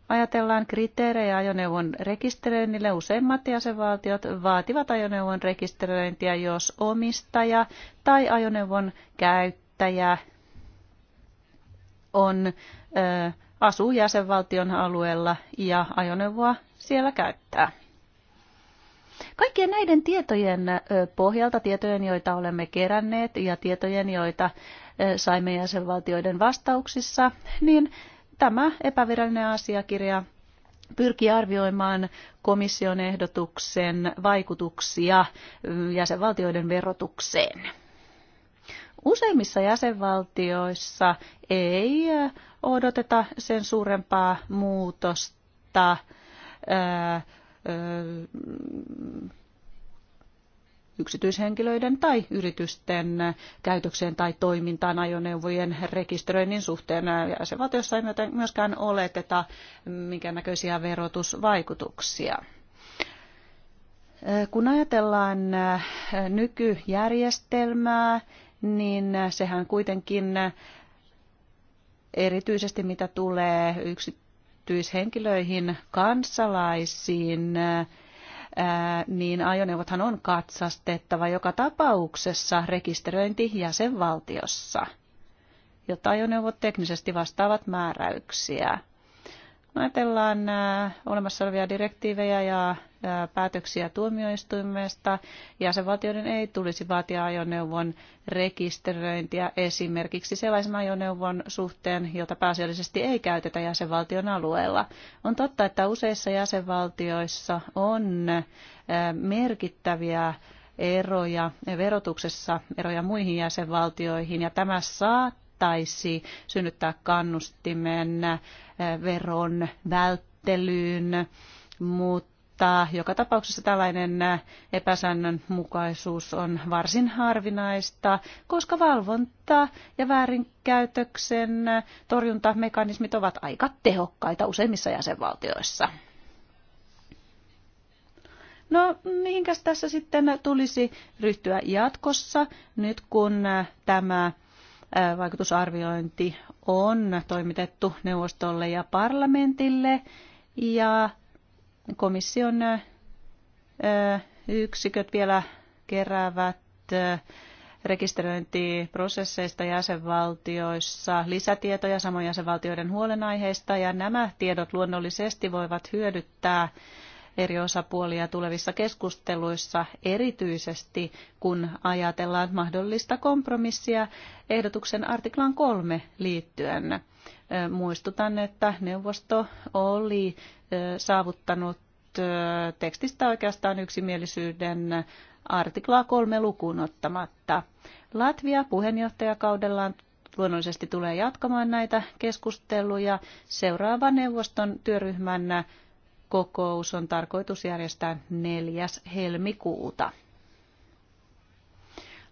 Speaker 5: ajatellaan kriteerejä ajoneuvon rekisteröinnille, useimmat jäsenvaltiot vaativat ajoneuvon rekisteröintiä, jos omistaja tai ajoneuvon käyttäjä on, ö, asuu jäsenvaltion alueella ja ajoneuvoa siellä käyttää. Kaikkien näiden tietojen pohjalta, tietojen joita olemme keränneet ja tietojen joita saimme jäsenvaltioiden vastauksissa, niin tämä epävirallinen asiakirja pyrkii arvioimaan komission ehdotuksen vaikutuksia jäsenvaltioiden verotukseen. Useimmissa jäsenvaltioissa ei odoteta sen suurempaa muutosta yksityishenkilöiden tai yritysten käytökseen tai toimintaan ajoneuvojen rekisteröinnin suhteen. Jäsenvaltiossa ei myöskään oleteta minkä näköisiä verotusvaikutuksia. Kun ajatellaan nykyjärjestelmää, niin sehän kuitenkin erityisesti mitä tulee yksityishenkilöihin, kansalaisiin, niin ajoneuvothan on katsastettava joka tapauksessa rekisteröinti jäsenvaltiossa, jotta ajoneuvot teknisesti vastaavat määräyksiä ajatellaan äh, olemassa olevia direktiivejä ja äh, päätöksiä tuomioistuimesta, jäsenvaltioiden ei tulisi vaatia ajoneuvon rekisteröintiä esimerkiksi sellaisen ajoneuvon suhteen, jota pääasiallisesti ei käytetä jäsenvaltion alueella. On totta, että useissa jäsenvaltioissa on äh, merkittäviä eroja verotuksessa, eroja muihin jäsenvaltioihin, ja tämä saa saattaisi synnyttää kannustimen eh, veron välttelyyn, mutta joka tapauksessa tällainen eh, epäsäännönmukaisuus on varsin harvinaista, koska valvonta ja väärinkäytöksen eh, torjuntamekanismit ovat aika tehokkaita useimmissa jäsenvaltioissa. No mihinkäs tässä sitten tulisi ryhtyä jatkossa, nyt kun tämä vaikutusarviointi on toimitettu neuvostolle ja parlamentille ja komission yksiköt vielä keräävät rekisteröintiprosesseista jäsenvaltioissa lisätietoja samoin jäsenvaltioiden huolenaiheista ja nämä tiedot luonnollisesti voivat hyödyttää eri osapuolia tulevissa keskusteluissa, erityisesti kun ajatellaan mahdollista kompromissia ehdotuksen artiklan kolme liittyen. Muistutan, että neuvosto oli saavuttanut tekstistä oikeastaan yksimielisyyden artiklaa kolme lukuun ottamatta. Latvia puheenjohtajakaudellaan luonnollisesti tulee jatkamaan näitä keskusteluja seuraavan neuvoston työryhmän kokous on tarkoitus järjestää 4. helmikuuta.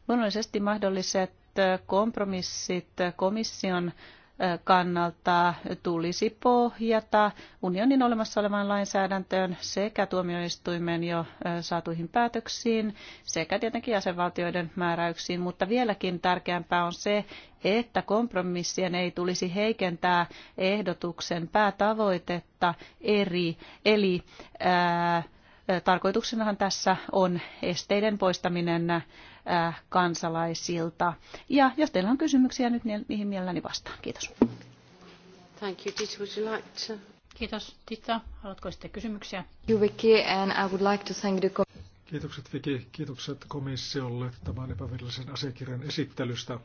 Speaker 5: Luonnollisesti mahdolliset kompromissit komission kannalta tulisi pohjata unionin olemassa olevaan lainsäädäntöön sekä tuomioistuimen jo saatuihin päätöksiin sekä tietenkin jäsenvaltioiden määräyksiin, mutta vieläkin tärkeämpää on se, että kompromissien ei tulisi heikentää ehdotuksen päätavoitetta eri, eli ää, Tarkoituksenahan tässä on esteiden poistaminen kansalaisilta. Ja jos teillä on kysymyksiä nyt, niin mihin mielelläni vastaan.
Speaker 2: Kiitos.
Speaker 1: Thank you. Did, would you like to... Kiitos Tita. Haluatko sitten kysymyksiä?
Speaker 2: Vicky, and I would like to thank the... Kiitokset Viki, kiitokset komissiolle tämän epävirallisen asiakirjan esittelystä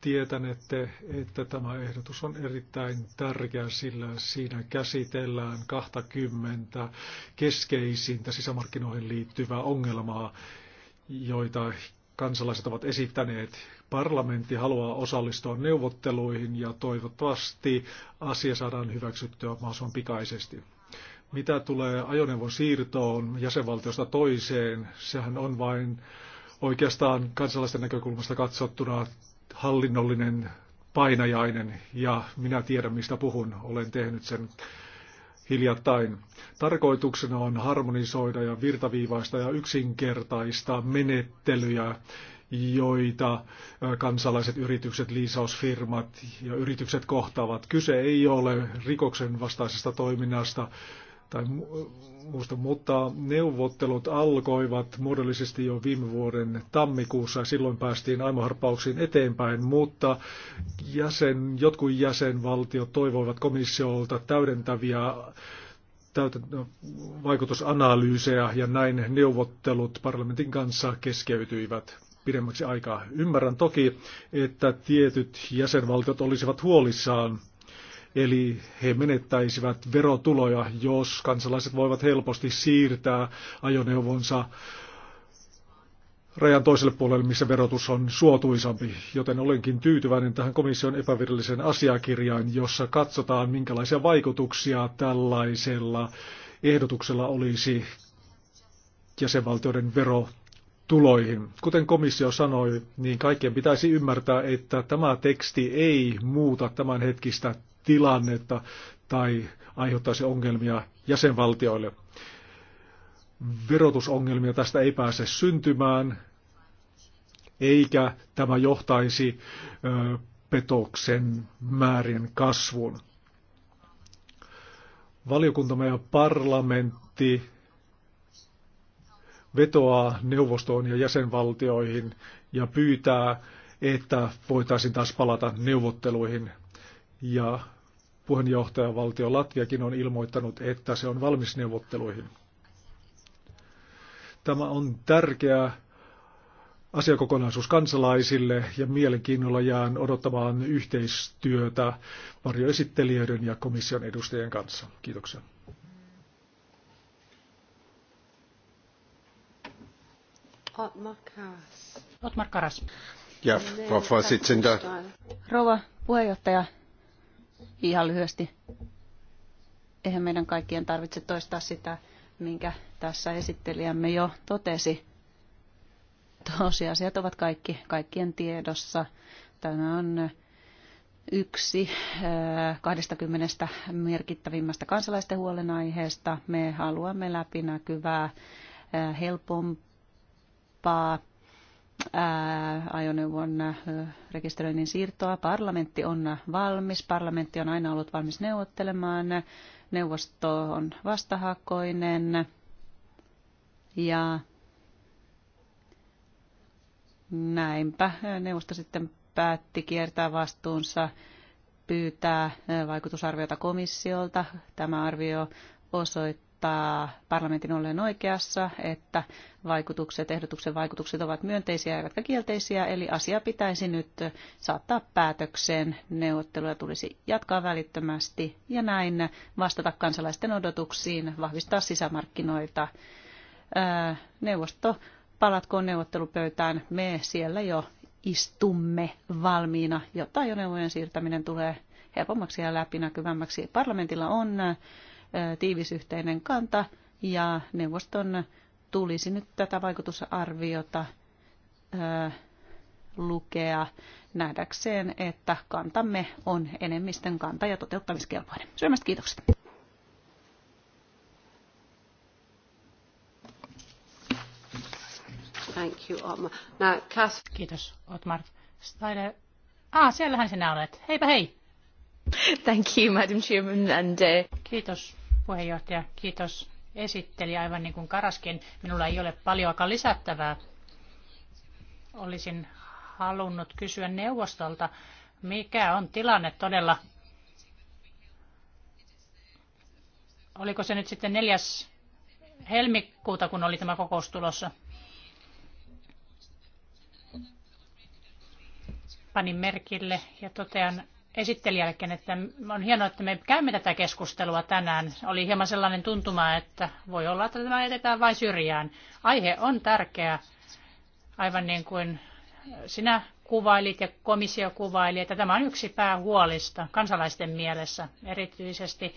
Speaker 2: tietänette, että tämä ehdotus on erittäin tärkeä, sillä siinä käsitellään 20 keskeisintä sisämarkkinoihin liittyvää ongelmaa, joita kansalaiset ovat esittäneet. Parlamentti haluaa osallistua neuvotteluihin ja toivottavasti asia saadaan hyväksyttyä mahdollisimman pikaisesti. Mitä tulee ajoneuvon siirtoon jäsenvaltiosta toiseen, sehän on vain oikeastaan kansalaisten näkökulmasta katsottuna hallinnollinen painajainen ja minä tiedän mistä puhun, olen tehnyt sen hiljattain. Tarkoituksena on harmonisoida ja virtaviivaista ja yksinkertaista menettelyjä, joita kansalaiset yritykset, liisausfirmat ja yritykset kohtaavat. Kyse ei ole rikoksen vastaisesta toiminnasta, tai muista, mutta neuvottelut alkoivat muodollisesti jo viime vuoden tammikuussa ja silloin päästiin aimoharppauksiin eteenpäin, mutta jäsen, jotkut jäsenvaltiot toivoivat komissiolta täydentäviä no, vaikutusanalyysejä ja näin neuvottelut parlamentin kanssa keskeytyivät pidemmäksi aikaa. Ymmärrän toki, että tietyt jäsenvaltiot olisivat huolissaan Eli he menettäisivät verotuloja, jos kansalaiset voivat helposti siirtää ajoneuvonsa rajan toiselle puolelle, missä verotus on suotuisampi, joten olenkin tyytyväinen tähän komission epäviralliseen asiakirjaan, jossa katsotaan, minkälaisia vaikutuksia tällaisella ehdotuksella olisi jäsenvaltioiden verotuloihin. Kuten komissio sanoi, niin kaikkien pitäisi ymmärtää, että tämä teksti ei muuta tämänhetkistä tilannetta tai aiheuttaisi ongelmia jäsenvaltioille. Verotusongelmia tästä ei pääse syntymään, eikä tämä johtaisi petoksen määrien kasvuun. Valiokuntamme ja parlamentti vetoaa neuvostoon ja jäsenvaltioihin ja pyytää, että voitaisiin taas palata neuvotteluihin ja Puheenjohtajavaltio Latviakin on ilmoittanut, että se on valmis neuvotteluihin. Tämä on tärkeä asiakokonaisuus kansalaisille ja mielenkiinnolla jään odottamaan yhteistyötä varjoesittelijöiden ja komission edustajien kanssa. Kiitoksia.
Speaker 1: Otmar Karas.
Speaker 2: Ja, Frau
Speaker 5: Rouva puheenjohtaja, ihan lyhyesti. Eihän meidän kaikkien tarvitse toistaa sitä, minkä tässä esittelijämme jo totesi. Tosiasiat ovat kaikki, kaikkien tiedossa. Tämä on yksi 20 merkittävimmästä kansalaisten huolenaiheesta. Me haluamme läpinäkyvää, helpompaa ajoneuvon rekisteröinnin siirtoa. Parlamentti on valmis, parlamentti on aina ollut valmis neuvottelemaan, neuvosto on vastahakoinen ja näinpä neuvosto sitten päätti kiertää vastuunsa pyytää vaikutusarviota komissiolta. Tämä arvio osoittaa, osoittaa parlamentin olleen oikeassa, että vaikutukset, ehdotuksen vaikutukset ovat myönteisiä eivätkä kielteisiä, eli asia pitäisi nyt saattaa päätökseen. Neuvotteluja tulisi jatkaa välittömästi ja näin vastata kansalaisten odotuksiin, vahvistaa sisämarkkinoita. Neuvosto palatkoon neuvottelupöytään, me siellä jo istumme valmiina, jotta ajoneuvojen siirtäminen tulee helpommaksi ja läpinäkyvämmäksi. Parlamentilla on tiivis yhteinen kanta ja neuvoston tulisi nyt tätä vaikutusarviota lukea nähdäkseen, että kantamme on enemmistön kanta ja toteuttamiskelpoinen. Syömästä kiitokset.
Speaker 4: Thank you,
Speaker 1: Otmar. Now, Kas... Kiitos, Otmar. Steiner. Ah, siellähän sinä olet. Heipä hei! Uh, kiitos puheenjohtaja, kiitos esitteli aivan niin kuin Karaskin. Minulla ei ole paljoakaan lisättävää. Olisin halunnut kysyä neuvostolta, mikä on tilanne todella oliko se nyt sitten 4. helmikuuta, kun oli tämä kokous tulossa? Panin merkille ja totean, esittelijällekin, että on hienoa, että me käymme tätä keskustelua tänään. Oli hieman sellainen tuntuma, että voi olla, että tämä jätetään vain syrjään. Aihe on tärkeä, aivan niin kuin sinä kuvailit ja komissio kuvaili, että tämä on yksi päähuolista kansalaisten mielessä, erityisesti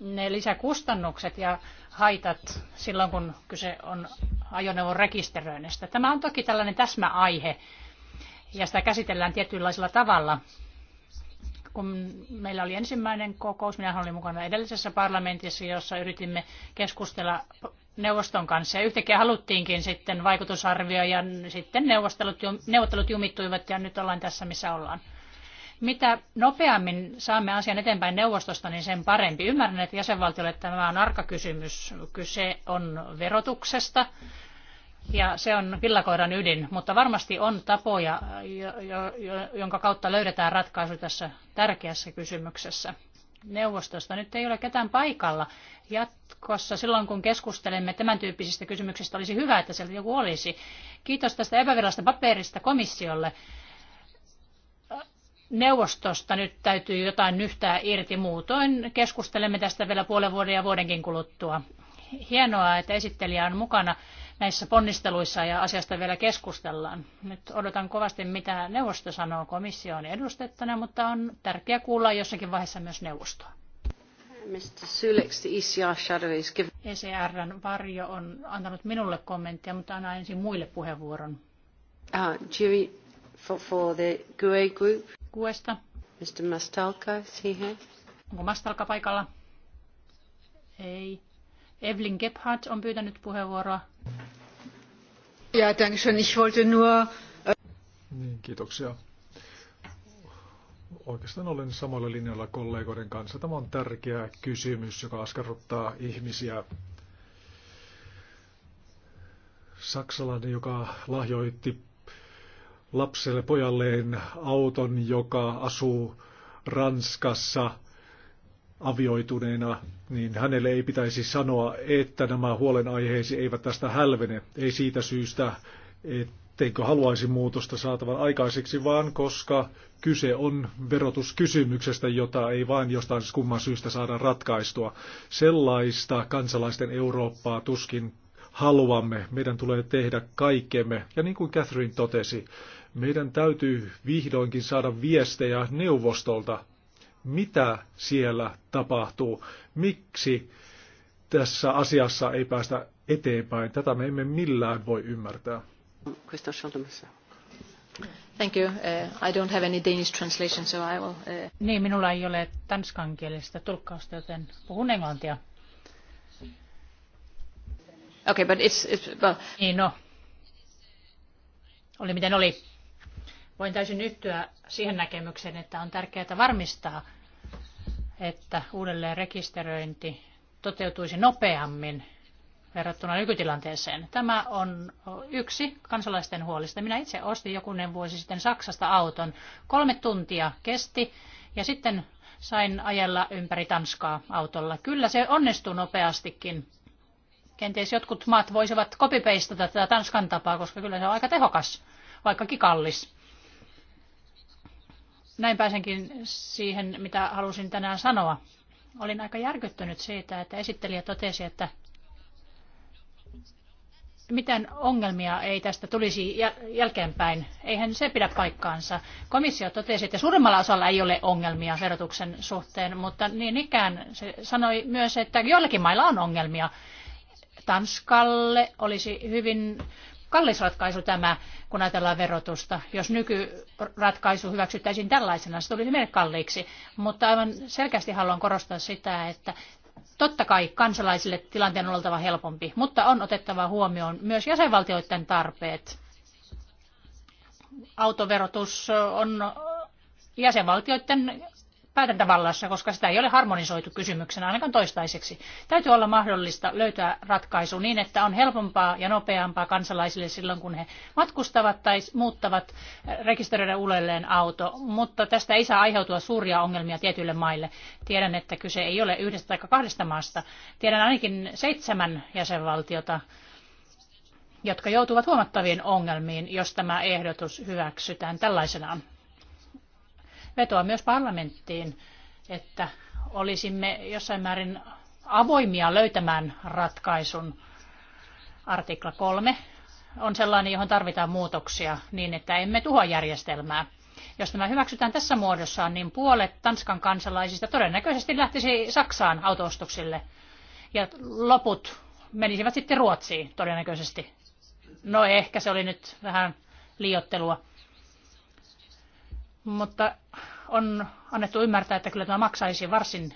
Speaker 1: ne lisäkustannukset ja haitat silloin, kun kyse on ajoneuvon rekisteröinnistä. Tämä on toki tällainen täsmäaihe ja sitä käsitellään tietynlaisella tavalla kun meillä oli ensimmäinen kokous, minä olin mukana edellisessä parlamentissa, jossa yritimme keskustella neuvoston kanssa. Ja yhtäkkiä haluttiinkin sitten vaikutusarvio ja sitten neuvottelut, neuvottelut jumittuivat ja nyt ollaan tässä, missä ollaan. Mitä nopeammin saamme asian eteenpäin neuvostosta, niin sen parempi. Ymmärrän, että jäsenvaltiolle tämä on arka kysymys. Kyse on verotuksesta, ja se on villakoiran ydin, mutta varmasti on tapoja, jonka kautta löydetään ratkaisu tässä tärkeässä kysymyksessä. Neuvostosta nyt ei ole ketään paikalla. Jatkossa silloin, kun keskustelemme tämän tyyppisistä kysymyksistä, olisi hyvä, että sieltä joku olisi. Kiitos tästä epävirallisesta paperista komissiolle. Neuvostosta nyt täytyy jotain nyhtää irti muutoin. Keskustelemme tästä vielä puolen vuoden ja vuodenkin kuluttua. Hienoa, että esittelijä on mukana näissä ponnisteluissa ja asiasta vielä keskustellaan. Nyt odotan kovasti, mitä neuvosto sanoo komission edustettuna, mutta on tärkeää kuulla jossakin vaiheessa myös neuvostoa. Mr. Sulex, the ECR shadow is given... ECRn varjo on antanut minulle kommenttia, mutta annan ensin muille puheenvuoron.
Speaker 4: Uh, Jury for, for the GUE group. GUEsta.
Speaker 1: Mr. Mastalka, is he here? Onko Mastalka paikalla? Ei. Evelyn Gebhardt on pyytänyt puheenvuoroa.
Speaker 3: Ja, danke schön.
Speaker 2: Ich wollte nur... Äh niin, kiitoksia. Oikeastaan olen samalla linjalla kollegoiden kanssa. Tämä on tärkeä kysymys, joka askarruttaa ihmisiä. Saksalainen, joka lahjoitti lapselle pojalleen auton, joka asuu Ranskassa – avioituneena, niin hänelle ei pitäisi sanoa, että nämä huolenaiheesi eivät tästä hälvene. Ei siitä syystä, etteikö haluaisi muutosta saatavan aikaiseksi, vaan koska kyse on verotuskysymyksestä, jota ei vain jostain kumman syystä saada ratkaistua. Sellaista kansalaisten Eurooppaa tuskin haluamme. Meidän tulee tehdä kaikkemme. Ja niin kuin Catherine totesi, meidän täytyy vihdoinkin saada viestejä neuvostolta mitä siellä tapahtuu, miksi tässä asiassa ei päästä eteenpäin. Tätä me emme millään voi ymmärtää.
Speaker 4: Thank you. Uh, I don't have any Danish translation, so I will...
Speaker 1: Uh... Niin, minulla ei ole tanskankielistä tulkkausta, joten puhun englantia. Okay, but it's... it's well... Niin, no. Oli miten oli. Voin täysin yhtyä siihen näkemykseen, että on tärkeää varmistaa, että uudelleen rekisteröinti toteutuisi nopeammin verrattuna nykytilanteeseen. Tämä on yksi kansalaisten huolista. Minä itse ostin jokunen vuosi sitten Saksasta auton. Kolme tuntia kesti ja sitten sain ajella ympäri Tanskaa autolla. Kyllä se onnistuu nopeastikin. Kenties jotkut maat voisivat kopipeistata tätä Tanskan tapaa, koska kyllä se on aika tehokas, vaikkakin kallis. Näin pääsenkin siihen, mitä halusin tänään sanoa. Olin aika järkyttynyt siitä, että esittelijä totesi, että mitään ongelmia ei tästä tulisi jälkeenpäin. Eihän se pidä paikkaansa. Komissio totesi, että suurimmalla osalla ei ole ongelmia verotuksen suhteen, mutta niin ikään se sanoi myös, että joillakin mailla on ongelmia. Tanskalle olisi hyvin kallis ratkaisu tämä, kun ajatellaan verotusta. Jos nykyratkaisu hyväksyttäisiin tällaisena, se tulisi meille kalliiksi. Mutta aivan selkeästi haluan korostaa sitä, että totta kai kansalaisille tilanteen on oltava helpompi, mutta on otettava huomioon myös jäsenvaltioiden tarpeet. Autoverotus on jäsenvaltioiden päätäntävallassa, koska sitä ei ole harmonisoitu kysymyksenä ainakaan toistaiseksi. Täytyy olla mahdollista löytää ratkaisu niin, että on helpompaa ja nopeampaa kansalaisille silloin, kun he matkustavat tai muuttavat eh, rekisteröidä uudelleen auto, mutta tästä ei saa aiheutua suuria ongelmia tietyille maille. Tiedän, että kyse ei ole yhdestä tai kahdesta maasta. Tiedän ainakin seitsemän jäsenvaltiota, jotka joutuvat huomattaviin ongelmiin, jos tämä ehdotus hyväksytään tällaisenaan vetoa myös parlamenttiin, että olisimme jossain määrin avoimia löytämään ratkaisun. Artikla 3 on sellainen, johon tarvitaan muutoksia niin, että emme tuhoa järjestelmää. Jos tämä hyväksytään tässä muodossaan, niin puolet Tanskan kansalaisista todennäköisesti lähtisi Saksaan autoostuksille ja loput menisivät sitten Ruotsiin todennäköisesti. No ehkä se oli nyt vähän liiottelua mutta on annettu ymmärtää, että kyllä tämä maksaisi varsin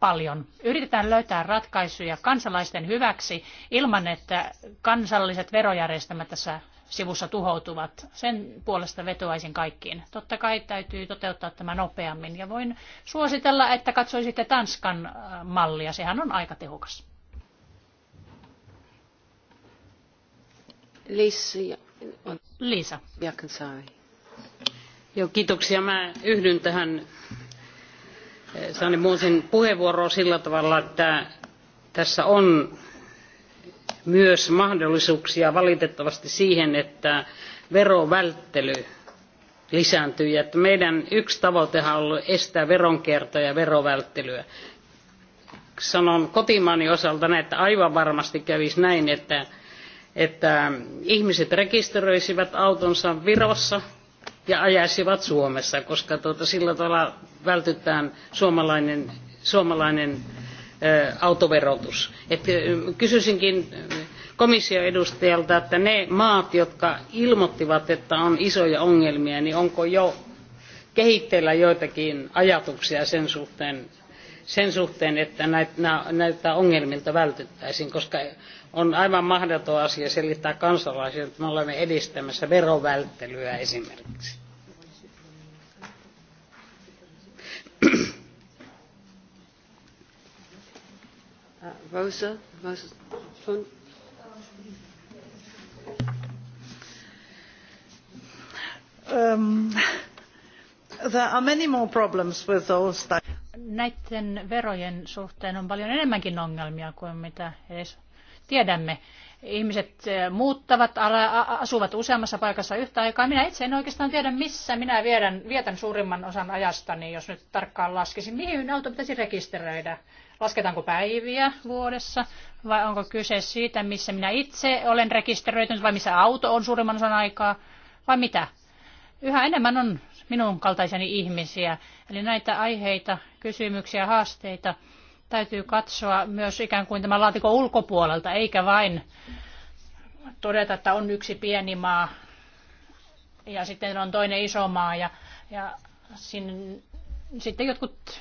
Speaker 1: paljon. Yritetään löytää ratkaisuja kansalaisten hyväksi ilman, että kansalliset verojärjestelmät tässä sivussa tuhoutuvat. Sen puolesta vetoaisin kaikkiin. Totta kai täytyy toteuttaa tämä nopeammin ja voin suositella, että katsoisitte Tanskan äh, mallia. Sehän on aika tehokas.
Speaker 3: Lisa. Lisa. Jakansaari. Joo, kiitoksia. Mä yhdyn tähän eh, Sanne Muusin puheenvuoroon sillä tavalla, että tässä on myös mahdollisuuksia valitettavasti siihen, että verovälttely lisääntyy. Ja että meidän yksi tavoitehan on ollut estää veronkiertoa ja verovälttelyä. Sanon kotimaani osalta näin, että aivan varmasti kävisi näin, että, että ihmiset rekisteröisivät autonsa Virossa – ja ajaisivat Suomessa, koska tuota, sillä tavalla vältytään suomalainen, suomalainen autoverotus. Et, kysyisinkin komissioedustajalta, että ne maat, jotka ilmoittivat, että on isoja ongelmia, niin onko jo kehitteillä joitakin ajatuksia sen suhteen, sen suhteen että näitä ongelmilta vältyttäisiin, koska on aivan mahdoton asia selittää kansalaisille, että me olemme edistämässä verovälttelyä esimerkiksi.
Speaker 4: Rosa, Rosa um, there are many more problems with those that...
Speaker 1: Näiden verojen suhteen on paljon enemmänkin ongelmia kuin mitä edes tiedämme. Ihmiset eh, muuttavat, asuvat useammassa paikassa yhtä aikaa. Minä itse en oikeastaan tiedä, missä minä viedän, vietän suurimman osan ajastani, jos nyt tarkkaan laskisin. Mihin auto pitäisi rekisteröidä? Lasketaanko päiviä vuodessa vai onko kyse siitä, missä minä itse olen rekisteröitynyt vai missä auto on suurimman osan aikaa vai mitä? Yhä enemmän on minun kaltaiseni ihmisiä. Eli näitä aiheita, kysymyksiä, haasteita – täytyy katsoa myös ikään kuin tämän laatikon ulkopuolelta, eikä vain todeta, että on yksi pieni maa ja sitten on toinen iso maa ja, ja sinne, sitten jotkut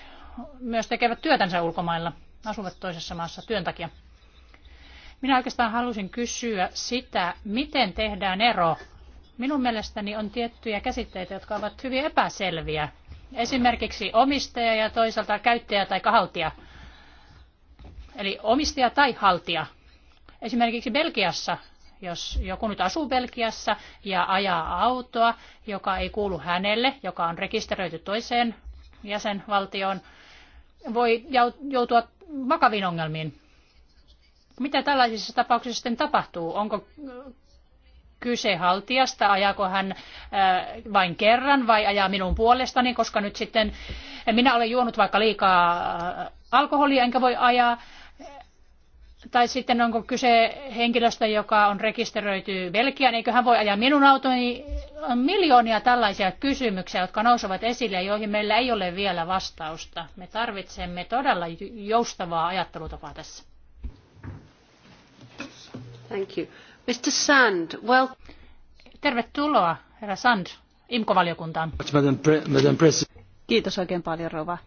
Speaker 1: myös tekevät työtänsä ulkomailla, asuvat toisessa maassa työn takia. Minä oikeastaan halusin kysyä sitä, miten tehdään ero. Minun mielestäni on tiettyjä käsitteitä, jotka ovat hyvin epäselviä. Esimerkiksi omistaja ja toisaalta käyttäjä tai haltija – eli omistaja tai haltija. Esimerkiksi Belgiassa, jos joku nyt asuu Belgiassa ja ajaa autoa, joka ei kuulu hänelle, joka on rekisteröity toiseen jäsenvaltioon, voi joutua vakaviin ongelmiin. Mitä tällaisissa tapauksissa sitten tapahtuu? Onko kyse haltijasta, ajaako hän äh, vain kerran vai ajaa minun puolestani, koska nyt sitten minä olen juonut vaikka liikaa äh, alkoholia enkä voi ajaa, tai sitten onko kyse henkilöstä, joka on rekisteröity Belgiaan, eikö hän voi ajaa minun autoni? On miljoonia tällaisia kysymyksiä, jotka nousevat esille ja joihin meillä ei ole vielä vastausta. Me tarvitsemme todella joustavaa ajattelutapaa tässä. Thank you. Mr. Sand, well... Tervetuloa, herra Sand, IMKO-valiokuntaan. Kiitos
Speaker 5: oikein paljon, rouva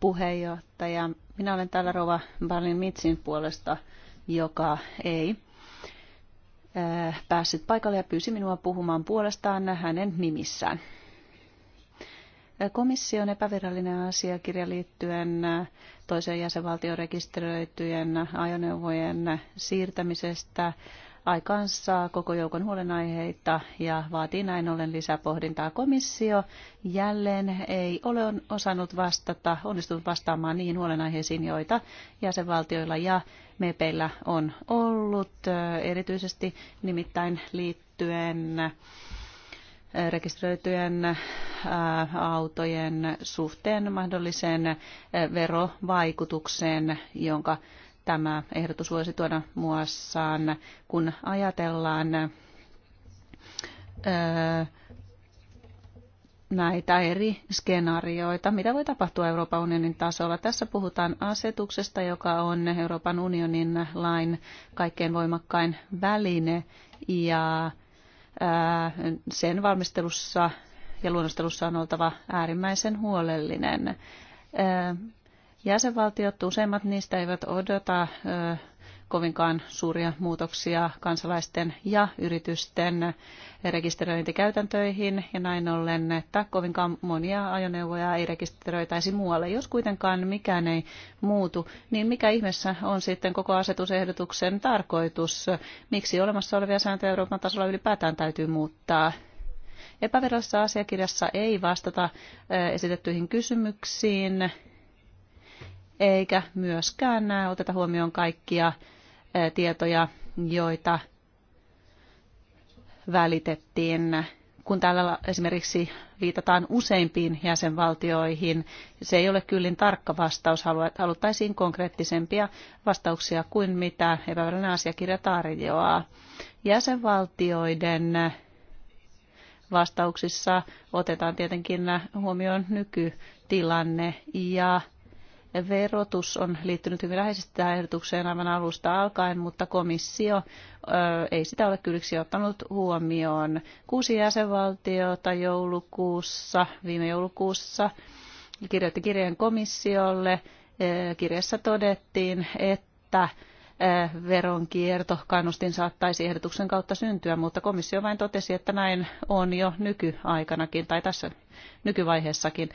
Speaker 5: puheenjohtaja. Minä olen täällä Rova Balin Mitsin puolesta, joka ei päässyt paikalle ja pyysi minua puhumaan puolestaan hänen nimissään. Komission epävirallinen asiakirja liittyen toiseen jäsenvaltion rekisteröityjen ajoneuvojen siirtämisestä aikaansaa koko joukon huolenaiheita ja vaatii näin ollen lisäpohdintaa. Komissio jälleen ei ole osannut vastata, onnistunut vastaamaan niihin huolenaiheisiin, joita jäsenvaltioilla ja MEPeillä on ollut, erityisesti nimittäin liittyen äh, rekisteröityjen äh, autojen suhteen mahdolliseen äh, verovaikutukseen, jonka tämä ehdotus voisi tuoda muassaan, kun ajatellaan öö, näitä eri skenaarioita, mitä voi tapahtua Euroopan unionin tasolla. Tässä puhutaan asetuksesta, joka on Euroopan unionin lain kaikkein voimakkain väline ja sen valmistelussa ja luonnostelussa on oltava äärimmäisen huolellinen. Jäsenvaltiot, useimmat niistä eivät odota kovinkaan suuria muutoksia kansalaisten ja yritysten rekisteröintikäytäntöihin ja näin ollen, että kovinkaan monia ajoneuvoja ei rekisteröitäisi muualle. Jos kuitenkaan mikään ei muutu, niin mikä ihmeessä on sitten koko asetusehdotuksen tarkoitus? Miksi olemassa olevia sääntöjä Euroopan tasolla ylipäätään täytyy muuttaa? Epävirallisessa asiakirjassa ei vastata esitettyihin kysymyksiin eikä myöskään oteta huomioon kaikkia tietoja, joita välitettiin. Kun täällä esimerkiksi viitataan useimpiin jäsenvaltioihin, se ei ole kyllin tarkka vastaus. Haluttaisiin konkreettisempia vastauksia kuin mitä epävälinen asiakirja tarjoaa. Jäsenvaltioiden vastauksissa otetaan tietenkin huomioon nykytilanne ja Verotus on liittynyt hyvin läheisesti tähän ehdotukseen aivan alusta alkaen, mutta komissio ei sitä ole kylliksi ottanut huomioon. Kuusi jäsenvaltiota joulukuussa, viime joulukuussa kirjoitti kirjeen komissiolle. Kirjassa todettiin, että veronkierto kannustin saattaisi ehdotuksen kautta syntyä, mutta komissio vain totesi, että näin on jo nykyaikanakin tai tässä nykyvaiheessakin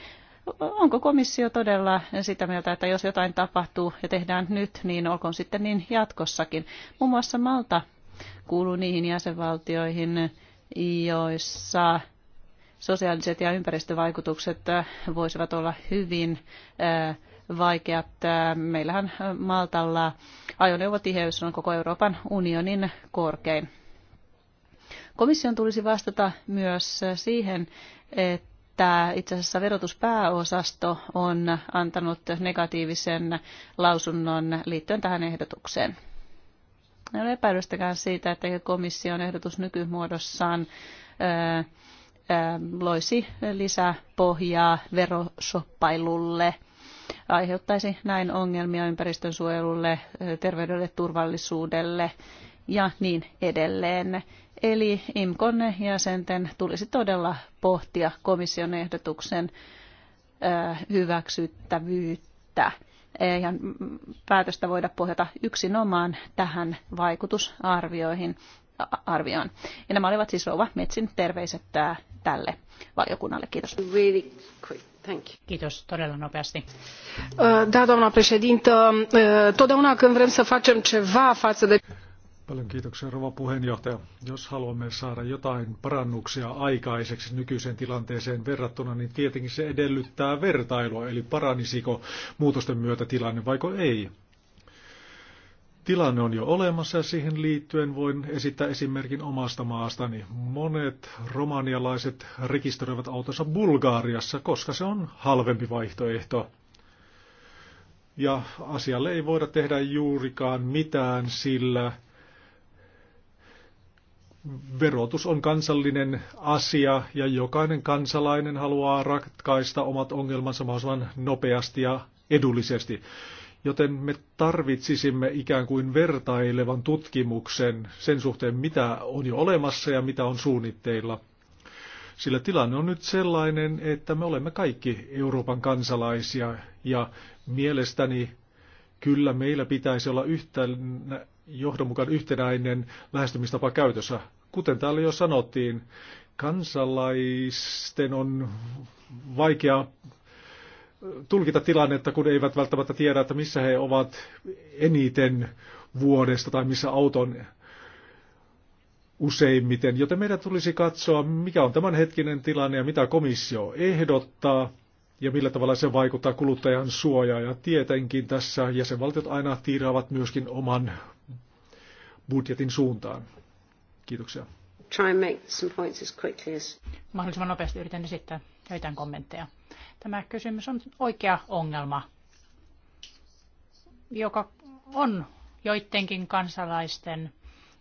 Speaker 5: onko komissio todella sitä mieltä, että jos jotain tapahtuu ja tehdään nyt, niin olkoon sitten niin jatkossakin. Muun muassa Malta kuuluu niihin jäsenvaltioihin, joissa sosiaaliset ja ympäristövaikutukset voisivat olla hyvin äh, vaikeat. Meillähän Maltalla ajoneuvotiheys on koko Euroopan unionin korkein. Komission tulisi vastata myös siihen, että että itse asiassa verotuspääosasto on antanut negatiivisen lausunnon liittyen tähän ehdotukseen. Ei ole epäilystäkään siitä, että komission ehdotus nykymuodossaan loisi lisäpohjaa verosoppailulle aiheuttaisi näin ongelmia ympäristönsuojelulle, terveydelle, turvallisuudelle ja niin edelleen. Eli IMKON jäsenten tulisi todella pohtia komission ehdotuksen hyväksyttävyyttä. Ja päätöstä voida pohjata yksinomaan tähän vaikutusarvioihin. Arvioon. Ja nämä olivat siis Rouva Metsin terveiset tälle valiokunnalle. Kiitos. Really quick. Thank you.
Speaker 1: Kiitos todella nopeasti. Da, doamna președintă, totdeauna când vrem să
Speaker 2: facem ceva față de... Paljon kiitoksia, rouva puheenjohtaja. Jos haluamme saada jotain parannuksia aikaiseksi nykyiseen tilanteeseen verrattuna, niin tietenkin se edellyttää vertailua, eli paranisiko muutosten myötä tilanne vaiko ei. Tilanne on jo olemassa ja siihen liittyen voin esittää esimerkin omasta maastani. Monet romanialaiset rekisteröivät autonsa Bulgaariassa, koska se on halvempi vaihtoehto. Ja asialle ei voida tehdä juurikaan mitään, sillä verotus on kansallinen asia ja jokainen kansalainen haluaa ratkaista omat ongelmansa mahdollisimman nopeasti ja edullisesti. Joten me tarvitsisimme ikään kuin vertailevan tutkimuksen sen suhteen, mitä on jo olemassa ja mitä on suunnitteilla. Sillä tilanne on nyt sellainen, että me olemme kaikki Euroopan kansalaisia ja mielestäni kyllä meillä pitäisi olla yhtä johdonmukainen yhtenäinen lähestymistapa käytössä. Kuten täällä jo sanottiin, kansalaisten on vaikea tulkita tilannetta, kun eivät välttämättä tiedä, että missä he ovat eniten vuodesta tai missä auton useimmiten. Joten meidän tulisi katsoa, mikä on tämänhetkinen tilanne ja mitä komissio ehdottaa ja millä tavalla se vaikuttaa kuluttajan suojaan. Ja tietenkin tässä jäsenvaltiot aina tiiraavat myöskin oman budjetin suuntaan. Kiitoksia.
Speaker 1: Try and make some points as quickly as... Mahdollisimman nopeasti yritän esittää joitain kommentteja. Tämä kysymys on oikea ongelma, joka on joidenkin kansalaisten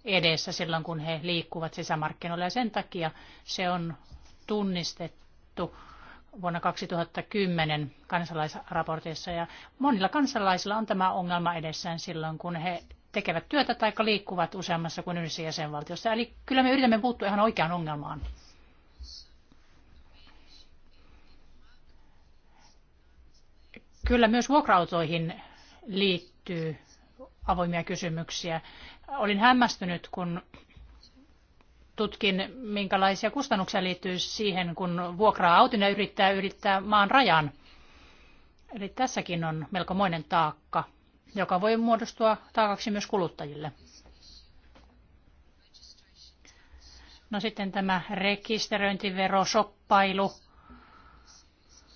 Speaker 1: edessä silloin, kun he liikkuvat sisämarkkinoilla. Ja sen takia se on tunnistettu vuonna 2010 kansalaisraportissa. Ja monilla kansalaisilla on tämä ongelma edessään silloin, kun he tekevät työtä tai liikkuvat useammassa kuin yhdessä jäsenvaltiossa. Eli kyllä me yritämme puuttua ihan oikeaan ongelmaan. Kyllä myös vuokrautoihin liittyy avoimia kysymyksiä. Olin hämmästynyt, kun tutkin, minkälaisia kustannuksia liittyy siihen, kun vuokraa autina yrittää yrittää maan rajan. Eli tässäkin on melkomoinen taakka joka voi muodostua taakaksi myös kuluttajille. No sitten tämä rekisteröintiverosoppailu,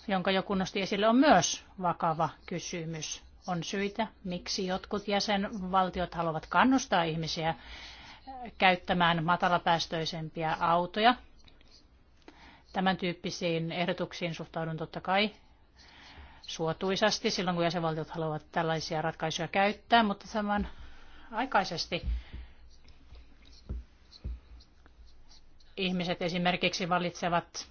Speaker 1: jonka joku nosti esille, on myös vakava kysymys. On syitä, miksi jotkut jäsenvaltiot haluavat kannustaa ihmisiä käyttämään matalapäästöisempiä autoja. Tämän tyyppisiin ehdotuksiin suhtaudun totta kai suotuisasti silloin, kun jäsenvaltiot haluavat tällaisia ratkaisuja käyttää, mutta saman aikaisesti ihmiset esimerkiksi valitsevat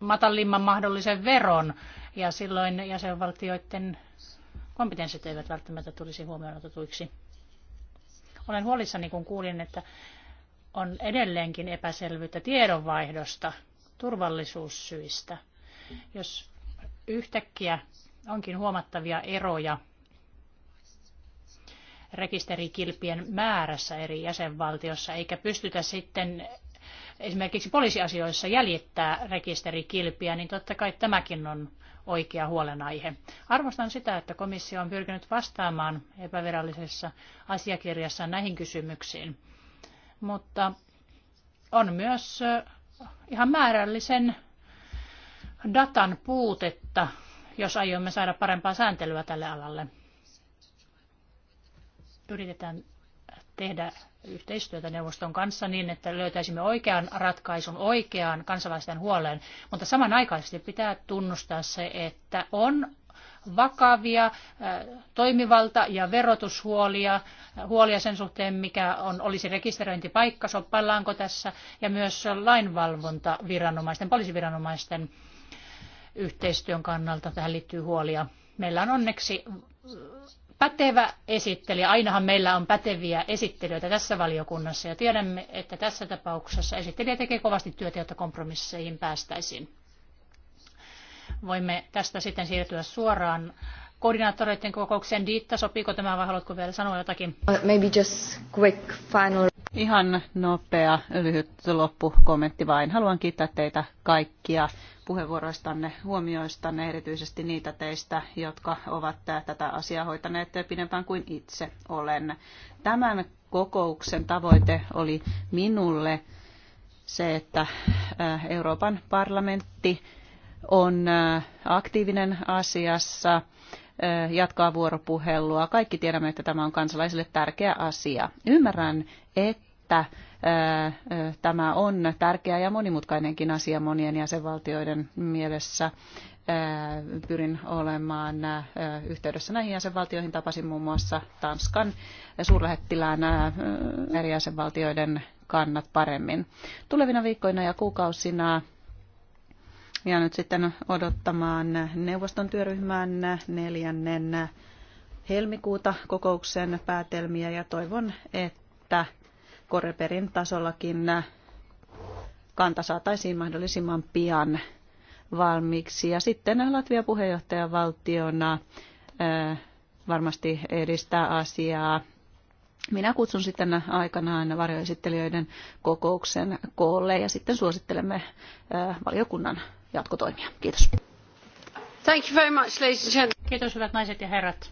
Speaker 1: matalimman mahdollisen veron, ja silloin jäsenvaltioiden kompetenssit eivät välttämättä tulisi huomioon otetuiksi. Olen huolissani, kun kuulin, että on edelleenkin epäselvyyttä tiedonvaihdosta turvallisuussyistä. Jos yhtäkkiä onkin huomattavia eroja rekisterikilpien määrässä eri jäsenvaltiossa, eikä pystytä sitten esimerkiksi poliisiasioissa jäljittää rekisterikilpiä, niin totta kai tämäkin on oikea huolenaihe. Arvostan sitä, että komissio on pyrkinyt vastaamaan epävirallisessa asiakirjassa näihin kysymyksiin, mutta on myös ihan määrällisen datan puutetta, jos aiomme saada parempaa sääntelyä tälle alalle. Yritetään tehdä yhteistyötä neuvoston kanssa niin, että löytäisimme oikean ratkaisun oikeaan kansalaisten huoleen, mutta samanaikaisesti pitää tunnustaa se, että on vakavia äh, toimivalta- ja verotushuolia äh, huolia sen suhteen, mikä on, olisi rekisteröintipaikka, soppaillaanko tässä, ja myös lainvalvontaviranomaisten, poliisiviranomaisten yhteistyön kannalta. Tähän liittyy huolia. Meillä on onneksi pätevä esittelijä. Ainahan meillä on päteviä esittelijöitä tässä valiokunnassa ja tiedämme, että tässä tapauksessa esittelijä tekee kovasti työtä, jotta kompromisseihin päästäisiin. Voimme tästä sitten siirtyä suoraan koordinaattoreiden kokoukseen. Diitta, sopiiko tämä vai haluatko vielä sanoa jotakin? Uh,
Speaker 5: maybe just quick final. Ihan nopea, lyhyt loppukommentti vain. Haluan kiittää teitä kaikkia puheenvuoroistanne, huomioistanne, erityisesti niitä teistä, jotka ovat tätä asiaa hoitaneet pidempään kuin itse olen. Tämän kokouksen tavoite oli minulle se, että äh, Euroopan parlamentti on äh, aktiivinen asiassa, äh, jatkaa vuoropuhelua. Kaikki tiedämme, että tämä on kansalaisille tärkeä asia. Ymmärrän, että että tämä on tärkeä ja monimutkainenkin asia monien jäsenvaltioiden mielessä. Pyrin olemaan yhteydessä näihin jäsenvaltioihin. Tapasin muun muassa Tanskan suurlähettilään eri jäsenvaltioiden kannat paremmin. Tulevina viikkoina ja kuukausina ja nyt sitten odottamaan neuvoston työryhmän neljännen helmikuuta kokouksen päätelmiä ja toivon, että Koreperin tasollakin kanta saataisiin mahdollisimman pian valmiiksi. Ja sitten Latvia puheenjohtajavaltiona varmasti edistää asiaa. Minä kutsun sitten aikanaan varjoesittelijöiden kokouksen koolle ja sitten suosittelemme valiokunnan jatkotoimia. Kiitos.
Speaker 1: Thank you very much, ladies and gentlemen. Kiitos hyvät naiset ja herrat.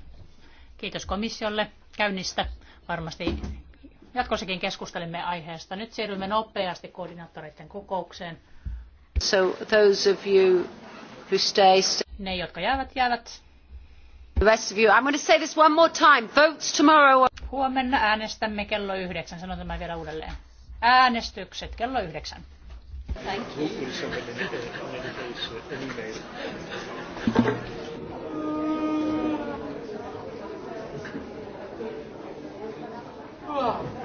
Speaker 1: Kiitos komissiolle käynnistä. Varmasti jatkossakin keskustelemme aiheesta. Nyt siirrymme nopeasti koordinaattoreiden kokoukseen.
Speaker 4: So those of you who stay,
Speaker 1: Ne, jotka jäävät, jäävät. The rest of you, I'm going to say this one more time. Votes tomorrow. Huomenna äänestämme kello yhdeksän. Sanon tämän vielä uudelleen. Äänestykset kello yhdeksän.
Speaker 4: Thank you.